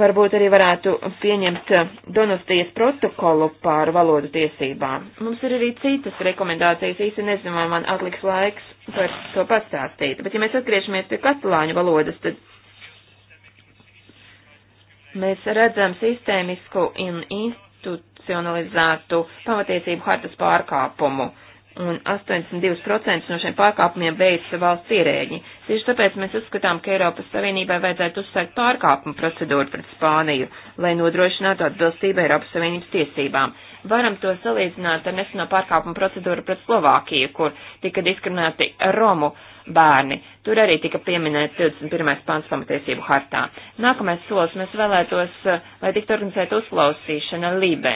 Varbūt arī varētu pieņemt Donostijas protokolu pār valodu tiesībām. Mums ir arī citas rekomendācijas, īsti nezinu, vai man atliks laiks par to pastāstīt. Bet ja mēs atgriežamies pie katalāņu valodas, tad mēs redzam sistēmisku un institucionalizētu pamatiesību hartas pārkāpumu. Uh, un 82% no šiem pārkāpumiem veica valsts ierēģi. Tieši tāpēc mēs uzskatām, ka Eiropas Savienībai vajadzētu uzsākt pārkāpumu procedūru pret Spāniju, lai nodrošinātu atbilstību Eiropas Savienības tiesībām. Varam to salīdzināt ar neseno pārkāpumu procedūru pret Slovākiju, kur tika diskriminēti Romu bērni. Tur arī tika pieminēts 21. pants pamatiesību hartā. Nākamais solis mēs vēlētos, eh, lai tiktu organizēta uzklausīšana Lībē.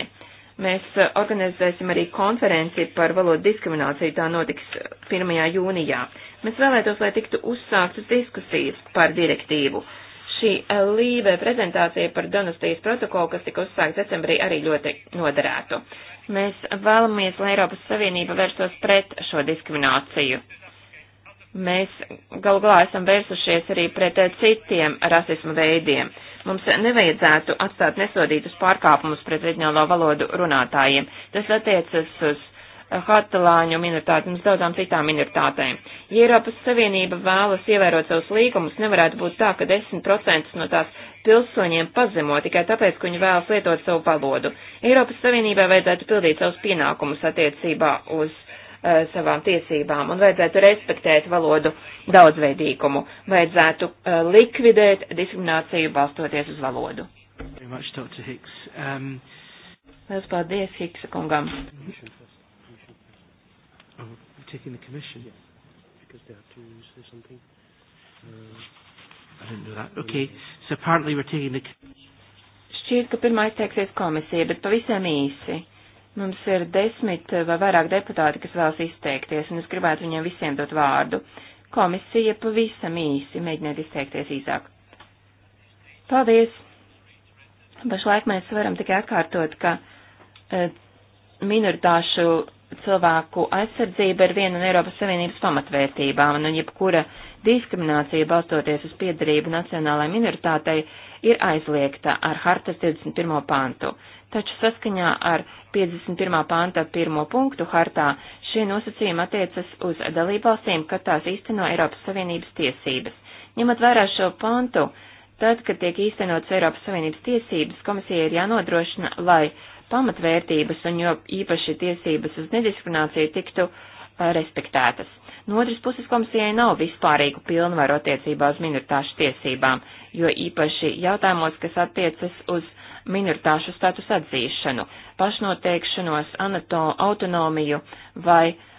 Mēs eh, organizēsim arī konferenci par valodu diskrimināciju, tā notiks 1. Eh, jūnijā. Mēs vēlētos, lai tiktu uzsāktas diskusijas par direktīvu. Šī eh, līve prezentācija par Donastijas protokolu, kas tika uzsākta decembrī, arī ļoti noderētu. Mēs vēlamies, lai Eiropas Savienība vērstos pret šo diskrimināciju. Mēs galu galā esam vērsušies arī pret citiem rasismu veidiem. Uh, Mums nevajadzētu atstāt nesodītus pārkāpumus pret reģionālo valodu runātājiem. Tas attiecas uz eh, hatalāņu minoritāti un uz daudzām citām minoritātēm. Ja Eiropas Savienība vēlas ievērot savus līgumus, nevarētu būt tā, ka 10% no tās pilsoņiem pazemo tikai tāpēc, ka viņi vēlas lietot savu valodu. Eiropas Savienībai vajadzētu pildīt savus pienākumus attiecībā uz Eh, savām tiesībām un vajadzētu respektēt valodu daudzveidīgumu, vajadzētu eh, likvidēt diskrimināciju balstoties uz valodu. Much, um... Lielas paldies Hiksa kungam. Oh, taking the commission, yeah, because they have to say something. Uh, I didn't know that. Okay, so apparently we're taking the. Šķiet, ka pirmā izteiksies komisija, bet pavisam īsi. Mums ir desmit vai vairāk deputāti, kas vēlas izteikties, un es gribētu viņiem visiem dot vārdu. Komisija pavisam īsi mēģiniet izteikties īsāk. Paldies! Pašlaik mēs varam tikai atkārtot, ka e, minoritāšu cilvēku aizsardzība ir viena no Eiropas Savienības pamatvērtībām, un jebkura diskriminācija balstoties uz piedarību nacionālajai minoritātei ir aizliegta ar hartas 21. pantu, taču saskaņā ar 51. panta 1. punktu hartā šie nosacījumi attiecas uz dalībvalstīm, kad tās īsteno Eiropas Savienības tiesības. Ņemot vērā šo pantu, tad, kad tiek īstenots Eiropas Savienības tiesības, komisija ir jānodrošina, lai pamatvērtības un jo īpaši tiesības uz nediskrimināciju tiktu eh, respektētas. No otras puses komisijai nav vispārīgu pilnvaru attiecībā uz minoritāšu tiesībām, jo īpaši jautājumos, kas attiecas uz minoritāšu status atzīšanu, pašnoteikšanos, anatom, autonomiju vai uh,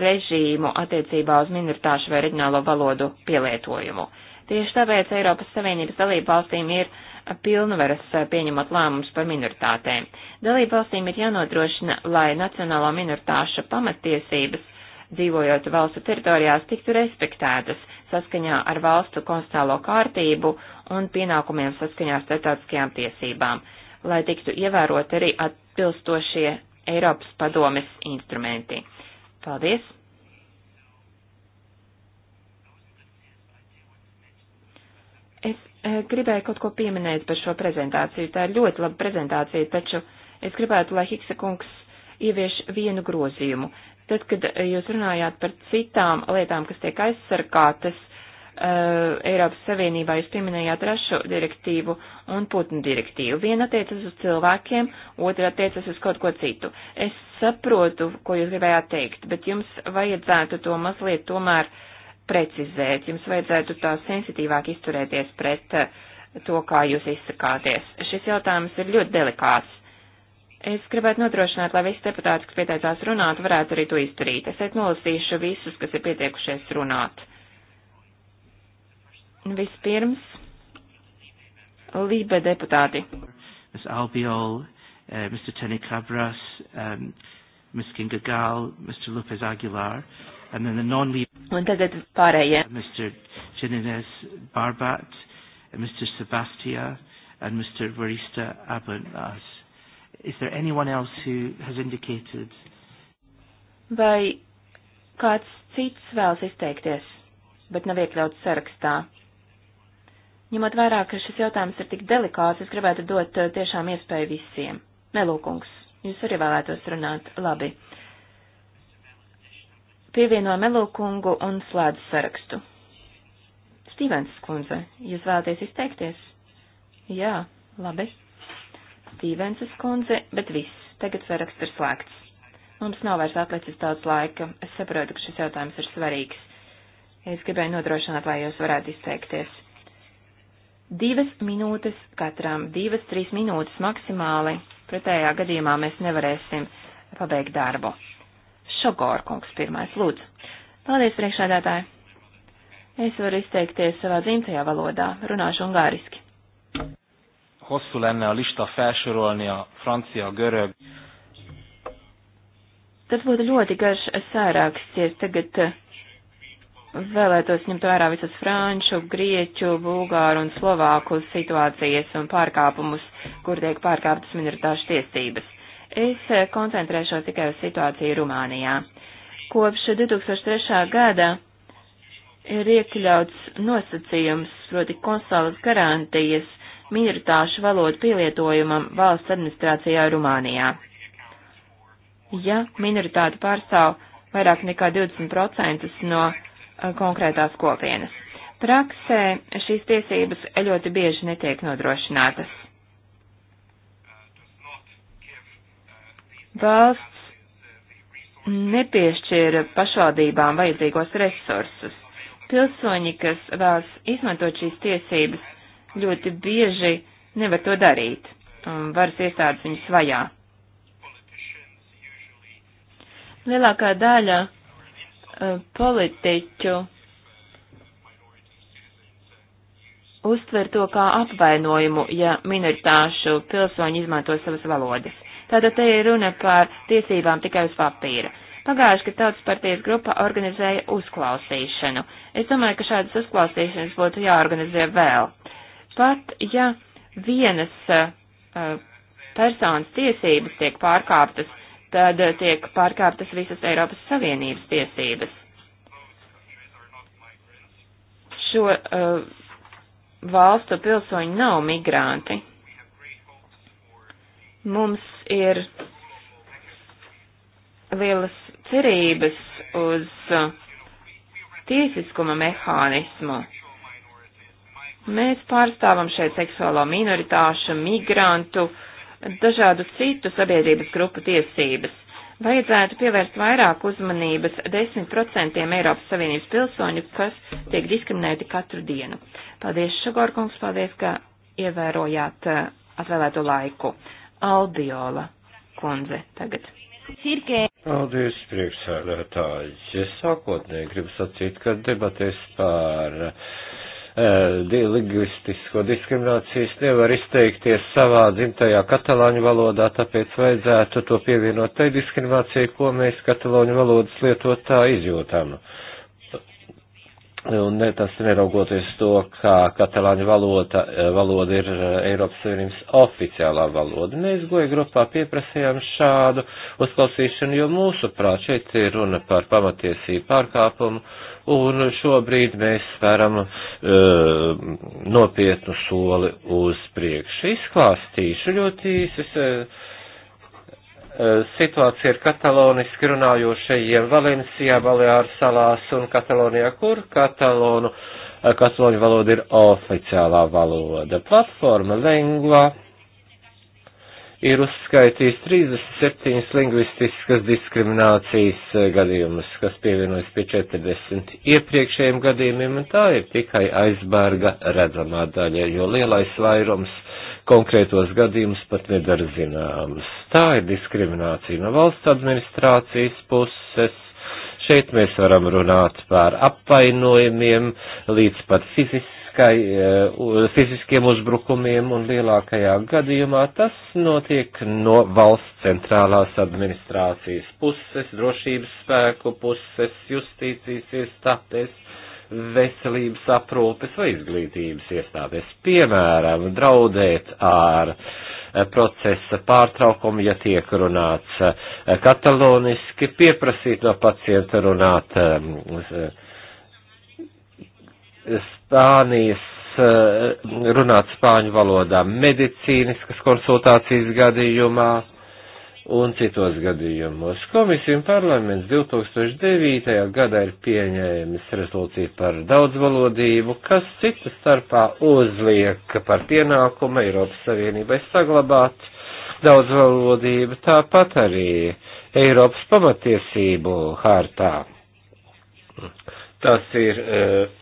režīmu attiecībā uz minoritāšu vai reģionālo valodu pielietojumu. Tieši tāpēc Eiropas Savienības dalību valstīm ir pilnvaras eh, pieņemot lēmumus par minoritātēm. Dalību valstīm ir jānodrošina, lai nacionālo minoritāšu pamattiesības dzīvojot valstu teritorijās, tiktu respektētas saskaņā ar valstu konstālo kārtību un pienākumiem saskaņā ar starptautiskajām tiesībām, lai tiktu ievērot arī atbilstošie Eiropas padomes instrumenti. Paldies! Es eh, gribēju kaut ko pieminēt par šo prezentāciju. Tā ir ļoti laba prezentācija, taču es gribētu, lai Hiksa kungs ievieš vienu grozījumu. Tad, kad jūs runājāt par citām lietām, kas tiek aizsargātas uh, Eiropas Savienībā, jūs pieminējāt rašu direktīvu un putnu direktīvu. Viena attiecas uz cilvēkiem, otra attiecas uz kaut ko citu. Es saprotu, ko jūs gribējāt teikt, bet jums vajadzētu to mazliet tomēr precizēt, jums vajadzētu tā sensitīvāk izturēties pret uh, to, kā jūs izsakāties. Šis jautājums ir ļoti delikāts Es gribētu nodrošināt, lai visi deputāti, kas pieteicās runāt, varētu arī to izdarīt. Es šeit nolasīšu visus, kas ir pietiekušies runāt. Vispirms, Lībe deputāti. Ms. Albiol, uh, eh, Mr. Tony Cabras, um, Ms. Kinga Gal, Mr. Lopez Aguilar, and then the non-Leave. Un tagad pārējie. Uh, Mr. Jimenez Barbat, uh, Mr. Sebastia, and Mr. Varista Abanas. Is there anyone else who has indicated? Vai kāds cits vēlas izteikties, bet nav iekļauts sarakstā? Ņemot vērā, ka šis jautājums ir tik delikāts, es gribētu dot eh, tiešām iespēju visiem. Melūkungs, jūs arī vēlētos runāt labi. Pievieno Melūkungu un slēdzu sarakstu. Stīvens skundze, jūs vēlaties izteikties? Jā, labi. Stīvensas kundze, bet viss. Tagad saraksts ir slēgts. Mums nav vairs atlicis daudz laika. Es saprotu, ka šis jautājums ir svarīgs. Es gribēju nodrošināt, lai jūs varētu izteikties. Divas minūtes katram, divas, trīs minūtes maksimāli. Pretējā gadījumā mēs nevarēsim pabeigt darbu. Šogor kungs pirmais, lūdzu. Paldies, priekšādātāji. Es varu izteikties savā dzimtajā valodā, runāšu ungāriski hosszú lenne a lista felsorolni a francia, a görög. Tas būtu ļoti garš sāraksts, ja es tagad vēlētos ņemt vērā visas franču, grieķu, bulgāru un slovāku situācijas un pārkāpumus, kur tiek pārkāptas minoritāšu tiesības. Es koncentrēšos tikai uz situāciju Rumānijā. Kopš 2003. gada ir iekļauts nosacījums, proti konsulas garantijas minoritāšu valodu pielietojumam valsts administrācijā Rumānijā. Ja minoritāte pārstāv vairāk nekā 20% no eh, konkrētās kopienas. Praksē šīs tiesības ļoti bieži netiek nodrošinātas. Valsts nepiešķir pašvaldībām vajadzīgos resursus. Pilsoņi, kas vēlas izmantot šīs tiesības, ļoti bieži nevar to darīt. Varas iestādes viņus vajā. Lielākā daļa politiķu uztver to kā apvainojumu, ja minoritāšu pilsoņi izmanto savas valodas. Tātad te ir runa par tiesībām tikai uz papīra. Pagājuši, ka Tautas partijas grupa organizēja uzklausīšanu. Es domāju, ka šādas uzklausīšanas būtu jāorganizē vēl. Pat ja vienas uh, personas tiesības tiek pārkāptas, tad eh, tiek pārkāptas visas Eiropas Savienības tiesības. Šo uh, valstu pilsoņi nav migranti. Mums ir lielas cerības uz tiesiskuma mehānismu. Mēs pārstāvam šeit seksuālo minoritāšu, migrantu, dažādu citu sabiedrības grupu tiesības. Vajadzētu pievērst vairāk uzmanības 10% Eiropas Savienības pilsoņu, kas tiek diskriminēti katru dienu. Paldies, Šagorkungs, paldies, ka ievērojāt eh, atvēlēto laiku. Aldiola kundze tagad. Cirkē. Paldies, priekšsēdētāji. Es sākotnēji gribu sacīt, ka debatēs par uh, Eh, lingvistisko diskriminācijas nevar izteikties savā dzimtajā katalāņu valodā, tāpēc vajadzētu to pievienot tai diskriminācijai, ko mēs katalāņu valodas lietotā izjūtam. Un ne, tas neraugoties to, ka katalāņu valoda, eh, valoda ir eh, Eiropas Savienības oficiālā valoda. Mēs goja grupā pieprasījām šādu uzklausīšanu, jo mūsuprāt šeit ir runa par pamatiesību pārkāpumu un šobrīd mēs varam uh, nopietnu soli uz priekšu. Izklāstīšu ļoti īsi. Uh, eh, eh, situācija ir kataloniski runājošajiem Valencijā, Baleāru salās un Katalonijā, kur katalonu, kataloņu valoda ir oficiālā valoda. Platforma Lengva ir uzskaitījis 37 lingvistiskas diskriminācijas eh, gadījumus, kas pievienojas pie 40 iepriekšējiem gadījumiem, un tā ir tikai aizbērga redzamā daļa, jo lielais vairums konkrētos gadījumus pat nedara zināmas. Tā ir diskriminācija no valsts administrācijas puses. Šeit mēs varam runāt par apvainojumiem līdz pat fiziskiem fiziskai, eh, fiziskiem uzbrukumiem un lielākajā gadījumā tas notiek no valsts centrālās administrācijas puses, drošības spēku puses, justīcijas iestātēs, veselības aprūpes vai izglītības iestātēs. Piemēram, draudēt ar eh, procesa pārtraukumu, ja tiek runāts eh, kataloniski, pieprasīt no pacienta runāt Spānijas eh, runāt spāņu valodā medicīniskas konsultācijas gadījumā un citos gadījumos. Komisija un parlaments 2009. gadā ir pieņēmis rezolūciju par daudzvalodību, kas cita starpā uzliek par pienākumu Eiropas Savienībai saglabāt daudzvalodību, tāpat arī Eiropas pamatiesību hārtā. Tas ir uh,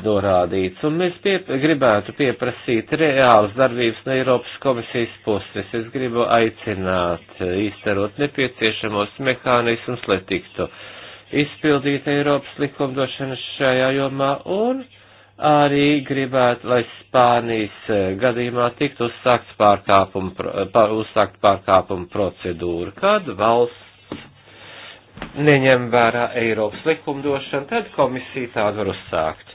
norādīts, un mēs pie, gribētu pieprasīt reālas darbības no Eiropas komisijas puses. Es gribu aicināt īstenot nepieciešamos mehānismus, lai tiktu izpildīt Eiropas likumdošanas šajā jomā, un arī gribētu, lai Spānijas eh, gadījumā tiktu uzsākt pārkāpumu, eh, uzsākt pārkāpumu procedūru, kad valsts neņem vērā Eiropas likumdošanu, tad komisija tādu var uzsākt.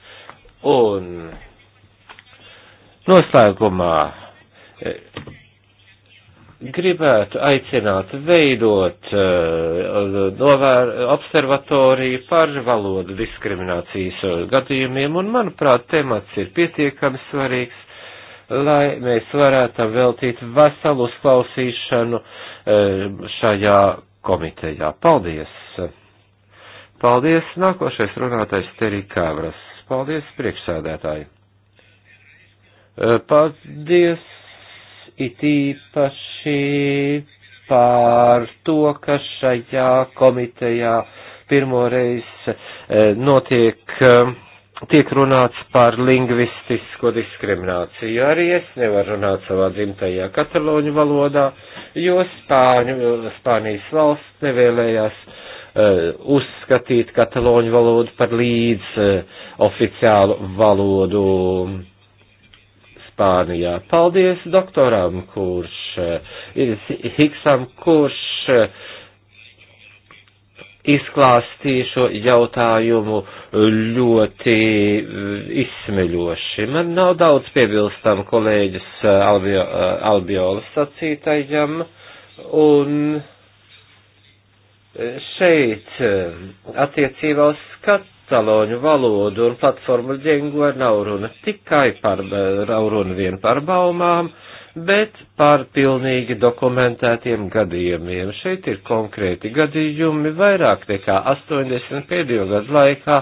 Un noslēgumā e, gribētu aicināt veidot uh, novēr, observatoriju par valodu diskriminācijas gadījumiem, un manuprāt, temats ir pietiekami svarīgs, lai mēs varētu veltīt veselu uzklausīšanu uh, šajā komitejā. Paldies! Paldies! Nākošais runātais Terī Kāvras. Paldies, priekšsēdētāji. Paldies it īpaši par to, ka šajā komitejā pirmoreiz notiek tiek runāts par lingvistisko diskrimināciju. Arī es nevaru runāt savā dzimtajā kataloņu valodā, jo Spāņu, Spānijas valsts nevēlējās uh, Eh, uzskatīt kataloņu valodu par līdz eh, oficiālu valodu Spānijā. Paldies doktoram, kurš eh, ir Hiksam, kurš izklāstīja šo jautājumu ļoti izsmeļoši. Man nav daudz piebilstam kolēģis Albio, Albiola sacītajam, un šeit eh, attiecībā uz kataloņu valodu un platformu džingua nav runa tikai par, eh, nav runa vien par baumām, bet par pilnīgi dokumentētiem gadījumiem. Šeit ir konkrēti gadījumi vairāk nekā 80 pēdējo gadu laikā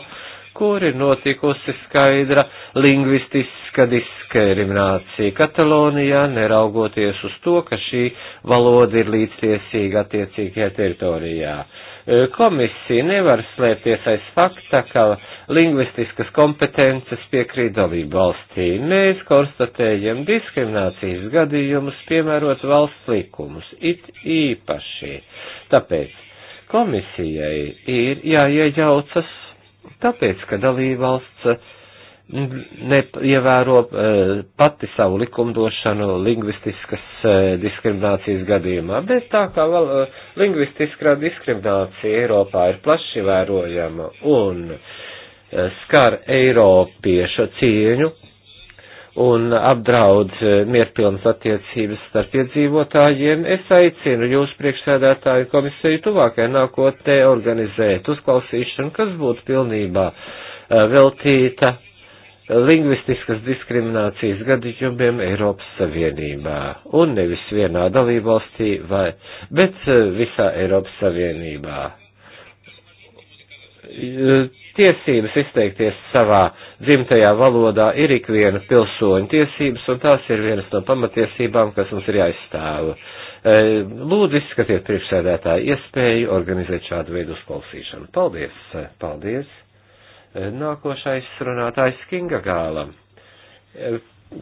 kur ir notikusi skaidra lingvistiska diskriminācija. Katalonijā, neraugoties uz to, ka šī valoda ir līdztiesīga attiecīgajā teritorijā. E, komisija nevar slēpties aiz fakta, ka lingvistiskas kompetences piekrīt dalību valstī. Mēs konstatējam diskriminācijas gadījumus, piemērot valsts likumus, it īpaši. Tāpēc komisijai ir jāiejaucas Tāpēc, ka dalībvalsts neievēro eh, pati savu likumdošanu lingvistiskas eh, diskriminācijas gadījumā, bet tā kā vēl eh, lingvistiskā diskriminācija Eiropā ir plaši vērojama un skar Eiropiešu cieņu, un apdraud e, mierpilnas attiecības starp iedzīvotājiem, es aicinu jūs priekšsēdētāju komisiju tuvākajā nākotnē organizēt uzklausīšanu, kas būtu pilnībā e, veltīta lingvistiskas diskriminācijas gadījumiem Eiropas Savienībā, un nevis vienā dalībvalstī, vai, bet e, visā Eiropas Savienībā tiesības izteikties savā dzimtajā valodā ir ikviena pilsoņa tiesības, un tās ir vienas no pamatiesībām, kas mums ir jāizstāv. E, lūdzu, izskatiet priekšsēdētāju iespēju organizēt šādu veidu uzklausīšanu. Paldies! E, paldies! E, nākošais runātājs Kinga Gālam.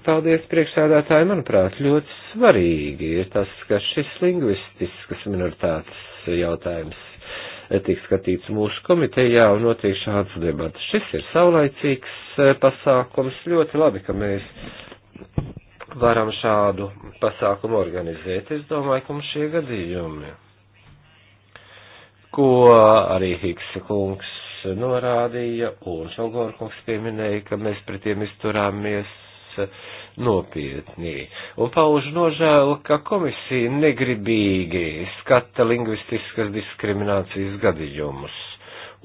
Paldies priekšsēdētāji, manuprāt, ļoti svarīgi ir tas, ka šis lingvistiskas minoritātes jautājums tiks skatīts mūsu komitejā un notiek šāds debats. Šis ir saulaicīgs eh, pasākums, ļoti labi, ka mēs varam šādu pasākumu organizēt. Es domāju, ka mums šie gadījumi, ko arī Higsa kungs norādīja un Šogor kungs pieminēja, ka mēs pret tiem izturāmies nopietni. Un pauž nožēlu, ka komisija negribīgi skata lingvistiskas diskriminācijas gadījumus.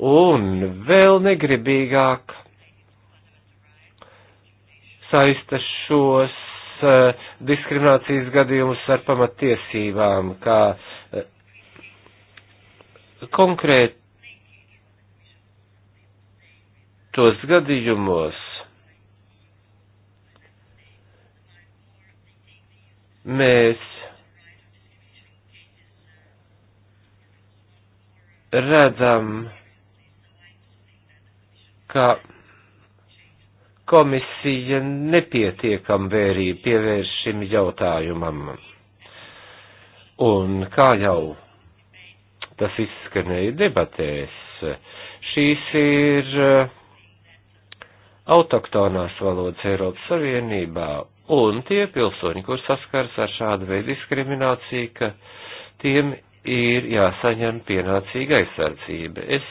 Un vēl negribīgāk saista šos uh, diskriminācijas gadījumus ar pamatiesībām, kā uh, e, konkrētos gadījumos mēs redzam, ka komisija nepietiekam vērību pievērš šim jautājumam. Un kā jau tas izskanēja debatēs, šīs ir autoktonās valodas Eiropas Savienībā, Un tie pilsoņi, kur saskars ar šādu veidu diskrimināciju, ka tiem ir jāsaņem pienācīga aizsardzība. Es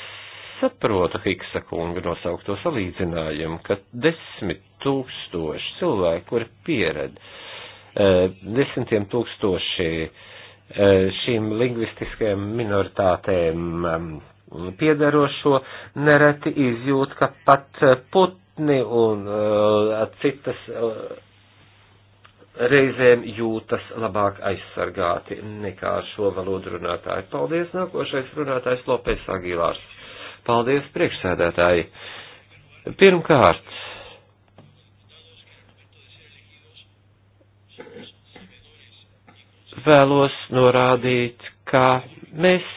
saprotu Higsa kunga nosaukto salīdzinājumu, ka desmit tūkstoši cilvēku, kuri piered, e, desmitiem tūkstoši e, šīm lingvistiskajām minoritātēm e, piedarošo nereti izjūt, ka pat putni un citas reizēm jūtas labāk aizsargāti nekā šo valodu runātāji. Paldies, nākošais runātājs Lopes Agilārs. Paldies, priekšsēdētāji. Pirmkārt, vēlos norādīt, ka mēs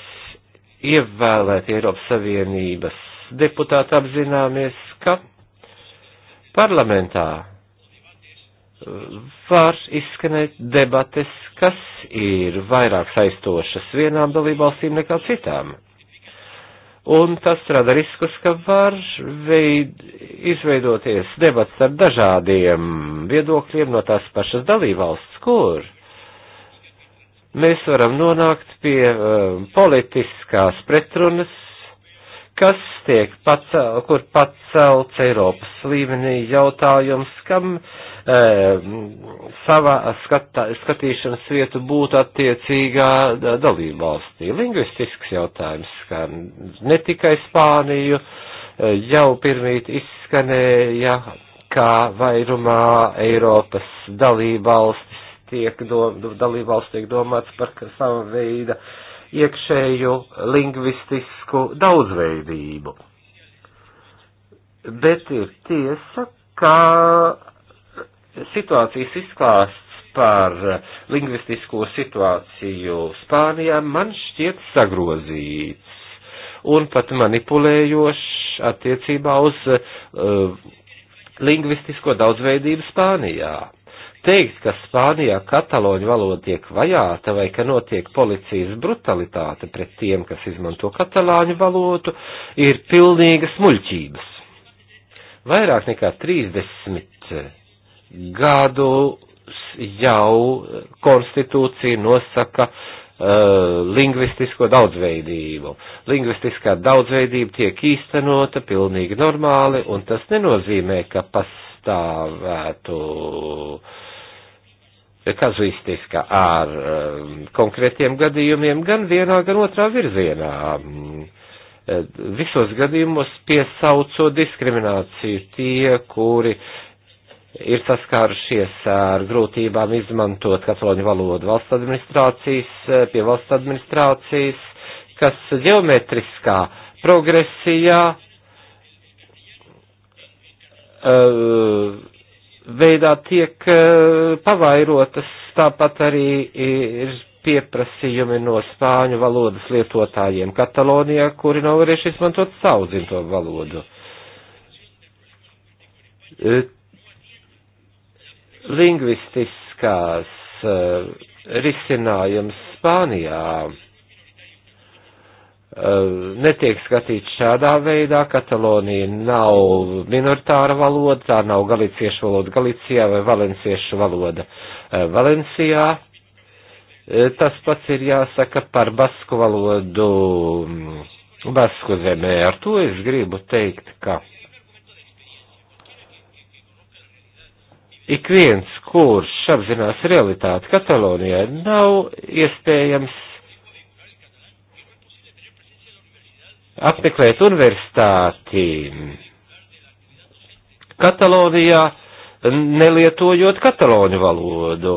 ievēlēt Eiropas Savienības deputāti apzināmies, ka parlamentā var izskanēt debates, kas ir vairāk saistošas vienām dalībvalstīm nekā citām. Un tas rada riskus, ka var veid, izveidoties debats ar dažādiem viedokļiem no tās pašas dalībvalsts, kur mēs varam nonākt pie um, politiskās pretrunas kas tiek pacel, kur pacelts Eiropas līmenī jautājums, kam e, savā skatā, skatīšanas vietu būtu attiecīgā dalībvalstī. Lingvistisks jautājums, kā ne tikai Spāniju, e, jau pirmīt izskanēja, kā vairumā Eiropas dalībvalstis tiek, do, dalībvalsts tiek domāts par savu veidu iekšēju lingvistisku daudzveidību. Bet ir tiesa, ka situācijas izklāsts par lingvistisko situāciju Spānijā man šķiet sagrozīts un pat manipulējošs attiecībā uz uh, lingvistisko daudzveidību Spānijā teikt, ka Spānijā kataloņu valoda tiek vajāta vai ka notiek policijas brutalitāte pret tiem, kas izmanto katalāņu valodu, ir pilnīgas muļķības. Vairāk nekā 30 gadu jau konstitūcija nosaka uh, lingvistisko daudzveidību. Lingvistiskā daudzveidība tiek īstenota pilnīgi normāli, un tas nenozīmē, ka pastāvētu uh, kazuistiska ar um, konkrētiem gadījumiem gan vienā, gan otrā virzienā. Um, visos gadījumos piesauco diskrimināciju tie, kuri ir saskārušies ar grūtībām izmantot kataloņu valodu valsts administrācijas, eh, pie valsts administrācijas, kas ģeometriskā progresijā uh, veidā tiek eh, pavairotas, tāpat arī ir pieprasījumi no spāņu valodas lietotājiem Katalonijā, kuri nav varējuši izmantot savu dzimto valodu. Eh, lingvistiskās eh, risinājums Spānijā Ehm, netiek skatīts šādā veidā. Katalonija nav minoritāra valoda, tā nav galiciešu valoda Galicijā vai valenciešu valoda ehm, Valencijā. E, tas pats ir jāsaka par basku valodu basku zemē. Ar to es gribu teikt, ka ik viens, kurš apzinās realitāti Katalonijā, nav iespējams apmeklēt universitāti Katalonijā, nelietojot kataloņu valodu.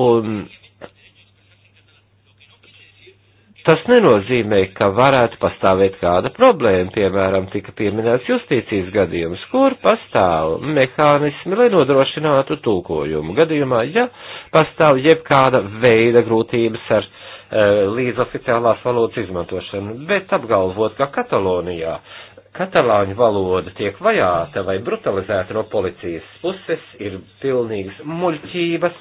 Un tas nenozīmē, ka varētu pastāvēt kāda problēma, piemēram, tika pieminēts justīcijas gadījums, kur pastāv mehānismi, lai nodrošinātu tulkojumu gadījumā, ja pastāv jebkāda veida grūtības ar uh, E, līdz oficiālās valodas izmantošanu, bet apgalvot, ka Katalonijā katalāņu valoda tiek vajāta vai brutalizēta no policijas puses, ir pilnīgas muļķības,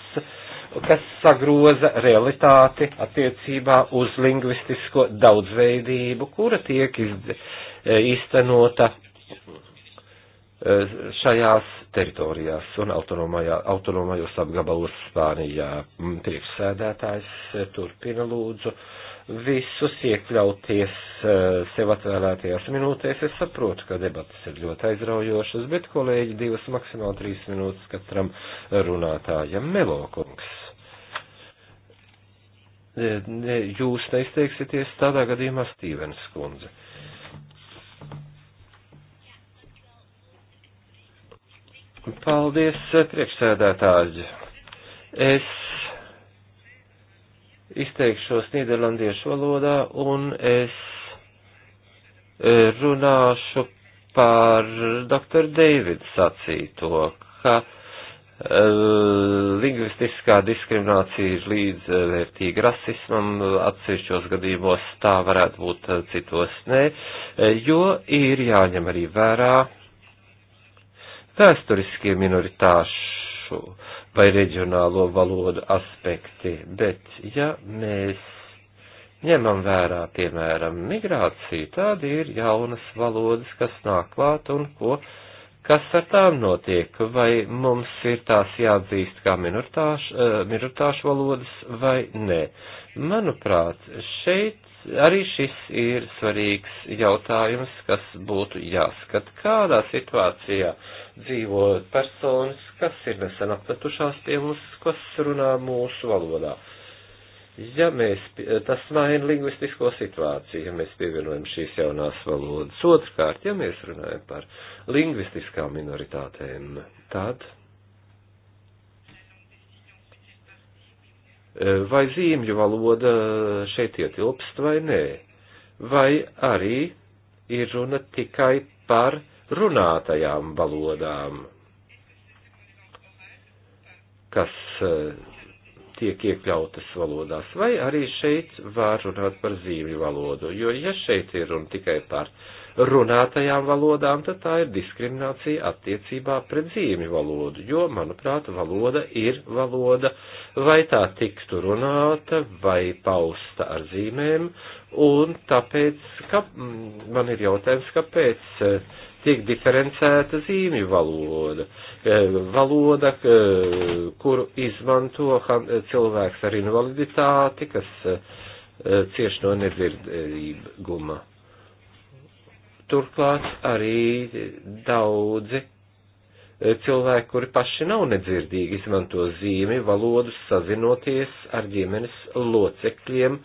kas sagroza realitāti attiecībā uz lingvistisko daudzveidību, kura tiek iz, iztenota e, Eh, šajās teritorijās un autonomajos apgabalos Spānijā. Mm, priekšsēdētājs eh, turpina lūdzu visus iekļauties eh, sev atvēlētajās minūtēs. Es saprotu, ka debatas ir ļoti aizraujošas, bet kolēģi divas maksimāli trīs minūtes katram runātājam melokungs. Jūs neizteiksieties tādā gadījumā Stīvens kundze. Paldies, priekšsēdētāji. Es izteikšos Nīderlandiešu valodā un es e, runāšu par doktoru Deividu sacīto, ka e, lingvistiskā diskriminācija ir līdzvērtīga rasismam, atsevišķos gadījumos tā varētu būt, e, citos nē, jo ir jāņem arī vērā vēsturiskie minoritāšu vai reģionālo valodu aspekti, bet ja mēs ņemam vērā, piemēram, migrāciju, tad ir jaunas valodas, kas nāk klāt un ko, kas ar tām notiek, vai mums ir tās jāatzīst kā minoritāšu, eh, minoritāšu valodas vai nē. Manuprāt, šeit Arī šis ir svarīgs jautājums, kas būtu jāskat, kādā situācijā dzīvo personas, kas ir nesen apmetušās pie mums, kas runā mūsu valodā. Ja mēs, tas maina lingvistisko situāciju, ja mēs pievienojam šīs jaunās valodas. Otrkārt, ja mēs runājam par lingvistiskām minoritātēm, tad Eh, vai zīmju valoda šeit ietilpst vai nē, vai arī ir runa tikai par runātajām valodām, kas eh, tiek iekļautas valodās, vai arī šeit var runāt par zīmju valodu, jo ja šeit ir runa tikai par uh, runātajām valodām, tad tā ir diskriminācija attiecībā pret zīmju valodu, jo, manuprāt, valoda ir valoda, vai tā tiktu runāta vai pausta ar zīmēm, un tāpēc, ka, mm, man ir jautājums, kāpēc eh, tiek diferencēta zīmju valoda, eh, valoda, eh, kuru izmanto cilvēks ar invaliditāti, kas cieši no nedzirdīguma. Turklāt arī daudzi e, cilvēki, kuri paši nav nedzirdīgi, izmanto zīmi valodu sazinoties ar ģimenes locekļiem,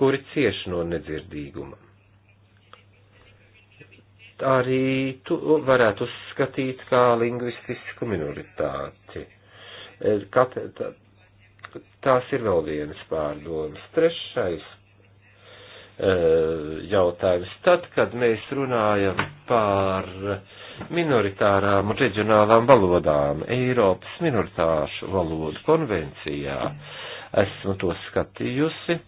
kuri cieš no nedzirdīguma. Arī tu varētu uzskatīt kā lingvistisku minoritāti. E, kat, tā, tās ir vēl vienas pārdomas. Trešais Eh, jautājums. Tad, kad mēs runājam par minoritārām un reģionālām valodām Eiropas minoritāšu valodu konvencijā, esmu to skatījusi,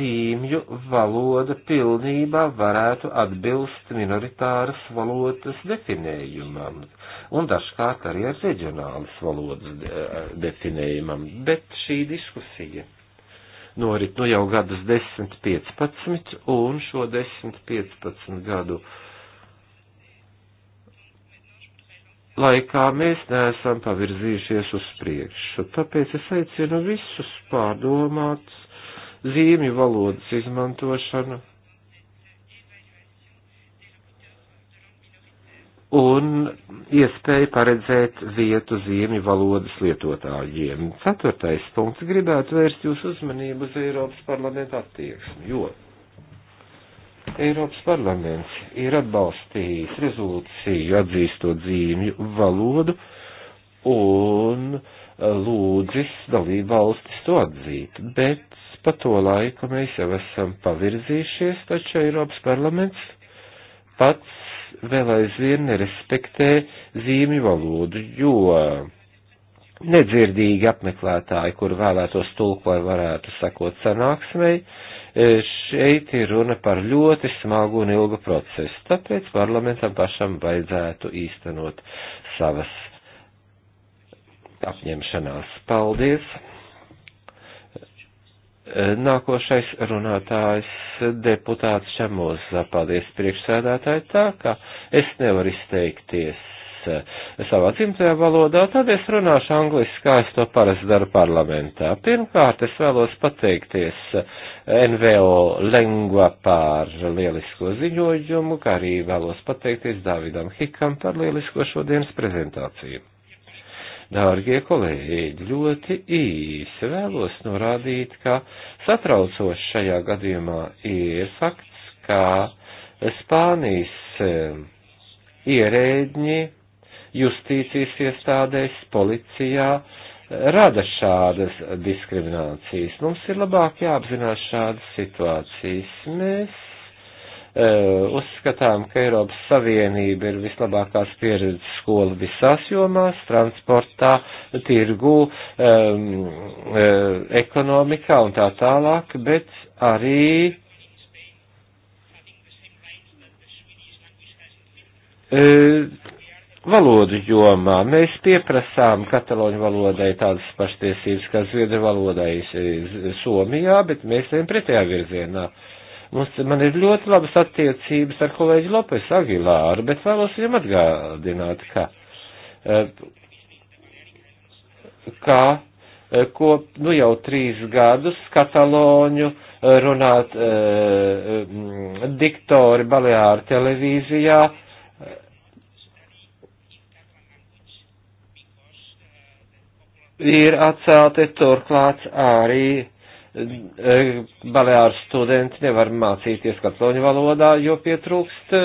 zīmju valoda pilnībā varētu atbilst minoritāras valodas definējumam un dažkārt arī ar reģionālas valodas eh, definējumam, bet šī diskusija norit nu jau gadus 10-15, un šo 10-15 gadu laikā mēs neesam pavirzījušies uz priekšu. Tāpēc es aicinu visus pārdomāt zīmju valodas izmantošanu un iespēju paredzēt vietu zīmju valodas lietotājiem. Ceturtais punkts gribētu vērst jūsu uzmanību uz Eiropas parlamentu attieksmi, jo Eiropas parlaments ir atbalstījis rezolūciju atzīstot zīmju valodu un eh, lūdzis dalību valstis to atzīt, bet pa to laiku mēs jau esam pavirzījušies, taču Eiropas parlaments pats vēl aizvien nerespektē zīmju valodu, jo nedzirdīgi apmeklētāji, kur vēlētos tulku, lai varētu sakot sanāksmei, e, šeit ir runa par ļoti smagu un ilgu procesu, tāpēc parlamentam pašam vajadzētu īstenot savas apņemšanās. Paldies! Nākošais runātājs deputāts Čemozā. Paldies priekšsēdētāji tā, ka es nevaru izteikties eh, savā dzimtajā valodā, tad es runāšu angliski, kā es to parasti daru parlamentā. Pirmkārt, es vēlos pateikties eh, NVO Lengva par lielisko ziņojumu, kā arī vēlos pateikties Dāvidam Hikam par lielisko šodienas prezentāciju. Dārgie kolēģi, ļoti īsi vēlos norādīt, ka satraucoši šajā gadījumā ir fakts, ka Spānijas ierēģi justīcijas iestādēs, policijā eh, rada šādas diskriminācijas. Mums ir labāk jāapzinās šādas situācijas. Mēs Eh, uzskatām, ka Eiropas Savienība ir vislabākās pieredzes skola visās jomās - transportā, tirgu, um, ekonomikā un tā tālāk, bet arī um, valodu jomā. Mēs pieprasām kataloņu valodai tādas paštiesības kā zviedru valodai Somijā, bet mēs ejam pretējā virzienā. Uh, Mums, man ir ļoti labas attiecības ar kolēģi Lopes Agilāru, bet vēlos viņam atgādināt, ka, eh, ka eh, ko, nu jau trīs gadus kataloņu eh, runāt mm, diktori Baleāru televīzijā, ir atcelti turklāt arī E, baleāru studenti nevar mācīties katloņu valodā, jo pietrūkst e,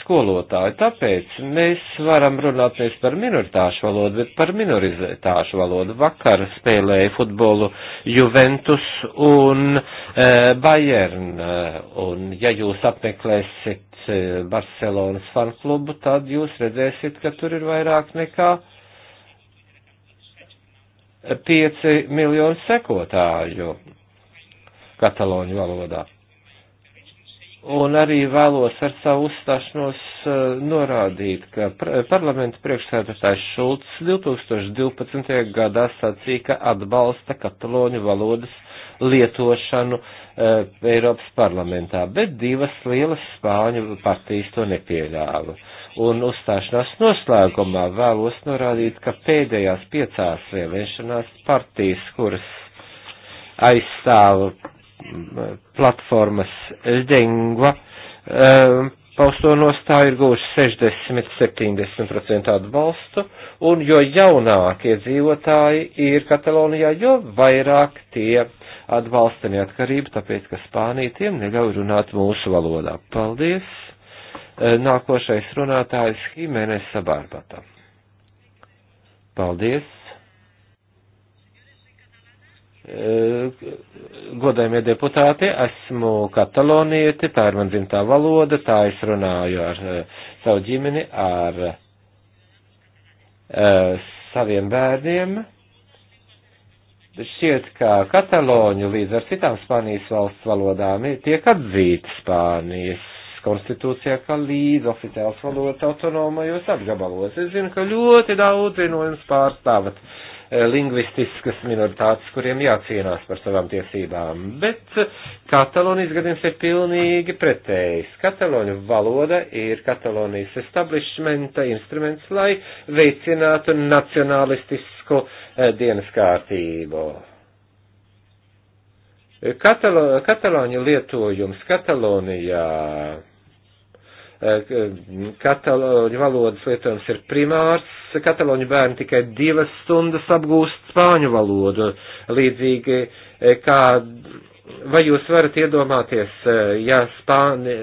skolotāji. Tāpēc mēs varam runāt nevis par minoritāšu valodu, bet par minoritāšu valodu. Vakar spēlēja futbolu Juventus un e, Bayern. E, un ja jūs apmeklēsiet Barcelonas fanklubu, tad jūs redzēsiet, ka tur ir vairāk nekā 5 miljoni sekotāju kataloņu valodā. Un arī vēlos ar savu uzstāšanos eh, norādīt, ka parlamenta priekšsēdētājs Šulcs 2012. gadā sacīja, ka atbalsta kataloņu valodas lietošanu eh, Eiropas parlamentā, bet divas lielas spāņu partijas to nepieļāva un uzstāšanās noslēgumā vēlos norādīt, ka pēdējās piecās vēlēšanās partijas, kuras aizstāv mm, platformas Dengva, ehm, pausto nostāju ir gūši 60-70% atbalstu, un jo jaunākie dzīvotāji ir Katalonijā, jo vairāk tie atbalsta neatkarību, tāpēc, ka Spānija tiem neļauj runāt mūsu valodā. Paldies! Eh, nākošais runātājs Himenes Sabārbata. Paldies. Eh, godējumie deputāti, esmu katalonieti, tā ir man dzimtā valoda, tā es runāju ar eh, savu ģimeni, ar saviem bērniem. Šķiet, ka kataloņu līdz ar citām Spānijas valsts valodām tiek atzīta Spānijas konstitūcijā kā līdz oficiāls valodas autonomajos apgabalos. Es zinu, ka ļoti daudzi no jums pārstāvat e, lingvistiskas minoritātes, kuriem jācīnās par savām tiesībām, bet e, Katalonijas gadījums ir pilnīgi pretējs. Kataloņu valoda ir Katalonijas establishmenta instruments, lai veicinātu nacionalistisku e, dienas kārtību. Katalo, kataloņu lietojums Katalonijā Eh, kataloņu valodas lietojums ir primārs, kataloņu bērni tikai divas stundas apgūst spāņu valodu. Līdzīgi eh, kā, vai jūs varat iedomāties, eh, ja Spāni,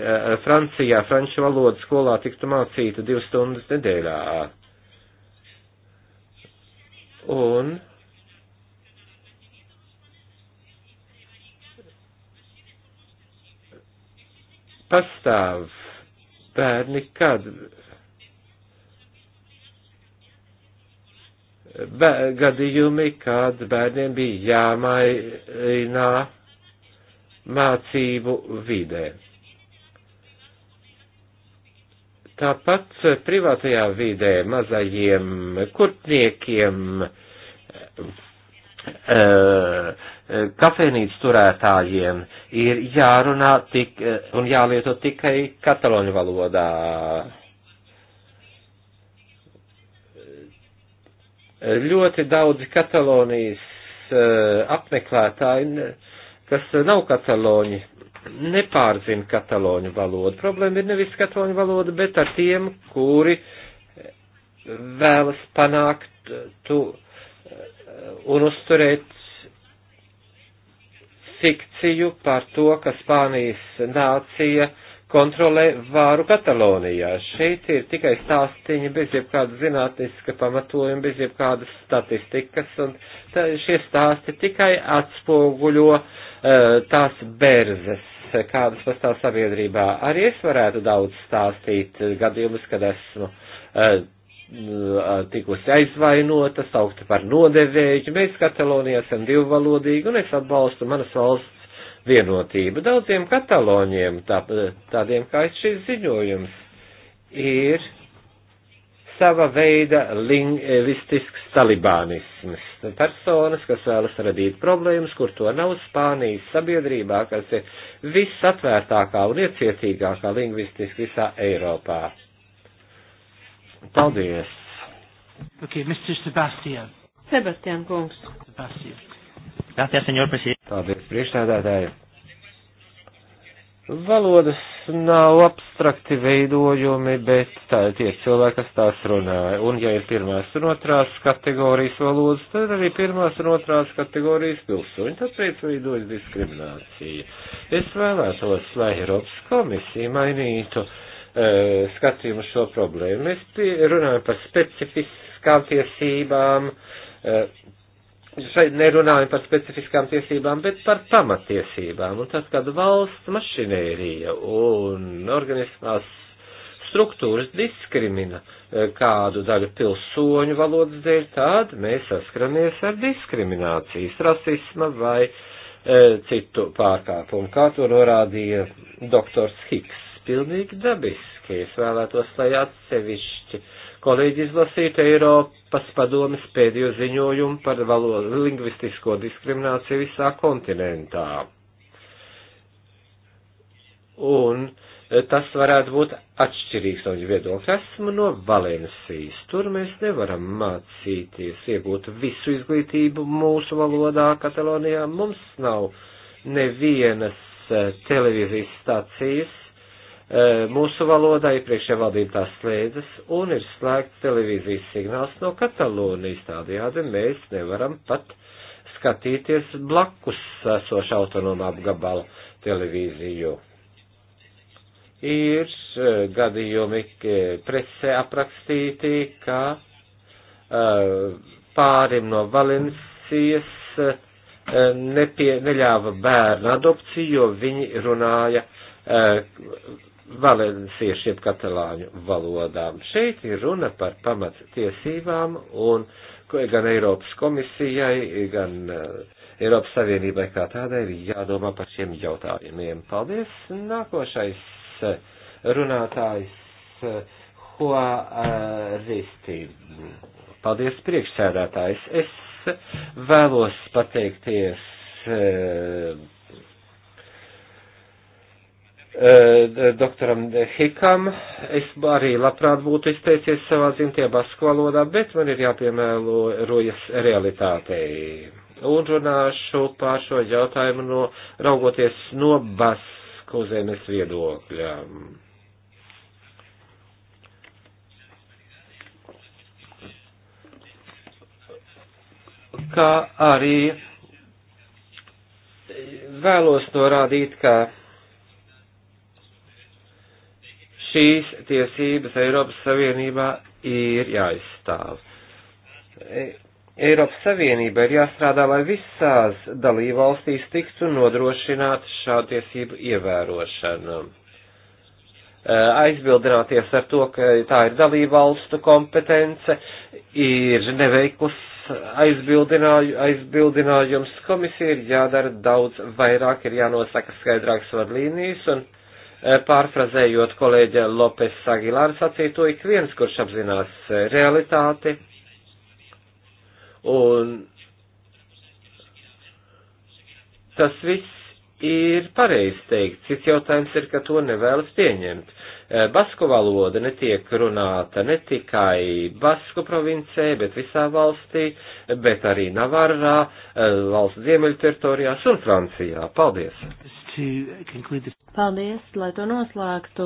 Francijā franču valoda skolā tiktu mācīta divas stundas nedēļā? Un. Pastāv bērni, kad Bē, gadījumi, kad bērniem bija jāmainā mācību vidē. Tāpat privātajā vidē mazajiem kurpniekiem, uh, eh, kafejnīcu turētājiem ir jārunā tik, eh, un jālieto tikai kataloņu valodā. Ļoti daudzi Katalonijas eh, apmeklētāji, kas nav kataloņi, nepārzina kataloņu valodu. Problēma ir nevis kataloņu valoda, bet ar tiem, kuri vēlas panākt tu eh, un uzturēt fikciju par to, ka Spānijas nācija kontrolē vāru Katalonijā. Šeit ir tikai stāstiņi bez jebkāda zinātniska pamatojuma, bez jebkādas statistikas, un tā, šie stāsti tikai atspoguļo uh, tās berzes, kādas pastāv sabiedrībā. Arī es varētu daudz stāstīt gadījumus, kad esmu uh, tikusi aizvainota, saukta par nodevēju. Mēs Katalonijā esam divvalodīgi un es atbalstu manas valsts vienotību. Daudziem kataloņiem, tā, tādiem kā es šis ziņojums, ir sava veida lingvistisks talibānisms. Personas, kas vēlas radīt problēmas, kur to nav Spānijas sabiedrībā, kas ir visatvērtākā un iecietīgākā lingvistiski visā Eiropā Paldies! Okay, Mr. Sebastian. Sebastian kungs. Sebastian. Gracias, senor presidente. Paldies, priekšstādātāji. Valodas nav abstrakti veidojumi, bet tā ir tie cilvēki, kas tās runāja. Un ja ir pirmās un otrās kategorijas valodas, tad arī pirmās un otrās kategorijas pilsoņi, tāpēc veidojas diskriminācija. Es vēlētos, lai Eiropas komisija mainītu E, skatījumu šo problēmu. Mēs runājam par specifiskām tiesībām, e, šeit nerunājam par specifiskām tiesībām, bet par pamatiesībām. Un tas, kad valsts mašinērija un organismās struktūras diskrimina e, kādu daļu pilsoņu valodas dēļ, tad mēs saskaramies ar diskriminācijas, rasisma vai e, citu pārkāpumu, kā to norādīja doktors Hiks pilnīgi dabiski. Es vēlētos, lai atsevišķi kolēģi izlasītu Eiropas padomis pēdējo ziņojumu par valodu lingvistisko diskrimināciju visā kontinentā. Un e, tas varētu būt atšķirīgs no viņa viedokļa. Esmu no Valensijas. Tur mēs nevaram mācīties, iegūt visu izglītību mūsu valodā Katalonijā. Mums nav nevienas e, televīzijas stācijas, E, mūsu valodā, iepriekšējā valdība tās slēdzas un ir slēgts televīzijas signāls no Katalonijas. Tādējādi mēs nevaram pat skatīties blakus esošu autonomu apgabalu televīziju. Ir e, gadījumi e, presē aprakstīti, ka pārim no Valencijas nepie, neļāva bērnu adopciju, jo viņi runāja valenciešiem katalāņu valodām. Šeit ir runa par pamats tiesībām un gan Eiropas komisijai, gan eh, Eiropas Savienībai kā tādai ir jādomā par šiem jautājumiem. Paldies! Nākošais eh, runātājs Hoaristi. Eh, Paldies priekšsēdētājs. Es vēlos pateikties Eh, doktoram Hikam. Es arī labprāt būtu izteicies savā dzimtajā basku valodā, bet man ir jāpiemērojas realitātei. Un runāšu pār šo jautājumu no, raugoties no basku zemes viedokļa. Kā arī vēlos norādīt, ka šīs tiesības Eiropas Savienībā ir jāizstāv. E, Eiropas Savienība ir jāstrādā, lai visās dalībvalstīs tiktu nodrošināt šādu tiesību ievērošanu. E, aizbildināties ar to, ka tā ir dalībvalstu kompetence, ir neveiklus aizbildinājums. Komisija ir jādara daudz vairāk, ir jānosaka skaidrāks vadlīnijas un Eh, pārfrazējot kolēģa Lopes Sagilāra sacīto, ik viens, kurš apzinās eh, realitāti un tas viss ir pareizi teikt. Cits jautājums ir, ka to nevēlas pieņemt. Eh, basku valoda netiek runāta ne tikai Basku provincē, bet visā valstī, bet arī Navarrā, valsts ziemeļu teritorijās un Francijā. Paldies! to conclude this. Paldies, lai to noslēgtu.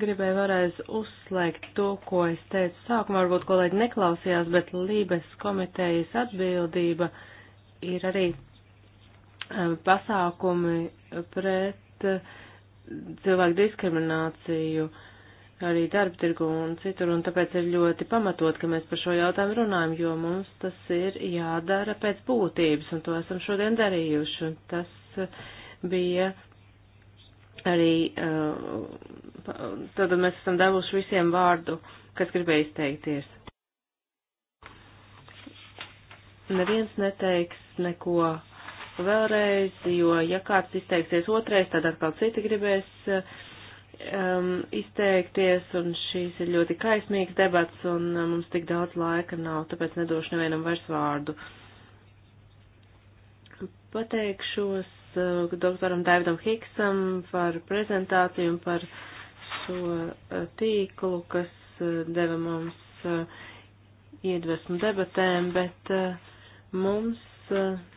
Gribēju vēlreiz uzslēgt to, ko es teicu sākumā, varbūt kolēģi neklausījās, bet Lībes komitejas atbildība ir arī e, pasākumi pret e, cilvēku diskrimināciju arī darba tirgu un citur, un tāpēc ir ļoti pamatot, ka mēs par šo jautājumu runājam, jo mums tas ir jādara pēc būtības, un to esam šodien darījuši. Tas uh, bija arī, uh, tad mēs esam devuši visiem vārdu, kas gribēja izteikties. Neviens neteiks neko vēlreiz, jo ja kāds izteiksies otrais, tad atkal citi gribēs um, izteikties, un šīs ir ļoti kaismīgas debats, un uh, mums tik daudz laika nav, tāpēc nedošu nevienam vairs vārdu. Pateikšos Eh, doktoram Davidam Hiksam par prezentāciju un par šo eh, tīklu, kas eh, deva mums iedvesmu debatēm, bet mums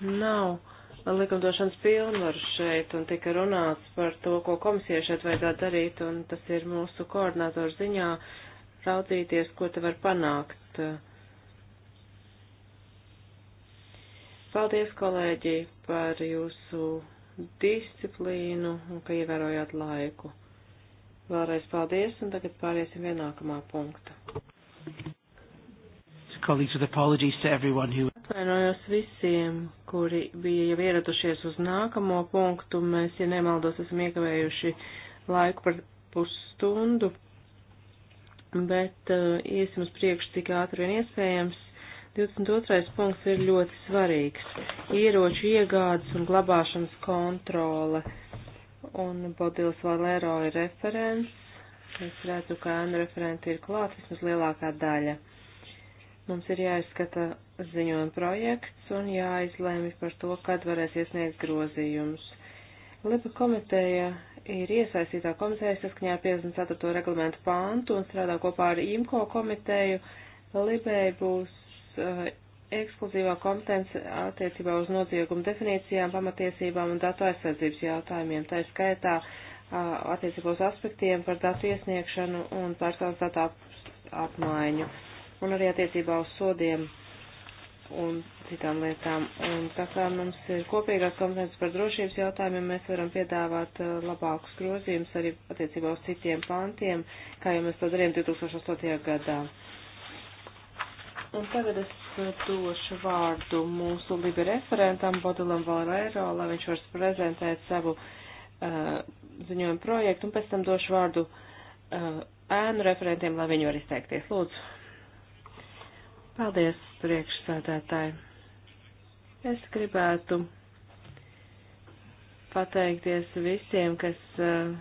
nav likumdošanas pilnvaru šeit un tika runāts par to, ko komisija šeit vajadzētu darīt, un tas ir mūsu koordinātoru ziņā raudzīties, ko te var panākt. Uh, Paldies, kolēģi, par jūsu disciplīnu un ka ievērojāt laiku. Vēlreiz paldies, un tagad pāriesim pie nākamā punkta. Atvainojos visiem, kuri bija jau ieradušies uz nākamo punktu. Mēs, ja nemaldos, esam iekavējuši laiku par pusstundu, bet uh, iesim uz priekšu, cik ātri vien iespējams 22. punkts ir ļoti svarīgs. Ieroču iegādes un glabāšanas kontrole. Un Bodils Valero ir referents. Es redzu, ka Anna referenti ir klāt vismaz lielākā daļa. Mums ir jāizskata ziņojuma projekts un jāizlēmi par to, kad varēs iesniegt grozījumus. Liba komiteja ir iesaistītā komiteja saskaņā 54. reglamentu pāntu un strādā kopā ar IMCO komiteju. Libēja būs Uh, ekskluzīvā kompetence attiecībā uz noziegumu definīcijām, pamatiesībām un datu aizsardzības jautājumiem, tā ir skaitā uh, attiecībā uz aspektiem par datu iesniegšanu un personas datu apmaiņu, un arī attiecībā uz sodiem un citām lietām. Un tā kā mums ir kopīgās kompetences par drošības jautājumiem, mēs varam piedāvāt uh, labākus grozījumus arī attiecībā uz citiem pantiem, kā jau mēs to darījām 2008. gadā. Un tagad es eh, došu vārdu mūsu libe referentam Bodulam Valero, lai viņš var prezentēt savu uh, ziņojumu projektu, un pēc tam došu vārdu uh, ēnu referentiem, lai viņi var izteikties. Lūdzu. Paldies, priekšsādātāji. Es gribētu pateikties visiem, kas uh,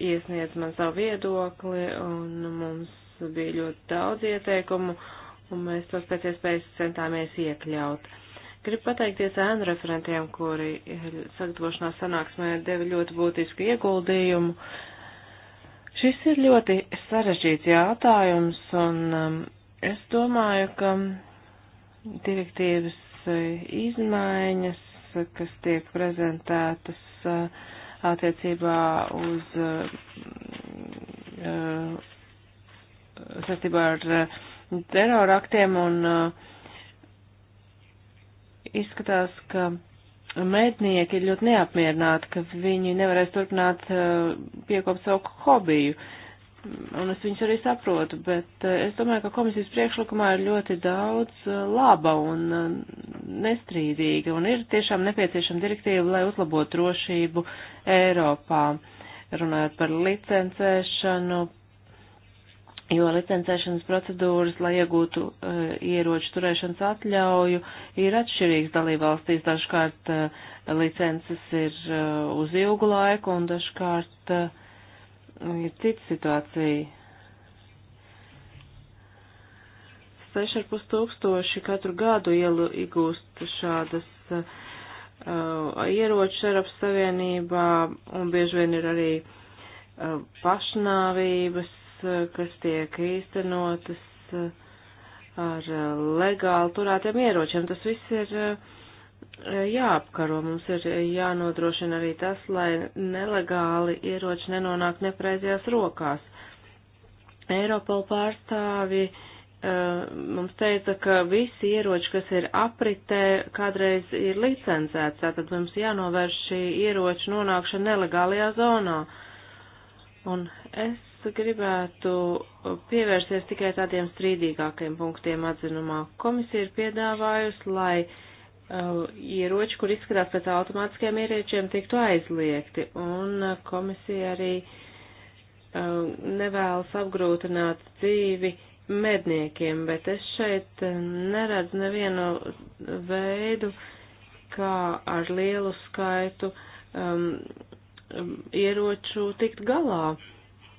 iesniedz man savu viedokli, un mums bija ļoti daudz ieteikumu un mēs tos pēc iespējas centāmies iekļaut. Gribu pateikties ēnu referentiem, kuri sagatavošanās sanāksmē deva ļoti būtisku ieguldījumu. Šis ir ļoti sarežģīts jautājums, un um, es domāju, ka direktīvas uh, izmaiņas, kas tiek prezentētas uh, attiecībā uz uh, uh, saistībā ar uh, teroraktiem un uh, izskatās, ka mednieki ir ļoti neapmierināti, ka viņi nevarēs turpināt uh, piekopt savu hobiju. Un es viņus arī saprotu, bet uh, es domāju, ka komisijas priekšlikumā ir ļoti daudz laba un nestrīdīga un ir tiešām nepieciešama direktīva, lai uzlabotu drošību Eiropā. Runājot par licencēšanu, jo licencēšanas procedūras, lai iegūtu uh, ieroču turēšanas atļauju, ir atšķirīgas dalībvalstīs. Dažkārt uh, licences ir uh, uz ilgu laiku un dažkārt uh, ir cita situācija. 6,5 tūkstoši katru gadu iegūst šādas uh, ieroču Eiropas Savienībā un bieži vien ir arī uh, pašnāvības Eh, kas tiek īstenotas eh, ar eh, legāli turētiem ieročiem. Tas viss ir jāapkaro. Mums ir jānodrošina arī tas, lai nelegāli ieroči nenonāk nepreizajās rokās. Eiropola pārstāvi mums teica, ka visi ieroči, kas ir apritē, kādreiz ir licencēts, tātad mums jānovērš šī ieroča nonākšana nelegālajā zonā. Un es gribētu pievērsties tikai tādiem strīdīgākiem punktiem atzinumā. Komisija ir piedāvājusi, lai uh, ieroči, kur izskatās pēc automātiskiem ieročiem, tiktu aizliegti, un uh, komisija arī uh, nevēlas apgrūtināt dzīvi medniekiem, bet es šeit uh, neredzu nevienu veidu, kā ar lielu skaitu um, um ieroču tikt galā. Uh,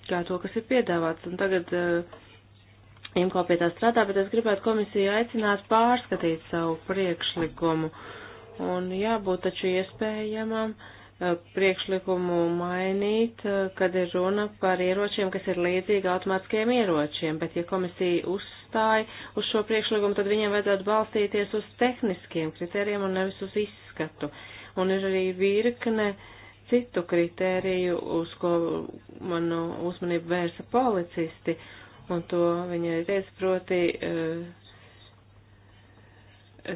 kā to, kas ir piedāvāts. Un tagad eh, IMCO pie tā strādā, bet es gribētu komisiju aicināt pārskatīt savu priekšlikumu. Un jābūt taču iespējamam eh, priekšlikumu mainīt, eh, kad ir runa par ieročiem, kas ir līdzīgi automātiskiem ieročiem, bet ja komisija uzstāja uz šo priekšlikumu, tad viņiem vajadzētu balstīties uz tehniskiem kritērijiem un nevis uz izskatu. Un ir arī virkne uh, citu kritēriju, uz ko manu uzmanību vērsa policisti, un to viņa arī teica, proti, eh,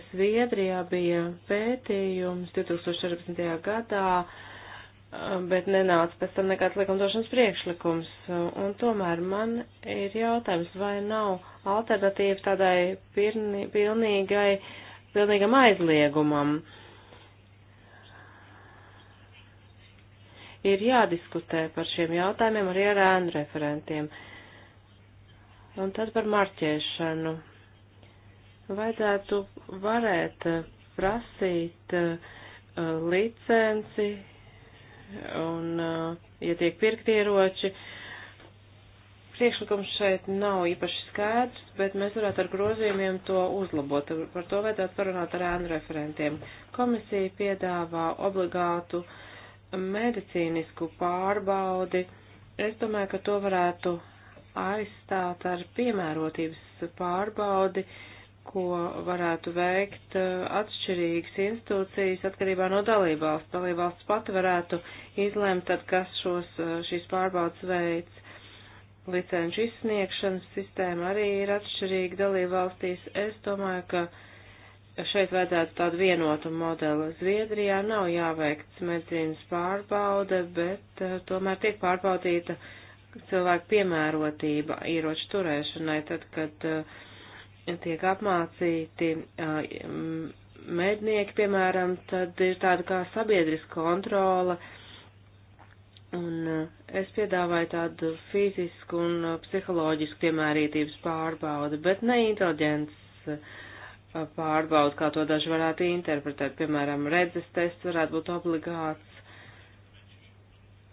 Zviedrijā bija pētījums 2014. gadā, eh, bet nenāca pēc tam nekāds likumdošanas priekšlikums. Un tomēr man ir jautājums, vai nav alternatīva tādai pirni, pilnīgai, pilnīgam aizliegumam. Uh, ir jādiskutē par šiem jautājumiem arī ar ēnu referentiem. Un tad par marķēšanu. Vajadzētu varēt eh, prasīt eh, licenci un, eh, ja tiek pirkti ieroči, priekšlikums šeit nav īpaši skaidrs, bet mēs varētu ar grozījumiem to uzlabot. Par to vajadzētu parunāt ar ēnu referentiem. Komisija piedāvā obligātu uh, medicīnisku pārbaudi, es domāju, ka to varētu aizstāt ar piemērotības pārbaudi, ko varētu veikt uh, atšķirīgas institūcijas atkarībā no dalībvalsts. Dalībvalsts pati varētu izlemt, tad, kas šos, uh, šīs pārbaudas veids. Licenču izsniegšanas sistēma arī ir atšķirīga dalībvalstīs. Es domāju, ka šeit vajadzētu tādu vienotu modeli. Zviedrijā nav jāveikts medicīnas pārbaude, bet uh, tomēr tiek pārbaudīta cilvēku piemērotība ieroču turēšanai, tad, kad uh, tiek apmācīti uh, mednieki, piemēram, tad ir tāda kā sabiedriska kontrola. Un es piedāvāju tādu fizisku un psiholoģisku piemērītības pārbaudi, bet ne intelģents uh, pārbaudu, kā to daži varētu interpretēt. Piemēram, redzes tests varētu būt obligāts.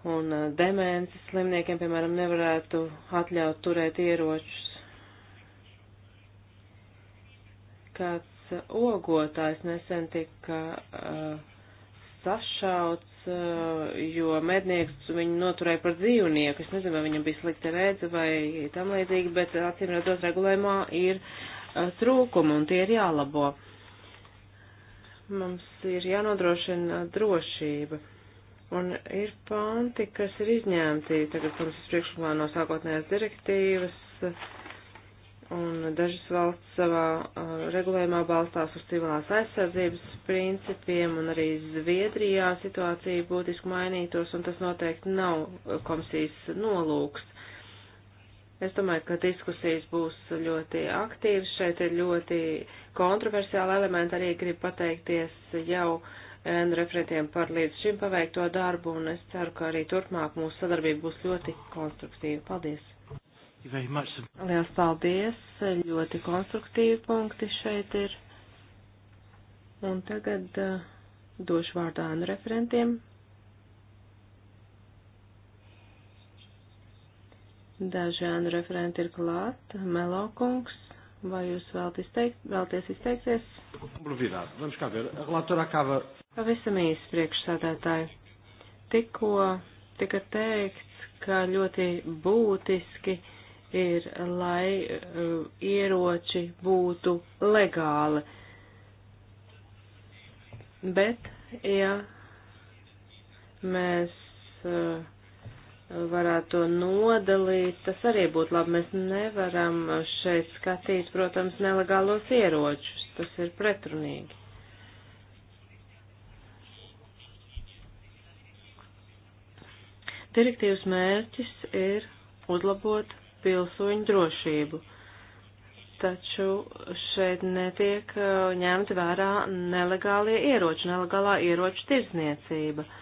Un eh, demences slimniekiem, piemēram, nevarētu atļaut turēt ieročus. Kāds eh, ogotājs nesen tika uh, sašauts, uh, jo mednieks viņu noturēja par dzīvnieku. Es nezinu, vai viņam bija slikta redze vai tam līdzīgi, bet acīm redzot regulējumā ir uh, trūkumi, un tie ir jālabo. Mums ir jānodrošina drošība. Un ir panti, kas ir izņemti tagad komisijas priekšlikumā no sākotnējās direktīvas, un dažas valsts savā uh, regulējumā balstās uz civilās aizsardzības principiem, un arī Zviedrijā situācija būtiski mainītos, un tas noteikti nav komisijas nolūks. Es domāju, ka diskusijas būs ļoti aktīvas. Šeit ir ļoti kontroversiāli elementi. Arī gribu pateikties jau eh, referentiem par līdz šim paveikto darbu, un es ceru, ka arī turpmāk mūsu sadarbība būs ļoti konstruktīva. Paldies! Lielas paldies! Ļoti konstruktīvi punkti šeit ir. Un tagad uh, došu vārdu ānu referentiem. Dažādi referenti ir klāt. Melo kungs, vai jūs vēlt izteikt, vēlties izteikties? Pavisam īsi priekšsādātāji. Tikko tika teikts, ka ļoti būtiski ir, lai uh, ieroči būtu legāli. Bet, ja mēs uh, varētu to nodalīt, tas arī būtu labi. Mēs nevaram šeit skatīt, protams, nelegālos ieročus. Tas ir pretrunīgi. Direktīvas mērķis ir uzlabot pilsoņu drošību, taču šeit netiek uh, ņemti vērā nelegālie ieroči, nelegālā ieroču tirzniecība. Uh,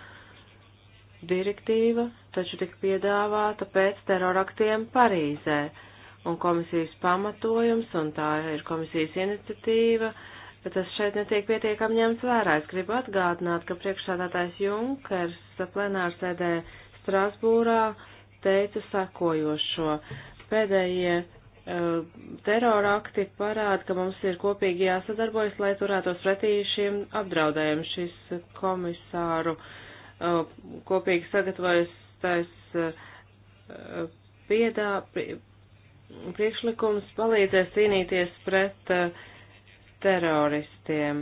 direktīva taču tika piedāvāta pēc teroraktiem Parīzē, un komisijas pamatojums, un tā ir komisijas iniciatīva, bet tas šeit netiek pietiekami ņemts vērā. Es gribu atgādināt, ka priekšsādātājs Junkers plenārsēdē Strasbūrā teica sakojošo. Pēdējie eh, terorakti parāda, ka mums ir kopīgi jāsadarbojas, lai turētos pretī šiem apdraudējiem šis komisāru uh, Uh, kopīgi sagatavojas tais uh, piedā, priekšlikums palīdzēs cīnīties pret uh, teroristiem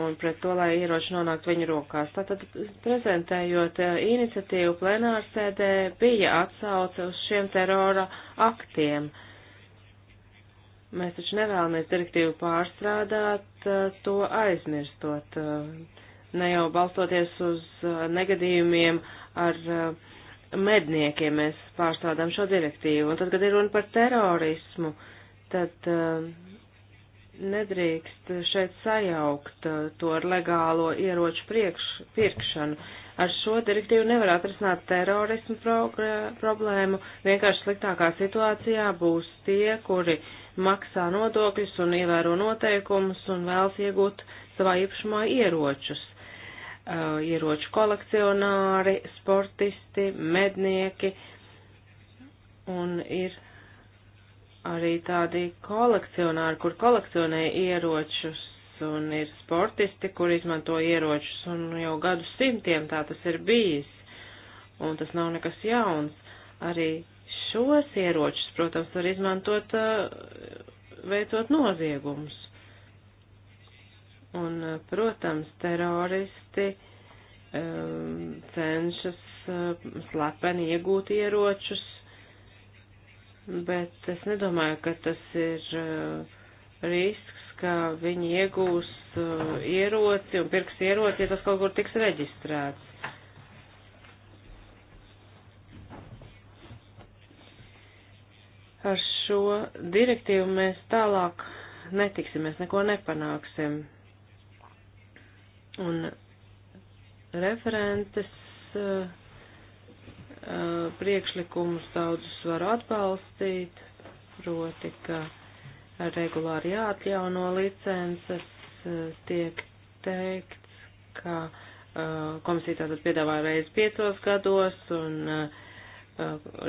un pret to, lai ieroči nonāktu viņu rokās. Tātad, prezentējot iniciatīvu plenārsēdē, bija atsauce uz šiem terora aktiem. Mēs taču nevēlamies direktīvu pārstrādāt, to aizmirstot. Uh, ne jau balstoties uz uh, negadījumiem ar uh, medniekiem mēs pārstrādām šo direktīvu. Un tad, kad ir runa par terorismu, tad uh, nedrīkst šeit sajaukt to ar legālo ieroču priekš, pirkšanu. Ar šo direktīvu nevar atrisināt terorismu problēmu, vienkārši sliktākā situācijā būs tie, kuri maksā nodokļus un ievēro noteikumus un vēlas iegūt savā īpašumā ieročus. Uh, ieroču kolekcionāri, sportisti, mednieki, un ir arī tādi kolekcionāri, kur kolekcionē ieročus, un ir sportisti, kur izmanto ieročus, un jau gadu simtiem tā tas ir bijis, un tas nav nekas jauns. Arī šos ieročus, protams, var izmantot, uh, veicot noziegumus. Un, eh, protams, teroristi um, cenšas uh, slepeni iegūt ieročus, bet es nedomāju, ka tas ir uh, risks, ka viņi iegūs uh, ieroci un pirks ieroci, ja tas kaut kur tiks reģistrēts. Ar šo direktīvu mēs tālāk netiksim, mēs neko nepanāksim. Un referentes uh, priekšlikumus daudzus var atbalstīt, proti, ka regulāri jāatjauno licences, eh, tiek teikts, ka uh, komisija tātad piedāvā reizi piecos gados un uh,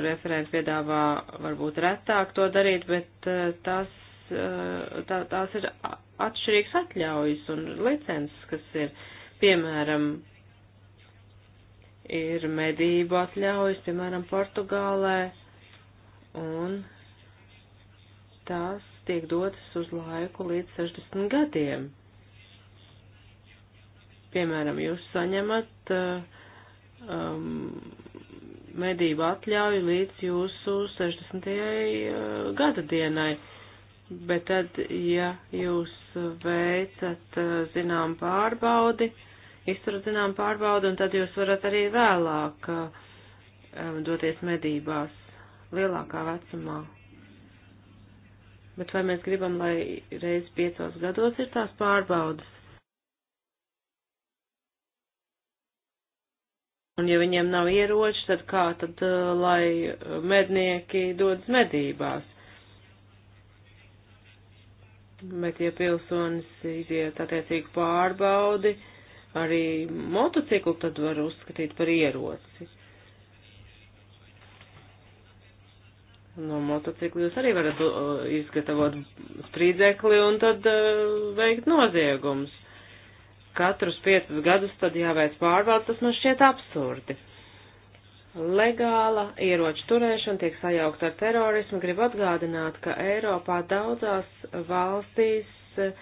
referents piedāvā varbūt retāk to darīt, bet tas Eh, tā, tās ir atšķirīgas atļaujas un licences, kas ir, piemēram, ir medību atļaujas, piemēram, Portugālē, un tās tiek dotas uz laiku līdz 60 gadiem. Piemēram, jūs saņemat eh, um, medību atļauju līdz jūsu 60. Eh, gada dienai. Uh, bet tad, ja jūs veicat eh, zinām pārbaudi, izturat zinām pārbaudi, un tad jūs varat arī vēlāk eh, doties medībās lielākā vecumā. Bet vai mēs gribam, lai reiz piecos gados ir tās pārbaudas? Un ja viņiem nav ieroči, tad kā tad, eh, lai mednieki dodas medībās? Bet, ja pilsonis iziet attiecīgu pārbaudi, arī motociklu tad var uzskatīt par ieroci. No motocikla jūs arī varat uh, izgatavot sprīdzekli un tad uh, veikt noziegums. Katrus piecus gadus tad jāveic pārbaudas, tas man šķiet absurdi. Legāla ieroču turēšana tiek sajaukt ar terorismu. Gribu atgādināt, ka Eiropā daudzās valstīs eh,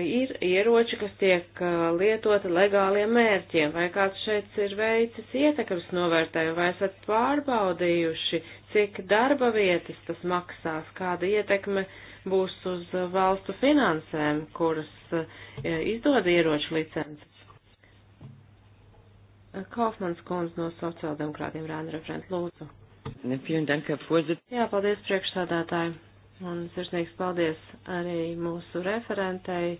ir ieroči, kas tiek eh, lietoti legāliem mērķiem. Vai kāds šeit ir veicis ietekmes novērtējumu, vai esat pārbaudījuši, cik darba vietas tas maksās, kāda ietekme būs uz valstu finansēm, kuras eh, izdod ieroču licenci? Kaufmans kundze no sociāldemokrātiem Rēna referents lūdzu. Jā, paldies priekšsādātāji. Un sirsnīgs paldies arī mūsu referentei,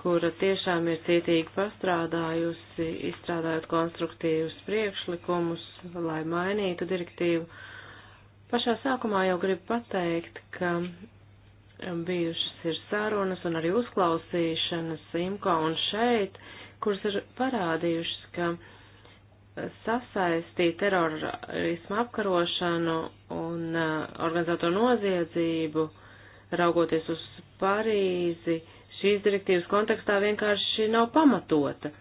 kura tiešām ir cītīgi pastrādājusi, izstrādājot konstruktīvus priekšlikumus, lai mainītu direktīvu. Pašā sākumā jau gribu pateikt, ka bijušas ir sarunas un arī uzklausīšanas Imko un šeit kuras ir parādījušas, ka eh, sasaistīt terorismu apkarošanu un eh, organizēto noziedzību, raugoties uz Parīzi, šīs direktīvas kontekstā vienkārši nav pamatota.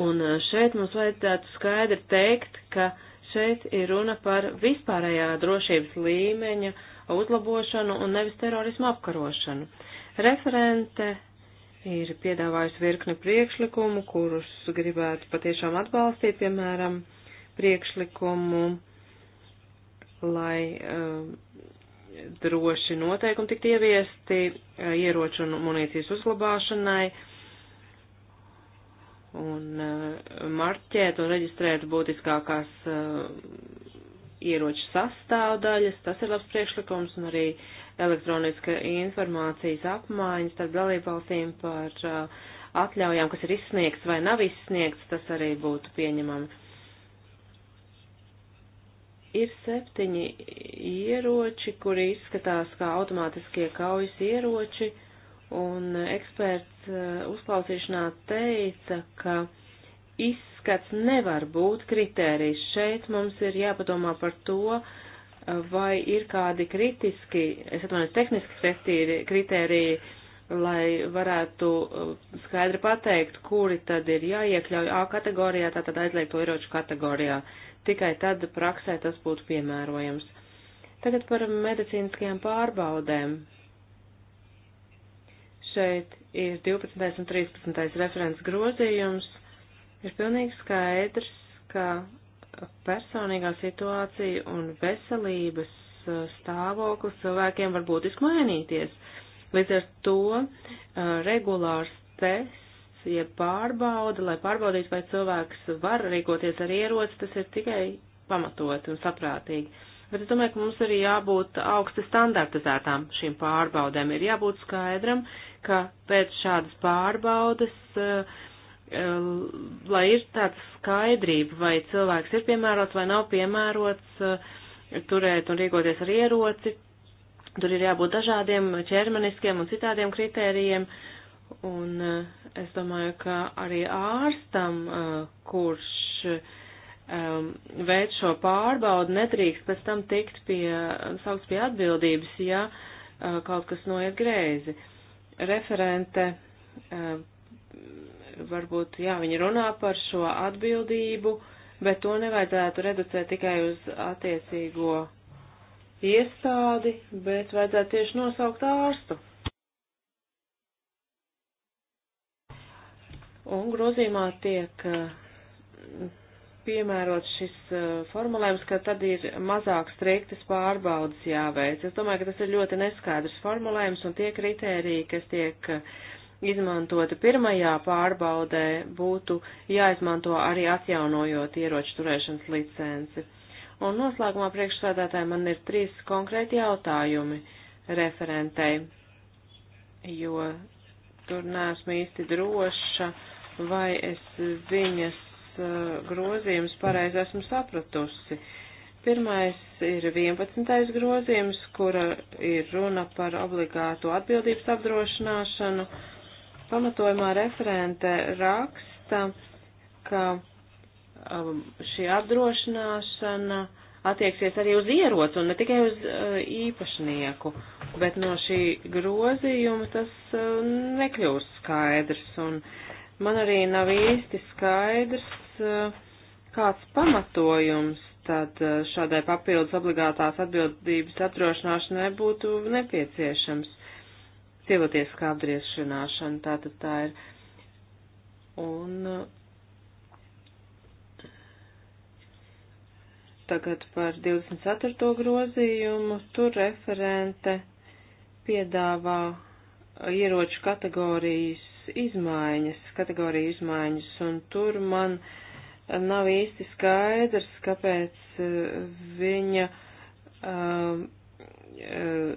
Un eh, šeit mums vajadzētu skaidri teikt, ka šeit ir runa par vispārējā drošības līmeņa uzlabošanu un nevis terorismu apkarošanu. Referente ir piedāvājusi virkni priekšlikumu, kurus gribētu patiešām atbalstīt, piemēram, priekšlikumu, lai uh, droši noteikumi tiktu ieviesti uh, ieroču un munīcijas uzglabāšanai un uh, marķēt un reģistrēt būtiskākās ieroču sastāvdaļas. Tas ir labs priekšlikums un arī uh, elektroniska informācijas apmaiņas starp dalībvalstīm par uh, atļaujām, kas ir izsniegts vai nav izsniegts, tas arī būtu pieņemami. Ir septiņi ieroči, kuri izskatās kā automātiskie kaujas ieroči, un eksperts uh, uzklausīšanā teica, ka izskats nevar būt kritērijs. Šeit mums ir jāpadomā par to, uh, vai ir kādi kritiski, es atvainojos, tehniski kritēriji, lai varētu uh, skaidri pateikt, kuri tad ir jāiekļauj A kategorijā, tātad aizliegto ieroču kategorijā. Tikai tad praksē tas būtu piemērojams. Tagad par medicīniskajām pārbaudēm. Šeit ir 12. un 13. referents grozījums. Ir pilnīgi skaidrs, ka personīgā situācija un veselības uh, stāvoklis cilvēkiem var būtiski mainīties. Līdz ar to uh, regulārs tests, jeb pārbauda, lai pārbaudītu, vai cilvēks var rīkoties ar ieroci, tas ir tikai pamatot un saprātīgi. Bet es domāju, ka mums arī jābūt augsti standartizētām šīm pārbaudēm. Ir jābūt skaidram, ka pēc šādas pārbaudas uh, lai ir tāda skaidrība, vai cilvēks ir piemērots vai nav piemērots eh, turēt un rīkoties ar ieroci. Tur ir jābūt dažādiem ķermeniskiem un citādiem kritērijiem. Un eh, es domāju, ka arī ārstam, eh, kurš veic šo pārbaudu, nedrīkst pēc tam tikt pie, saukt pie atbildības, ja kaut kas noiet greizi. Referente varbūt, jā, viņi runā par šo atbildību, bet to nevajadzētu reducēt tikai uz attiecīgo iestādi, bet vajadzētu tieši nosaukt ārstu. Un grozījumā tiek eh, piemērot šis eh, formulējums, ka tad ir mazāk striktas pārbaudas jāveic. Es domāju, ka tas ir ļoti neskaidrs formulējums un tie kriteriji, kas tiek uh, izmantota pirmajā pārbaudē, būtu jāizmanto arī atjaunojot ieroču turēšanas licenci. Un noslēgumā priekšsādātāji man ir trīs konkrēti jautājumi referentei, jo tur neesmu īsti droša, vai es viņas eh, grozījumus pareizi esmu sapratusi. Pirmais ir 11. grozījums, kura ir runa par obligātu atbildības apdrošināšanu. Uh, Pamatojumā referente raksta, ka um, šī apdrošināšana attieksies arī uz ieroci un ne tikai uz uh, īpašnieku, bet no šī grozījuma tas uh, nekļūst skaidrs. Un man arī nav īsti skaidrs, uh, kāds pamatojums tad uh, šādai papildus obligātās atbildības apdrošināšanai būtu nepieciešams cilvēciskā apdriešināšana, tātad tā ir. Un tagad par 24. grozījumu, tur referente piedāvā ieroču kategorijas izmaiņas, kategoriju izmaiņas, un tur man nav īsti skaidrs, kāpēc eh, viņa uh, uh,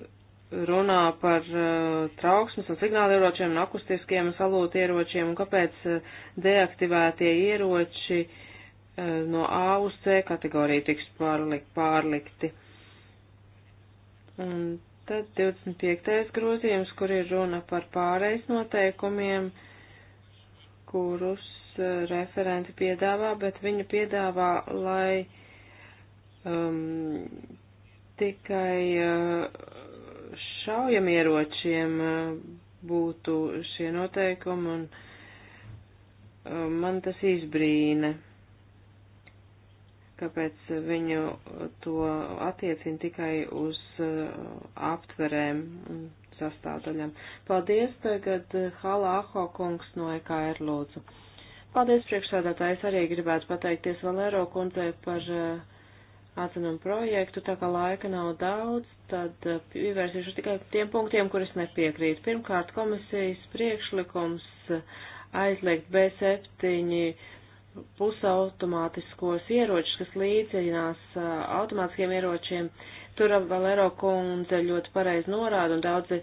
runā par uh, trauksmes un signāla ieročiem un akustiskiem salūta ieročiem un kāpēc uh, deaktivētie ieroči uh, no A uz C kategoriju tiks pārlikt, pārlikti. Un tad 25. grozījums, kur ir runa par pārejas noteikumiem, kurus uh, referenti piedāvā, bet viņi piedāvā, lai um, tikai uh, šaujamieročiem eh, būtu šie noteikumi, un eh, man tas izbrīna, kāpēc viņu to attiecina tikai uz eh, aptverēm un sastāvdaļām. Paldies tagad Halāho kungs no EKR lūdzu. Paldies priekšsādātājs arī gribētu pateikties Valēro kundzei par uh, atzinam projektu, tā kā laika nav daudz, tad uh, pievērsīšu tikai tiem punktiem, kuras nepiekrīt. Pirmkārt, komisijas priekšlikums uh, aizliegt B7 pusautomātiskos ieročus, kas līdzinās uh, automātiskiem ieročiem. Tur Valero kundze ļoti pareizi norāda, un daudzi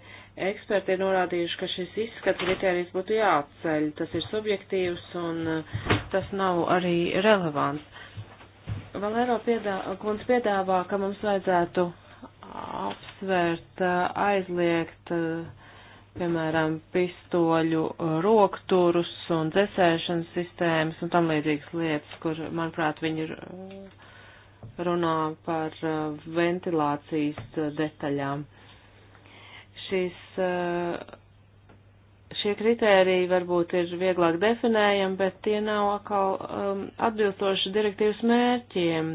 eksperti ir norādījuši, ka šis izskats kritērijs būtu jāatceļ. Tas ir subjektīvs, un tas nav arī relevants. Valero piedāvā, kundze piedāvā, ka mums vajadzētu apsvērt, aizliegt, piemēram, pistoļu rokturus un dzesēšanas sistēmas un tam līdzīgas lietas, kur, manuprāt, viņi runā par ventilācijas detaļām. Šīs uh, šie kritēriji varbūt ir vieglāk definējami, bet tie nav atkal um, atbilstoši direktīvas mērķiem.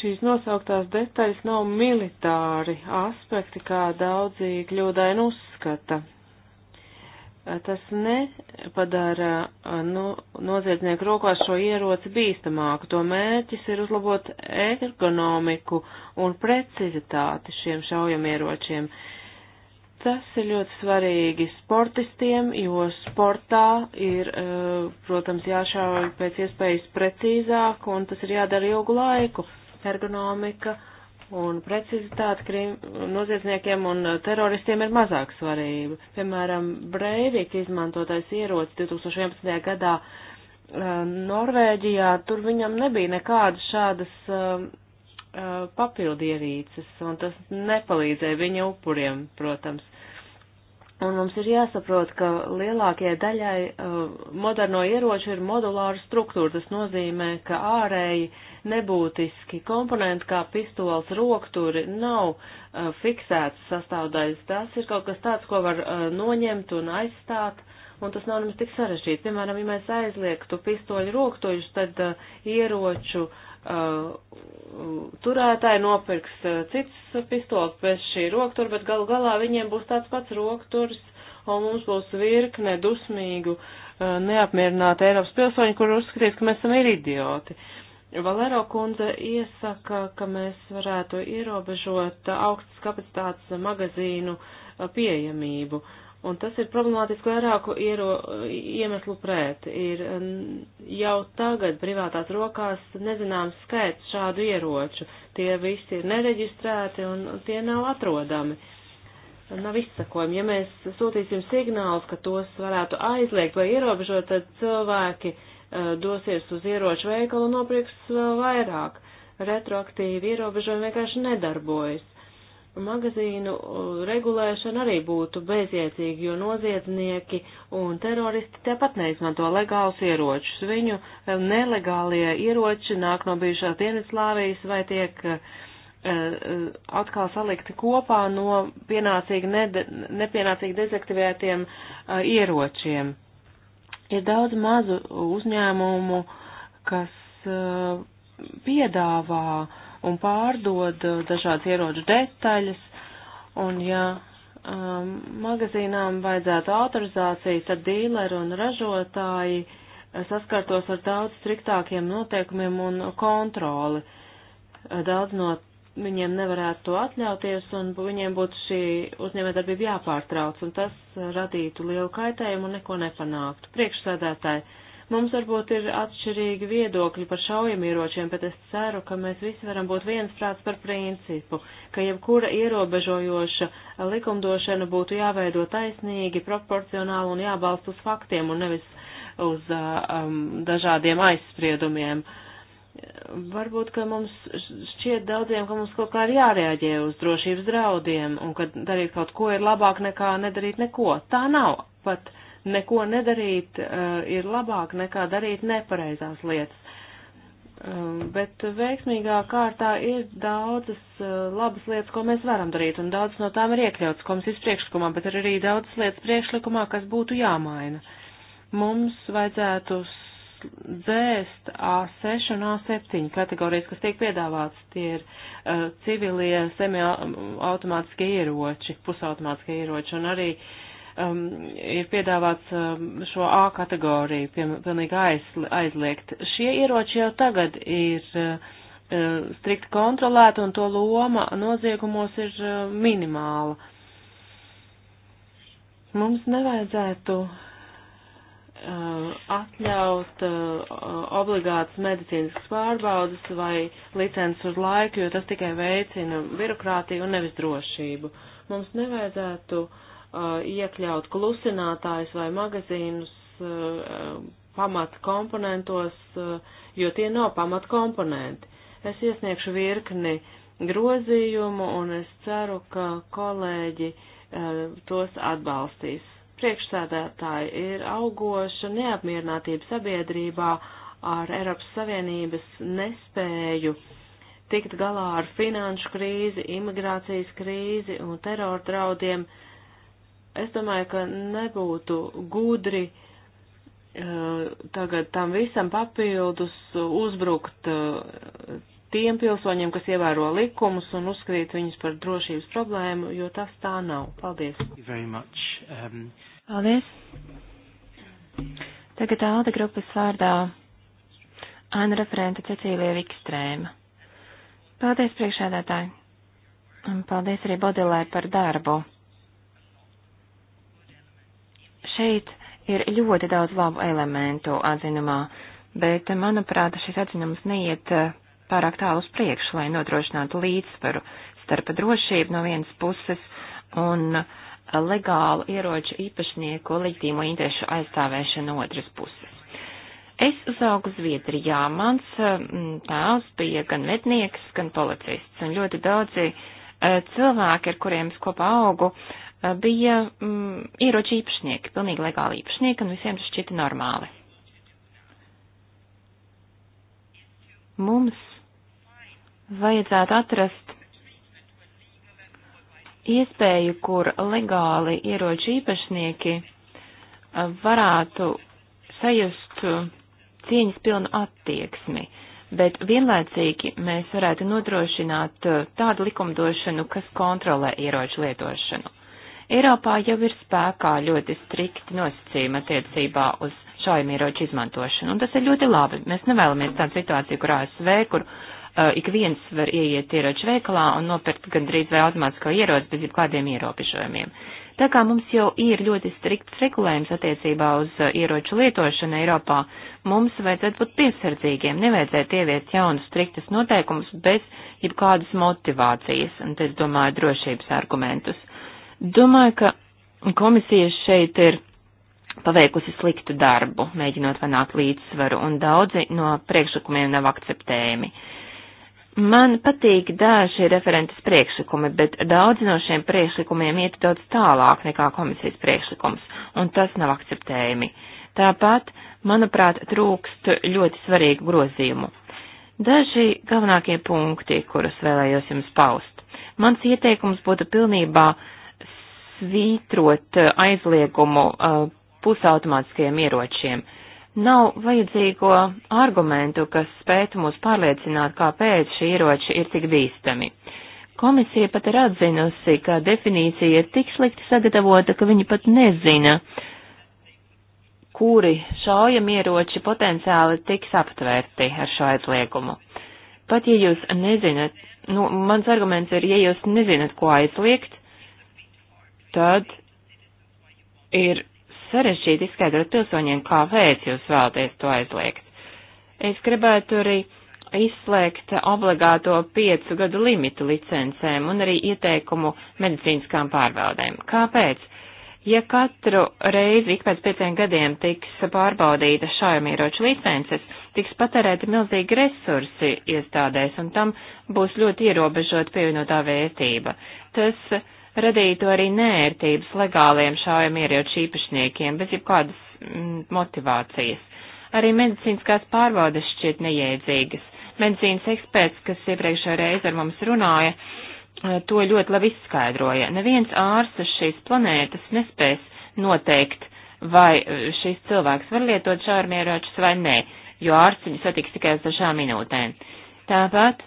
Šīs nosauktās detaļas nav militāri aspekti, kā daudzi kļūdaini uzskata. Tas nepadara nu, noziedznieku rokās šo ieroci bīstamāku. To mērķis ir uzlabot ekonomiku un precizitāti šiem šaujamieročiem. ieročiem Tas ir ļoti svarīgi sportistiem, jo sportā ir, e, protams, jāšauj pēc iespējas precīzāk, un tas ir jādara ilgu laiku. Ergonomika un precizitāte krim, noziedzniekiem un e, teroristiem ir mazāk svarība. Piemēram, Breivik izmantotais ierocis 2011. gadā e, Norvēģijā, tur viņam nebija nekādas šādas Uh, papildierīces, un tas nepalīdzēja viņa upuriem, protams. Un mums ir jāsaprot, ka lielākajai daļai uh, moderno ieroču ir modulāra struktūra. Tas nozīmē, ka ārēji nebūtiski komponenti kā pistols, rokturi nav uh, fiksēts sastāvdaļas. Tas ir kaut kas tāds, ko var noņemt un aizstāt un tas nav nemaz tik sarežģīti. Piemēram, ja mēs aizliegtu pistoļu roktoļus, tad uh, ieroču Uh, turētāji nopirks uh, citas pistoles bez šī roktura, bet galu galā viņiem būs tāds pats rokturs, un mums būs virkne dusmīgu, uh, neapmierināta Eiropas pilsoņu, kur uzskatīs, ka mēs esam ir idioti. Valero kundze iesaka, ka mēs varētu ierobežot augstas kapacitātes magazīnu pieejamību. Uh, Un tas ir problemātiski vairāku iero, iemeslu prēt. Ir jau tagad privātās rokās nezināms skaits šādu ieroču. Tie visi ir nereģistrēti un tie nav atrodami. Nav izsakojumi. Ja mēs sūtīsim signālus, ka tos varētu aizliegt vai ierobežot, tad cilvēki uh, dosies uz ieroču veikalu un nopirks vēl vairāk. Retroaktīvi ierobežojumi vienkārši nedarbojas magazīnu regulēšana arī būtu bezjēdzīga, jo noziedznieki un teroristi tepat neizmanto legālus ieročus. Viņu e, nelegālie ieroči nāk no bijušās Dienvidslāvijas vai tiek uh, atkal salikti kopā no pienācīgi nede, nepienācīgi dezaktivētiem uh, ieročiem. Ir daudz mazu uzņēmumu, kas uh, piedāvā uh, un pārdod uh, dažādas ieroču detaļas, un ja um, magazīnām vajadzētu autorizāciju, tad dīleri un ražotāji uh, saskārtos ar daudz striktākiem noteikumiem un kontroli. Uh, daudz no viņiem nevarētu to atļauties, un viņiem būtu šī uzņēmējdarbība jāpārtrauc, un tas radītu lielu kaitējumu un neko nepanāktu. Priekšsēdētāji, Mums varbūt ir atšķirīgi viedokļi par šaujamieročiem, bet es ceru, ka mēs visi varam būt viensprāts par principu, ka jebkura ierobežojoša likumdošana būtu jāveido taisnīgi, proporcionāli un jābalst uz faktiem un nevis uz uh, um, dažādiem aizspriedumiem. Varbūt, ka mums šķiet daudziem, ka mums kaut kā ir jārēģē uz drošības draudiem un ka darīt kaut ko ir labāk nekā nedarīt neko. Tā nav pat. Uh, neko nedarīt eh, ir labāk nekā darīt nepareizās lietas. Eh, bet veiksmīgā kārtā ir daudzas eh, labas lietas, ko mēs varam darīt, un daudz no tām ir iekļauts komisijas priekšlikumā, bet ir arī daudzas lietas priekšlikumā, kas būtu jāmaina. Mums vajadzētu dzēst A6 un A7 kategorijas, kas tiek piedāvāts. Tie ir uh, civilie semiautomātiskie ieroči, pusautomātiskie ieroči un arī uh, um, ir piedāvāts um, šo A kategoriju piem, pilnīgi aizl aizliegt. Šie ieroči jau tagad ir uh, uh strikti kontrolēti un to loma noziegumos ir uh, minimāla. Mums nevajadzētu uh, atļaut uh, obligātas medicīnas pārbaudas vai licences uz laiku, jo tas tikai veicina birokrātiju un nevis drošību. Mums nevajadzētu uh, Uh, iekļaut klusinātājus vai magazīnus uh, pamat komponentos, uh, jo tie nav pamat komponenti. Es iesniegšu virkni grozījumu un es ceru, ka kolēģi tos atbalstīs. Priekšsēdētāji ir augoša neapmierinātība sabiedrībā ar Eiropas Savienības nespēju tikt galā ar finanšu krīzi, imigrācijas krīzi un terora draudiem. Uh, Es domāju, ka nebūtu gudri uh, tagad tam visam papildus uzbrukt uh, tiem pilsoņiem, kas ievēro likumus un uzskatīt viņus par drošības problēmu, jo tas tā nav. Paldies. Um... Paldies. Tagad Alda grupas vārdā Anna referente Cecīlija Vikstrēma. Paldies priekšādātāji. Un paldies arī Bodilē par darbu. Šeit ir ļoti daudz labu elementu atzinumā, bet, manuprāt, šis atzinums neiet eh, pārāk tālu uz priekšu, lai nodrošinātu līdzsvaru starp drošību no vienas puses un eh, legālu ieroču īpašnieku leģitīmo interešu aizstāvēšanu no otras puses. Es uzaugu Zviedrijā. Mans mm, tēvs bija gan vetnieks, gan policists, un ļoti daudzi eh, cilvēki, ar kuriem es kopā augu, uh, bija mm, ieroči īpašnieki, pilnīgi legāli īpašnieki, un visiem tas šķita normāli. Mums vajadzētu atrast iespēju, kur legāli ieroči īpašnieki varētu sajust cieņas pilnu attieksmi, bet vienlaicīgi mēs varētu nodrošināt tādu likumdošanu, kas kontrolē ieroču lietošanu. Eiropā jau ir spēkā ļoti strikti nosacījumi attiecībā uz šaujamieroču izmantošanu, un tas ir ļoti labi. Mēs nevēlamies tādu situāciju, kur ASV, kur uh, ik viens var ieiet ieroču veikalā un nopirkt gandrīz vai automātisko ieroci bez jebkādiem ierobežojumiem. Tā kā mums jau ir ļoti strikts regulējums attiecībā uz uh, ieroču lietošanu Eiropā, mums vajadzētu būt piesardzīgiem, nevajadzētu ieviest jaunus striktas noteikumus bez jebkādas motivācijas, un te es domāju drošības argumentus. Domāju, ka komisija šeit ir paveikusi sliktu darbu, mēģinot panākt līdzsvaru, un daudzi no priekšlikumiem nav akceptējami. Man patīk daži referentes priekšlikumi, bet daudzi no šiem priekšlikumiem iet daudz tālāk nekā komisijas priekšlikums, un tas nav akceptējami. Tāpat, manuprāt, trūkst ļoti svarīgu grozījumu. Daži galvenākie punkti, kurus vēlējos jums paust. Mans ieteikums būtu pilnībā uh, svītrot eh, aizliegumu eh, pusautomātiskajiem ieročiem. Nav vajadzīgo argumentu, kas spētu mūs pārliecināt, kāpēc šie ieroči ir tik bīstami. Komisija pat ir atzinusi, ka definīcija ir tik slikti sagatavota, ka viņi pat nezina, kuri šaujamieroči potenciāli tiks aptvērti ar šo aizliegumu. Pat ja jūs nezinat, nu, mans arguments ir, ja jūs nezinat, ko aizliegt, tad ir sarežģīti izskaidrot pilsoņiem, kāpēc jūs vēlaties to aizliegt. Es gribētu arī izslēgt obligāto piecu gadu limitu licencēm un arī ieteikumu medicīniskām pārbaudēm. Kāpēc? Ja katru reizi ik pēc pieciem gadiem tiks pārbaudīta šaujamieroču licences, tiks patērēti milzīgi resursi iestādēs un tam būs ļoti ierobežot pievienotā vērtība. Tas uh, radītu arī nērtības legāliem šaujamieroču īpašniekiem bez jebkādas mm, motivācijas. Arī medicīniskās pārbaudes šķiet nejēdzīgas. Medicīnas eksperts, kas iepriekšējā reizē ar mums runāja, eh, to ļoti labi izskaidroja. Neviens ārsts uz šīs planētas nespēs noteikt, vai eh, šis cilvēks var lietot šaujamieročus vai nē, jo ārsts viņu satiks tikai uz dažām minūtēm. Tāpat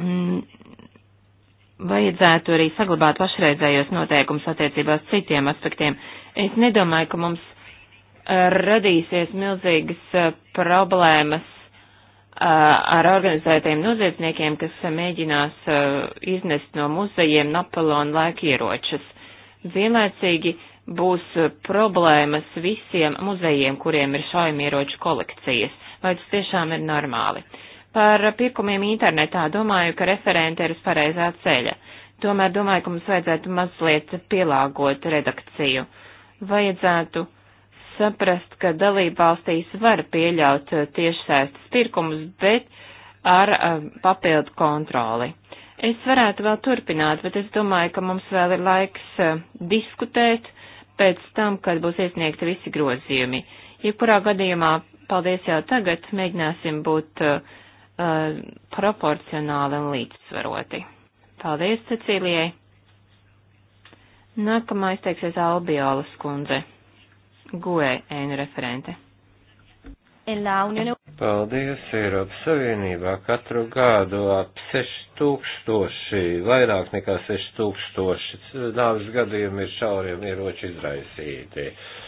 mm, vajadzētu arī saglabāt pašreizējos noteikumus attiecībās citiem aspektiem. Es nedomāju, ka mums radīsies milzīgas problēmas ar organizētajiem noziedzniekiem, kas mēģinās iznest no muzejiem Napoleona laika ieročus. Vienlaicīgi būs problēmas visiem muzejiem, kuriem ir šaujamieroču kolekcijas. Vai tas tiešām ir normāli? Uh, Par pirkumiem internetā domāju, ka referente ir uz pareizā ceļa. Tomēr domāju, ka mums vajadzētu mazliet pielāgot redakciju. Vajadzētu saprast, ka dalībvalstīs var pieļaut tiešsaistes pirkumus, bet ar um, papildu kontroli. Es varētu vēl turpināt, bet es domāju, ka mums vēl ir laiks uh, diskutēt pēc tam, kad būs iesniegti visi grozījumi. Jebkurā gadījumā, paldies jau tagad, mēģināsim būt uh, uh, proporcionāli un līdzsvaroti. Paldies, Cecīlijai! Nākamais teiksies Albiolas kundze, GUE ēnu referente. Paldies, Eiropas Savienībā katru gadu ap 6000, vairāk nekā 6000 nāvis gadījumi ir šauriem ieroči izraisīti. Uh,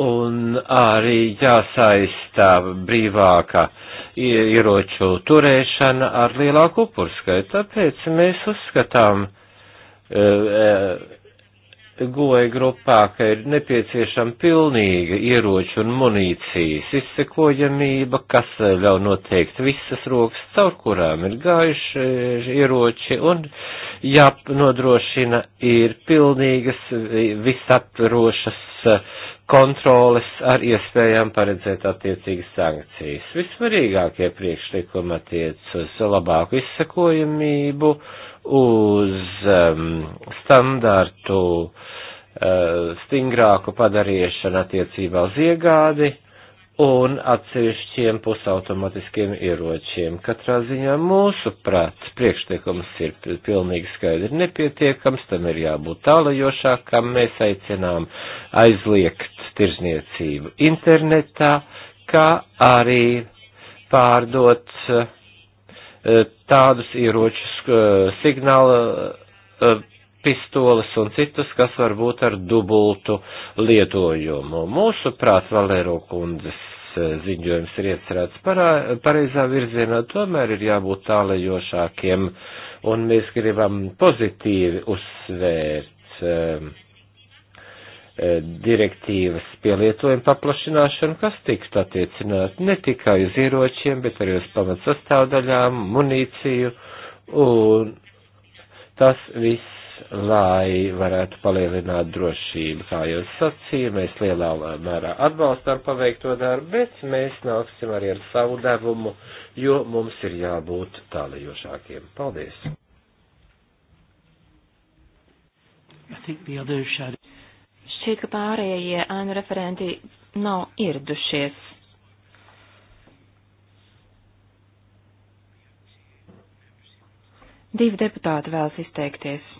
un arī jāsaistā brīvāka ieroču turēšana ar lielāku upurskaitu. Tāpēc mēs uzskatām uh, e, e, goja grupā, ka ir nepieciešama pilnīga ieroču un munīcijas izsekojamība, kas ļauj noteikt visas rokas, caur kurām ir gājuši e, ieroči, un jānodrošina ir pilnīgas visaptverošas uh, kontroles ar iespējām paredzēt attiecīgas sankcijas. Vissvarīgākie priekšlikumi attiec uz labāku izsakojamību, uz um, standartu uh, stingrāku padariešanu attiecībā uz iegādi un atsevišķiem pusautomatiskiem ieročiem. Katrā ziņā mūsu prāts priekšteikums ir pilnīgi skaidri nepietiekams, tam ir jābūt tālajošākam, mēs aicinām aizliegt tirzniecību internetā, kā arī pārdot eh, tādus ieročus eh, signāla eh, pistoles un citas, kas var būt ar dubultu lietojumu. Mūsu prāt Valero kundzes e, ziņojums ir iecerēts pareizā virzienā, tomēr ir jābūt tālajošākiem, un mēs gribam pozitīvi uzsvērt um, direktīvas pielietojumu paplašināšanu, kas tiktu attiecināt ne tikai uz ieročiem, bet arī uz pamatsastāvdaļām, munīciju, un tas viss lai varētu palielināt drošību. Kā jau sacīju, mēs lielā mērā atbalstām paveikto darbu, bet mēs nāksim arī ar savu devumu, jo mums ir jābūt tālajošākiem. Paldies! Šķiet, ka pārējie ēnu referenti nav ieradušies. Divi deputāti vēlas izteikties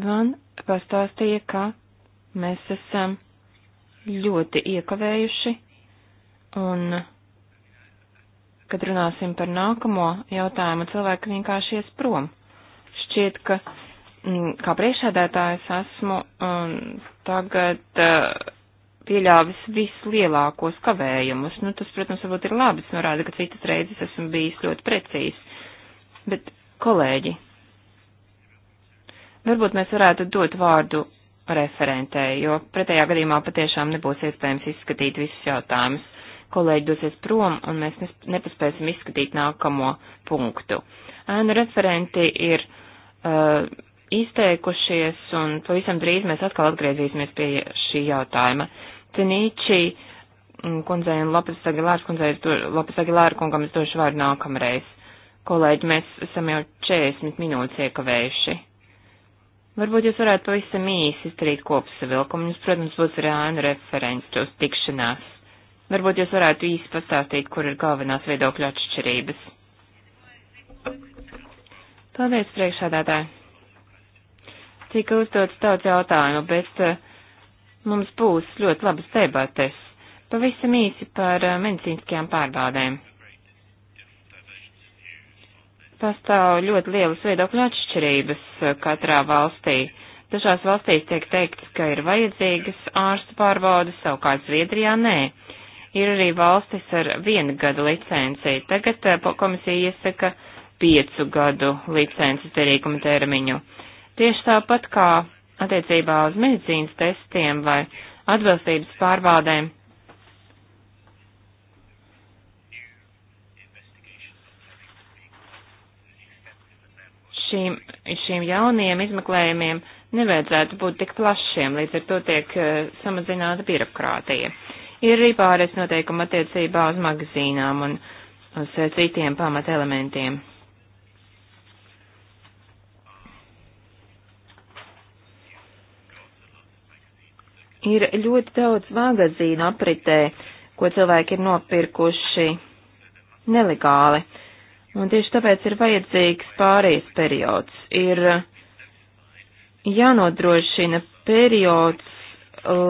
man pastāstīja, ka mēs esam ļoti iekavējuši, un, kad runāsim par nākamo jautājumu, cilvēki vienkārši ies prom. Šķiet, ka mm, kā priekšēdētājs esmu um, tagad uh, pieļāvis vislielākos kavējumus. Nu, tas, protams, varbūt ir labi, tas norāda, ka citas reizes esmu bijis ļoti precīzs. Bet, kolēģi, Varbūt mēs varētu dot vārdu referentei, jo pretējā gadījumā patiešām nebūs iespējams izskatīt visus jautājumus. Kolēģi dosies prom, un mēs nepaspēsim izskatīt nākamo punktu. Ēnu referenti ir uh, izteikušies, un pavisam drīz mēs atkal atgriezīsimies pie šī jautājuma. Cenīči mm, kundzei un Lapas Agilārs kundzei, Lapas Agilāra kungam es došu vārdu nākamreiz. Kolēģi, mēs esam jau 40 minūtes iekavējuši. Varbūt jūs varētu pavisam īsi izdarīt kopsavilkumu. Jums, protams, būs arī ēnu referents tos tikšanās. Varbūt jūs varētu īsi pastāstīt, kur ir galvenās viedokļu atšķirības. Paldies, priekšādātāji. Tika uzdots daudz jautājumu, bet uh, mums būs ļoti labas debates. Pavisam īsi par uh, medicīniskajām pārbaudēm pastāv ļoti lielas viedokļu atšķirības eh, katrā valstī. Dažās valstīs tiek teikts, ka ir vajadzīgas ārstu pārbaudas, savukārt Zviedrijā nē. Ir arī valstis ar vienu gadu licenciju. Tagad eh, komisija iesaka piecu gadu licences derīguma termiņu. Tieši tāpat kā attiecībā uz medicīnas testiem vai atbilstības pārbaudēm šīm, šīm jaunajiem izmeklējumiem nevajadzētu būt tik plašiem, līdz ar to tiek uh, samazināta birokrātija. Ir arī pāris noteikuma attiecībā uz magazīnām un uz uh, citiem pamatelementiem. Ir ļoti daudz magazīnu apritē, ko cilvēki ir nopirkuši nelegāli. Uh, Un tieši tāpēc ir vajadzīgs pārējais periods. Ir jānodrošina periods,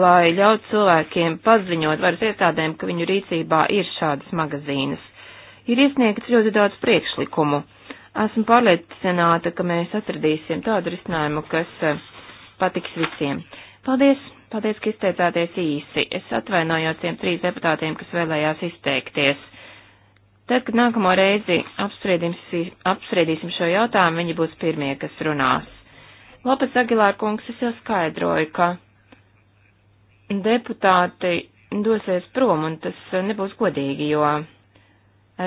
lai ļaut cilvēkiem paziņot varas iestādēm, ka viņu rīcībā ir šādas magazīnas. Ir iesniegts ļoti daudz priekšlikumu. Esmu pārliecināta, ka mēs atradīsim tādu risinājumu, kas eh, patiks visiem. Paldies! Paldies, ka izteicāties īsi. Es atvainojos tiem trīs deputātiem, kas vēlējās izteikties. Tad, kad nākamo reizi apspriedīsim šo jautājumu, viņi būs pirmie, kas runās. Lopes Agilāra kungs, es jau skaidroju, ka deputāti dosies prom, un tas nebūs godīgi, jo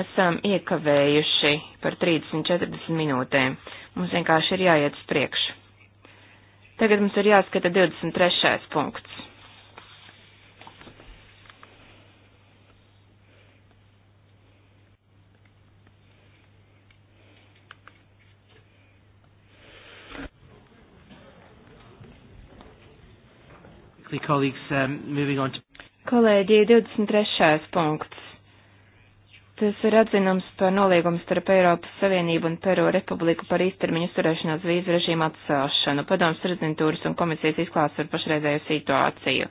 esam iekavējuši par 30-40 minūtēm. Mums vienkārši ir jāiet uz priekšu. Tagad mums ir jāskata 23. punkts. quickly, colleagues, um, moving on to. Kolēģi, 23. punkts. Tas ir atzinums par noliegumu starp Eiropas Savienību un Peru Republiku par īstermiņu turēšanās vīzu režīmu atcelšanu. Padoms prezidentūras un komisijas izklāsts par pašreizējo situāciju.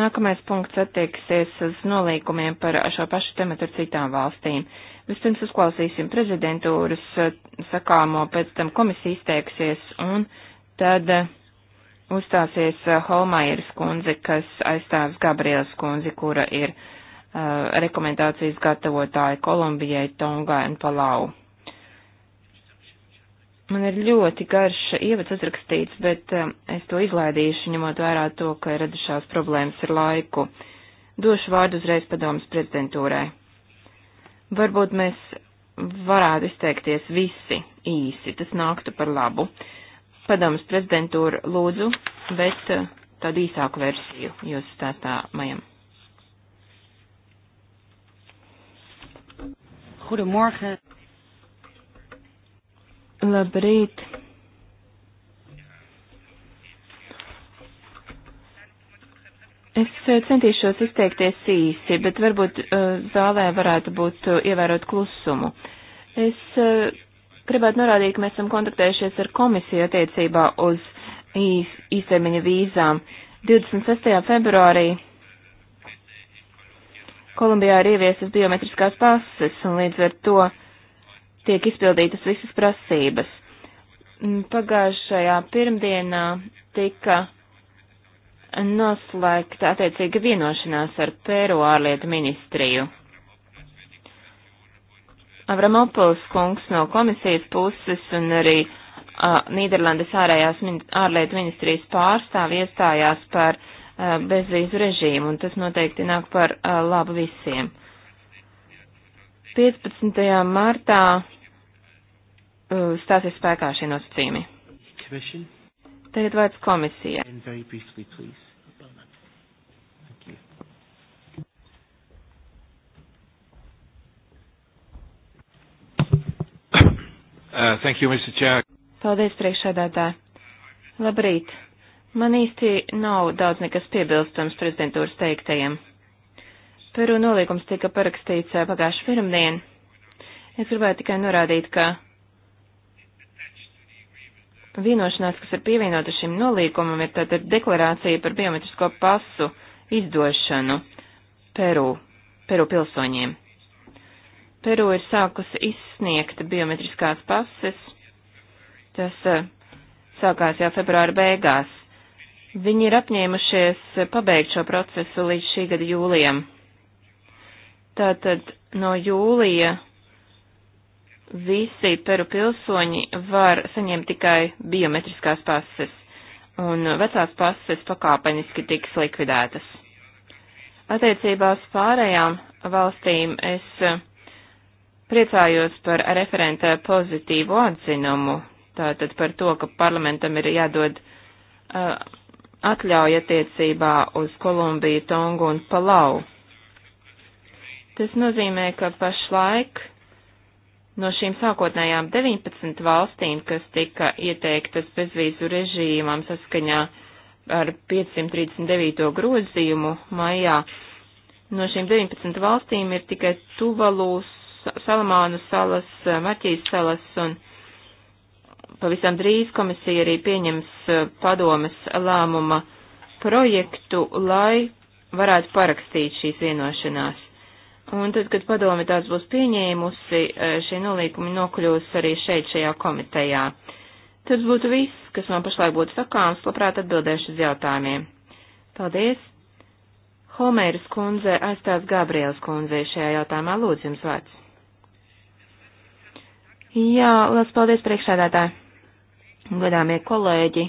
Nākamais punkts attieksies uz nolīgumiem par šo pašu tematu ar citām valstīm. Vispirms uzklausīsim prezidentūras eh, sakāmo, pēc tam komisija izteiksies un tad. Uh, uzstāsies eh, Holmaieris kundze, kas aizstāvis Gabrielas kundzi, kura ir uh, rekomendācijas gatavotāja Kolumbijai, Tongai un Palau. Man ir ļoti garš ievads uzrakstīts, bet uh, es to izlaidīšu, ņemot vērā to, ka ir radušās problēmas ar laiku. Došu vārdu uzreiz padomas prezidentūrai. Varbūt mēs varētu izteikties visi īsi, tas nāktu par labu. Uh, padomas prezidentūra lūdzu, bet eh, tādu īsāku versiju jūs stāstā majam. Goedemorgen. Labrīt. Es eh, centīšos izteikties īsi, bet varbūt uh, zālē varētu būt uh, ievērot klusumu. Es uh, Gribētu norādīt, ka mēs esam kontaktējušies ar komisiju attiecībā uz īstermiņa vīzām. 26. februārī Kolumbijā ir ieviesas biometriskās pases, un līdz ar to tiek izpildītas visas prasības. Mm, pagājušajā pirmdienā tika noslēgta attiecīga vienošanās ar Pēru ārlietu ministriju. Avramopuls kungs no komisijas puses un arī uh, Nīderlandes ārējās min ārlietu ministrijas pārstāvi iestājās par uh, bezvīzu režīmu, un tas noteikti nāk par uh, labu visiem. 15. martā uh, stāsies spēkā šie nosacījumi. Tagad vārds komisija. Uh, thank you, Mr. Chair. Paldies, priekšsēdētāji. Labrīt. Man īsti nav daudz nekas piebilstams prezidentūras teiktajiem. Peru nolīgums tika parakstīts uh, pagājuši pirmdien. Es gribēju tikai norādīt, ka vienošanās, kas ir pievienota šim nolīgumam, ir tātad deklarācija par biometrisko pasu izdošanu Peru, Peru pilsoņiem. Peru ir sākusi izsniegt biometriskās pases. Tas eh, sākās jau februāra beigās. Viņi ir apņēmušies pabeigt šo procesu līdz šī gada jūlijam. Tātad no jūlija visi Peru pilsoņi var saņemt tikai biometriskās pases, un vecās pases pakāpeniski tiks likvidētas. Attiecībā uz pārējām valstīm es eh, Priecājos par referenta pozitīvu atzinumu, tātad par to, ka parlamentam ir jādod uh, atļauja attiecībā uz Kolumbiju, Tongu un Palau. Tas nozīmē, ka pašlaik no šīm sākotnējām 19 valstīm, kas tika ieteiktas bezvīzu režīmam saskaņā ar 539. grozījumu maijā, no šīm 19 valstīm ir tikai Tuvalūs, Salamānu salas, eh, Marķijas salas un pavisam drīz komisija arī pieņems eh, padomes lēmuma projektu, lai varētu parakstīt šīs vienošanās. Un tad, kad padome tāds būs pieņēmusi, eh, šie nolīkumi nokļūs arī šeit, šajā komitejā. Tas būtu viss, kas man pašlaik būtu sakāms, labprāt atbildēšu uz jautājumiem. Paldies! Homēras kundze aizstās Gabrielas kundze šajā jautājumā lūdzu jums vārds. Jā, liels paldies priekšsēdētāji. Godāmie kolēģi.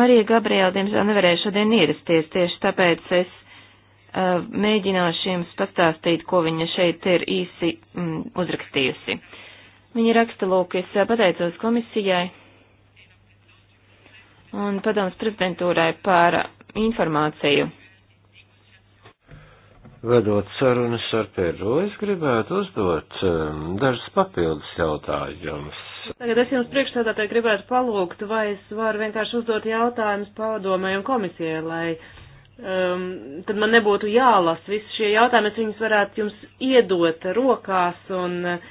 Marija Gabriela, diemžēl, nevarēja šodien ierasties, tieši tāpēc es uh, mēģināšu jums pastāstīt, ko viņa šeit ir īsi mm, uzrakstījusi. Viņa raksta, lūk, es uh, pateicos komisijai un padoms prezidentūrai par informāciju vedot sarunas ar Peru, es gribētu uzdot um, dažus papildus jautājumus. Tagad es jums priekšstādātāji gribētu palūgt, vai es varu vienkārši uzdot jautājumus padomē un komisijai, lai um, tad man nebūtu jālas visi šie jautājumi, es viņus varētu jums iedot rokās un uh,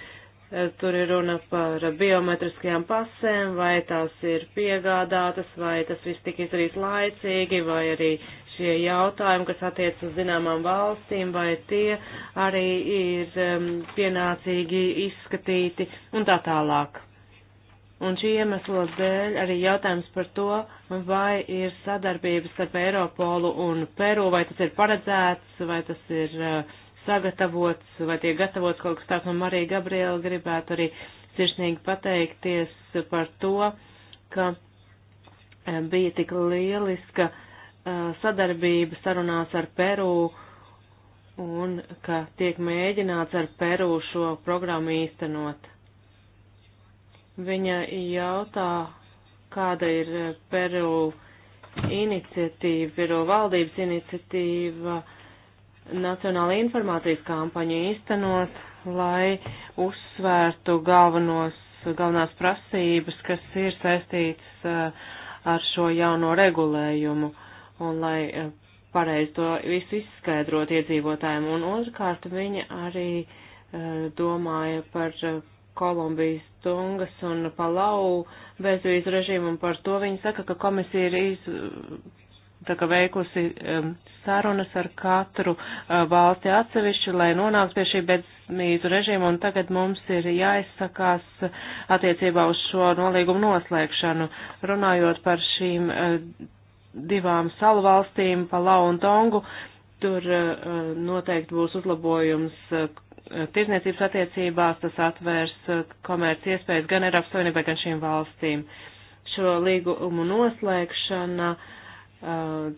tur ir runa par biometriskajām pasēm, vai tās ir piegādātas, vai tas viss tika izdarīts laicīgi, vai arī uh, šie jautājumi, kas attiec uz zināmām valstīm, vai tie arī ir um, pienācīgi izskatīti un tā tālāk. Un šī iemesla dēļ arī jautājums par to, vai ir sadarbības starp Eiropolu un Peru, vai tas ir paredzēts, vai tas ir uh, sagatavots, vai tiek gatavots kaut kas tāds, un Marija Gabriela gribētu arī sirsnīgi pateikties par to, ka eh, bija tik lieliska uh, sadarbība sarunās ar Peru un ka tiek mēģināts ar Peru šo programmu īstenot. Viņa jautā, kāda ir Peru iniciatīva, Peru valdības iniciatīva, nacionāla informācijas kampaņa īstenot, lai uzsvērtu galvenos, galvenās prasības, kas ir saistītas ar šo jauno regulējumu. Uh, un lai eh, pareizi to visu izskaidrot iedzīvotājiem. Un otrkārt viņa arī eh, domāja par eh, Kolumbijas, Tungas un Palau bezvīzu režīmu, un par to viņa saka, ka komisija ir iz, tā kā veikusi um, sarunas ar katru uh, valsti atsevišķi, lai nonāktu pie šī bezmīzu režīma, un tagad mums ir jāizsakās attiecībā uz šo nolīgumu noslēgšanu. Runājot par šīm uh, divām salu valstīm, Palau un Tongu. Tur eh, eh, noteikti būs uzlabojums eh, tirzniecības attiecībās, tas atvērs komerci iespējas gan Eiropas Savienībai, gan šīm valstīm. Šo līgumu noslēgšana,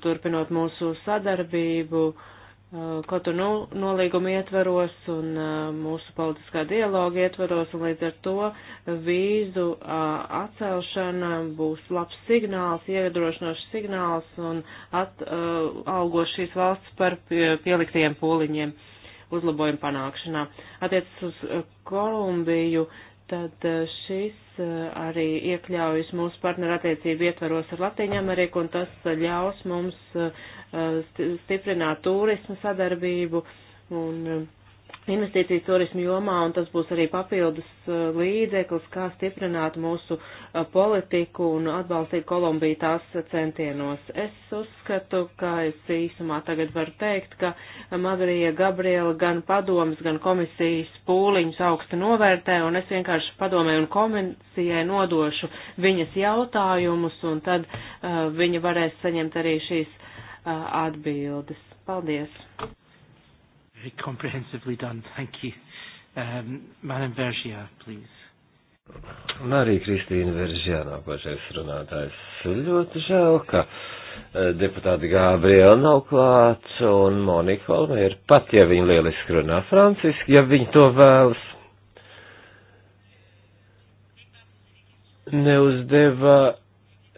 turpinot mūsu sadarbību, uh, Uh, Kotonu nolīguma ietvaros un uh, mūsu politiskā dialoga ietvaros, un līdz ar to vīzu uh, atcelšana būs labs signāls, ievedrošinošs signāls un atalgo šīs valsts par pieliktiem pūliņiem uzlabojumu panākšanā. Attiecas uz Kolumbiju, tad e, šis e, arī iekļaujas mūsu partnerattiecību ietvaros ar Latviju Ameriku, un tas ļaus mums e, stiprināt turismu sadarbību un investīciju turismu jomā, un tas būs arī papildus uh, līdzeklis, kā stiprināt mūsu uh, politiku un atbalstīt Kolumbiju tās centienos. Es uzskatu, kā es īsumā tagad varu teikt, ka Madarija Gabriela gan padomas, gan komisijas pūliņus augstu novērtē, un es vienkārši padomē un komisijai nodošu viņas jautājumus, un tad uh, viņa varēs saņemt arī šīs uh, atbildes. Paldies! Very comprehensively done. Thank you. Um, Madam Vergia, please. Un arī Kristīna Veržijā nākošais runātājs. Ļoti žēl, ka eh, deputāti Gābriela nav klāt un Monika Olmēra, pat ja viņa lieliski runā franciski, ja viņa to vēlas, neuzdeva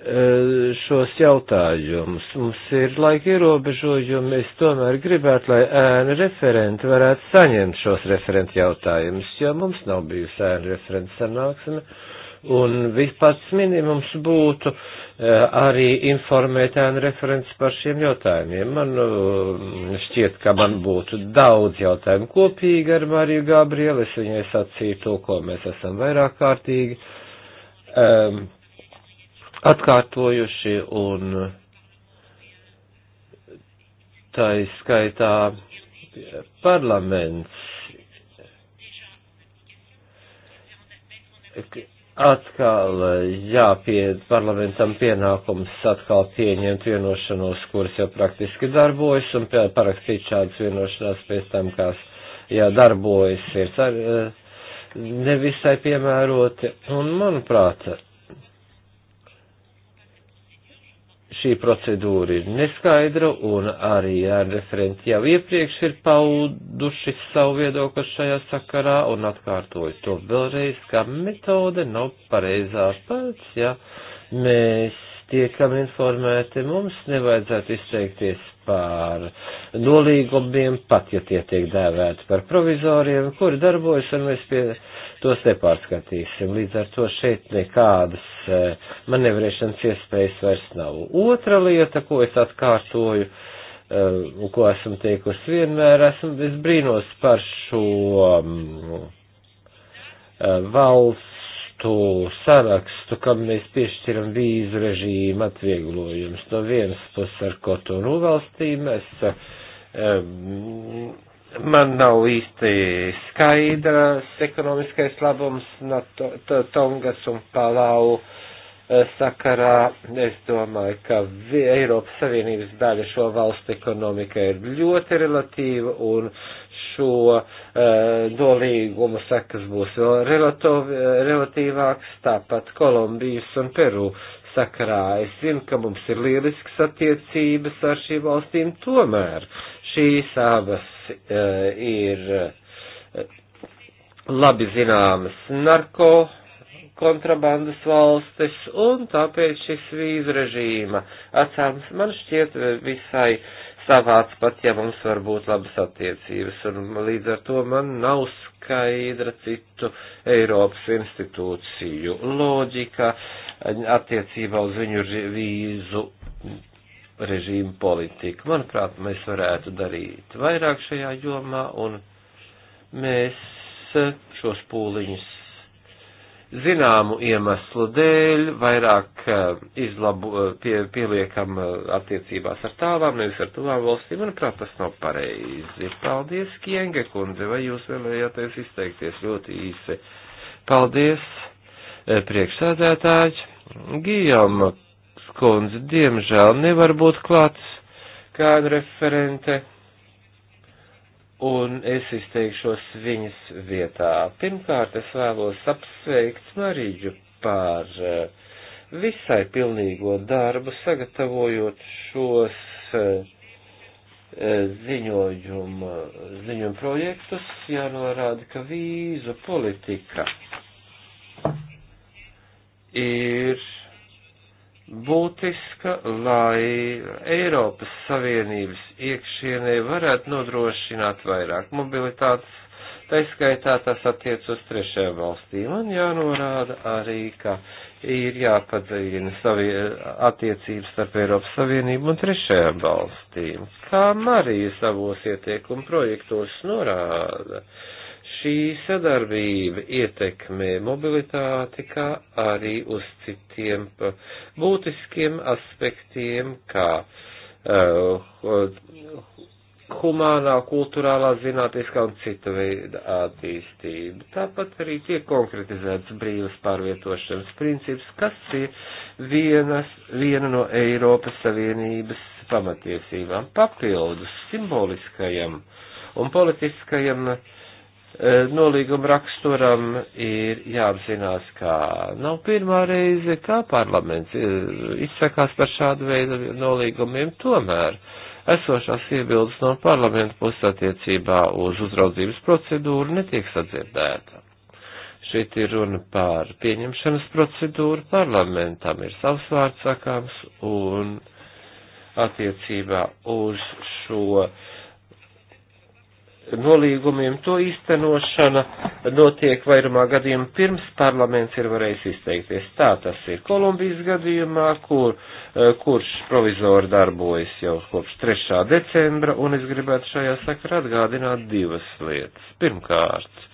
Eh, šos jautājumus. Mums ir laika ierobežojumi, es tomēr gribētu, lai ēnu referenti varētu saņemt šos referentu jautājumus, jo mums nav bijusi ēnu referentu sanāksme. Un vispats minimums būtu eh, arī informēt ēnu referents par šiem jautājumiem. Man eh, šķiet, ka man būtu daudz jautājumu kopīgi ar Mariju Gabrielu. Es viņai sacīju to, ko mēs esam vairāk kārtīgi. Um, atkārtojuši un tā izskaitā parlaments atkal jāpied parlamentam pienākums atkal pieņemt vienošanos, kuras jau praktiski darbojas, un parakstīt šādas vienošanās pēc tam, kas jādarbojas, ir eh, nevisai piemēroti. Un, manuprāt, šī procedūra ir neskaidra un arī referenti jau iepriekš ir pauduši savu viedokli šajā sakarā un atkārtoju to vēlreiz, ka metode nav pareizā pēc, ja mēs tiekam informēti, mums nevajadzētu izteikties par nolīgumiem, pat ja tie tiek dēvēti par provizoriem, kuri darbojas un mēs pie tos nepārskatīsim. Līdz ar to šeit nekādas e, manevrēšanas iespējas vairs nav. Otra lieta, ko es atkārtoju, e, un ko esmu teikusi vienmēr, esmu, es brīnos par šo mm, e, valstu sarakstu, kam mēs piešķiram vīzu režīmu atvieglojums. No vienas puses ar Kotonu valstīm es um, mm, man nav īsti skaidrs ekonomiskais labums no to, to, Tongas un Palau eh, sakarā. Es domāju, ka Eiropas Savienības daļa šo valstu ekonomika ir ļoti relatīva un šo uh, dolīgumu sekas būs vēl relatīv, relatīvāks, tāpat Kolumbijas un Peru sakarā. Es zinu, ka mums ir lielisks attiecības ar šīm valstīm, tomēr šīs abas Eh, ir eh, labi zināmas narko kontrabandas valstis, un tāpēc šis vīzu režīma atsāms man šķiet eh, visai savāds, pat ja mums var būt labas attiecības, un līdz ar to man nav skaidra citu Eiropas institūciju loģika attiecībā uz viņu vīzu režīmu politiku. Manuprāt, mēs varētu darīt vairāk šajā jomā, un mēs šos pūliņus zināmu iemeslu dēļ vairāk eh, izlabu, eh, pie, pieliekam eh, attiecībās ar tālām, nevis ar tuvām valstīm. Manuprāt, tas nav pareizi. Paldies, Kienge kundze, vai jūs vēlējāties izteikties ļoti īsi? Paldies, priekšsēdētāji. Gijama kundze, diemžēl nevar būt klāts kā referente, un es izteikšos viņas vietā. Pirmkārt, es vēlos apsveikt Marīģu par eh, visai pilnīgo darbu, sagatavojot šos ziņojumu, eh, ziņojumu projektus, jānorāda, ka vīzu politika ir būtiska, lai Eiropas Savienības iekšienē varētu nodrošināt vairāk mobilitātes, taiskaitā tas attiec uz trešajām valstīm. Man jānorāda arī, ka ir jāpadziļina attiecības starp Eiropas Savienību un trešajām valstīm, kā Marija savos ieteikumu projektos norāda. Uh, Šī sadarbība ietekmē mobilitāti, kā arī uz citiem būtiskiem aspektiem, kā uh, humānā, kultūrālā, zinātniskā un cita veida attīstība. Tāpat arī tiek konkretizēts brīvas pārvietošanas princips, kas ir vienas, viena no Eiropas Savienības pamatiesībām papildus simboliskajam un politiskajam uh, E, nolīguma raksturam ir jāapzinās, ka nav pirmā reize, kā parlaments izsakās par šādu veidu nolīgumiem, tomēr esošās iebildes no parlamenta puses attiecībā uz uzraudzības procedūru netiek sadzirdēta. Šeit ir runa par pieņemšanas procedūru, parlamentam ir savs vārds sakāms un attiecībā uz šo uh, nolīgumiem to īstenošana notiek vairumā gadījumu pirms parlaments ir varējis izteikties. Tā tas ir Kolumbijas gadījumā, kur, eh, kurš provizori darbojas jau kopš 3. decembra, un es gribētu šajā sakarā atgādināt divas lietas. Pirmkārt,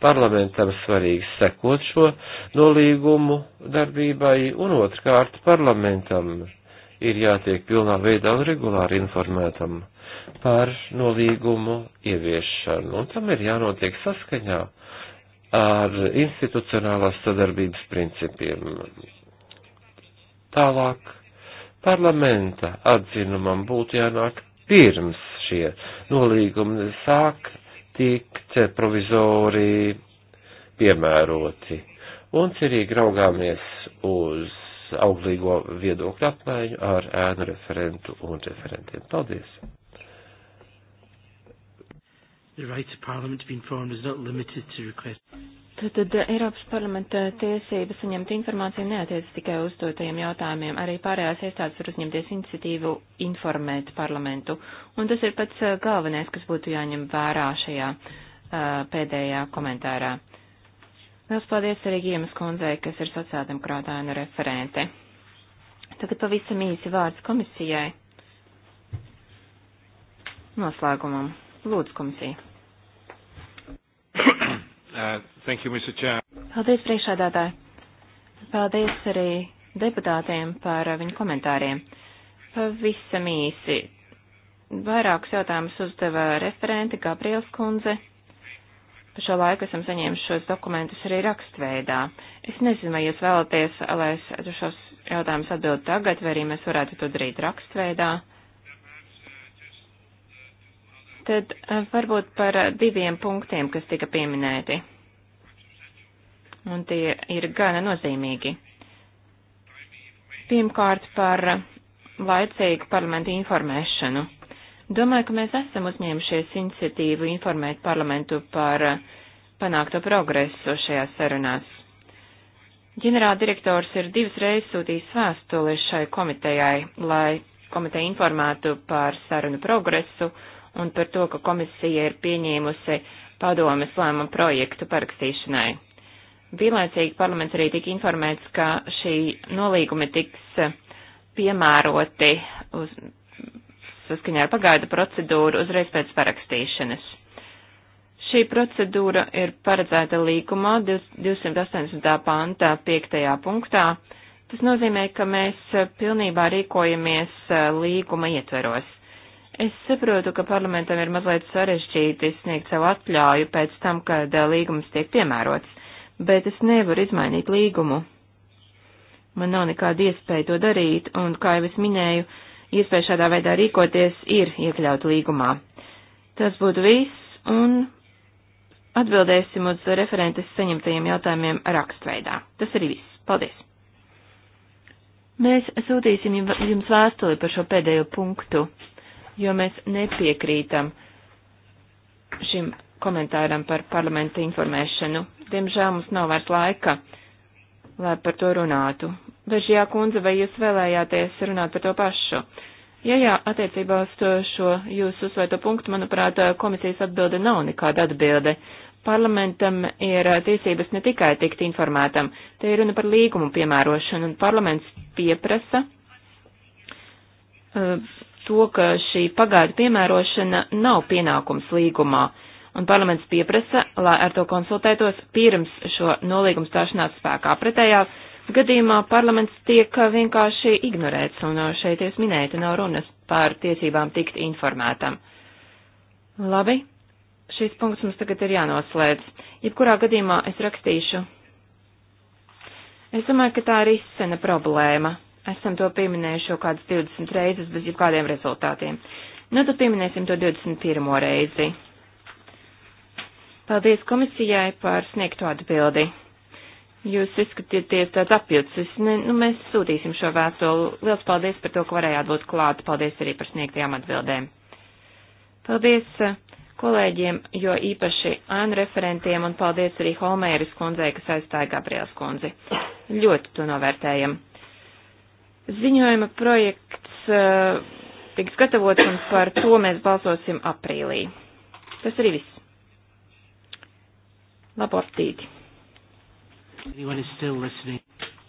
parlamentam svarīgi sekot šo nolīgumu darbībai, un otrkārt, parlamentam ir jātiek pilnā veidā un regulāri informētam par novīgumu ieviešanu, un tam ir jānotiek saskaņā ar institucionālās sadarbības principiem. Tālāk parlamenta atzinumam būtu jānāk pirms šie nolīgumi sāk tikt provizori piemēroti. Un cerīgi raugāmies uz auglīgo viedokļu apmaiņu ar ēnu referentu un referentiem. Paldies! The right of Parliament to be informed is not limited to requests. Tātad eh, Eiropas parlamenta tiesības saņemt informāciju neatiec tikai uz dotajiem jautājumiem. Arī pārējās iestādes var uzņemties iniciatīvu informēt parlamentu. Un tas ir pats eh, galvenais, kas būtu jāņem vērā šajā uh, pēdējā komentārā. Liels paldies arī Giemas kundzei, kas ir sociāldemokrātāna referente. Tagad pavisam īsi vārds komisijai. Noslēgumam. Lūdzu, komisija. Uh, thank you, Mr. Chair. Paldies, priekšādātāji. Paldies arī deputātiem par uh, viņu komentāriem. Pavisam īsi. Vairākus jautājumus uzdeva referenti Gabriels Kunze. Pa šo laiku esam saņēmuši šos dokumentus arī rakstveidā. Es nezinu, vai jūs vēlaties, lai es šos jautājumus atbildu tagad, vai arī mēs varētu to darīt rakstveidā. Tad eh, varbūt par eh, diviem punktiem, kas tika pieminēti. Un tie ir gana nozīmīgi. Pirmkārt par eh, laicīgu parlamentu informēšanu. Domāju, ka mēs esam uzņēmušies iniciatīvu informēt parlamentu par panākto progresu šajās sarunās. Ģenerāldirektors ir divas reizes sūtījis vēstuli šai komitejai, lai komiteja informētu par sarunu progresu un par to, ka komisija ir pieņēmusi padomes lēmumu projektu parakstīšanai. Vienlaicīgi parlaments arī tika informēts, ka šī nolīgumi tiks eh, piemēroti uz, saskaņā ar pagaidu procedūru uzreiz pēc parakstīšanas. Šī procedūra ir paredzēta līgumā 280. pantā 5. punktā. Tas nozīmē, ka mēs eh, pilnībā rīkojamies eh, līguma ietveros. Es saprotu, ka parlamentam ir mazliet sarežģīti sniegt savu atļauju pēc tam, kad eh, līgums tiek piemērots, bet es nevaru izmainīt līgumu. Man nav nekāda iespēja to darīt, un, kā jau es minēju, iespēja šādā veidā rīkoties ir iekļauta līgumā. Tas būtu viss, un atbildēsim uz referentes saņemtajiem jautājumiem rakstveidā. Tas arī viss. Paldies! Mēs sūtīsim jums vēstuli par šo pēdējo punktu jo mēs nepiekrītam šim komentāram par parlamenta informēšanu. Diemžēl mums nav vairs laika, lai par to runātu. Bežijā kundze, vai jūs vēlējāties runāt par to pašu? Jā, jā, attiecībā uz to, šo jūsu uzsvērto punktu, manuprāt, komisijas atbilde nav nekāda atbilde. Parlamentam ir tiesības ne tikai tikt informētam, te ir runa par līgumu piemērošanu, un parlaments pieprasa uh, to, ka šī pagaidu piemērošana nav pienākums līgumā, un parlaments pieprasa, lai ar to konsultētos pirms šo nolīgumu stāšanās spēkā. Pretējā gadījumā parlaments tiek vienkārši ignorēts, un šeit es minēju, nav runas par tiesībām tikt informētam. Labi, šīs punkts mums tagad ir jānoslēdz. Jebkurā gadījumā es rakstīšu. Es domāju, ka tā ir izsena problēma. Esam to pieminējuši jau kādas 20 reizes bez jebkādiem rezultātiem. Nu, tad pieminēsim to 21. reizi. Paldies komisijai par sniegto atbildi. Jūs izskatieties tāds apjucis. Ne, nu, mēs sūtīsim šo vēstuli. Liels paldies par to, ka varējāt būt klāt. Paldies arī par sniegtajām atbildēm. Paldies eh, kolēģiem, jo īpaši ēnu referentiem, un paldies arī Holmēras kundzei, kas aizstāja Gabrielas kundzi. Ļoti to novērtējam. Ziņojuma projekts uh, tiks gatavots un par to mēs balsosim aprīlī. Tas arī viss. Labortīti.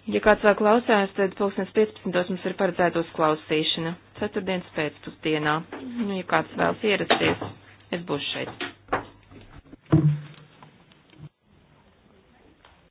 Ja kāds vēl klausās, tad pulkstens 15. mums ir paredzēta uzklausīšana. Ceturtdienas pēcpusdienā. Nu, ja kāds vēlas ierasties, es būšu šeit.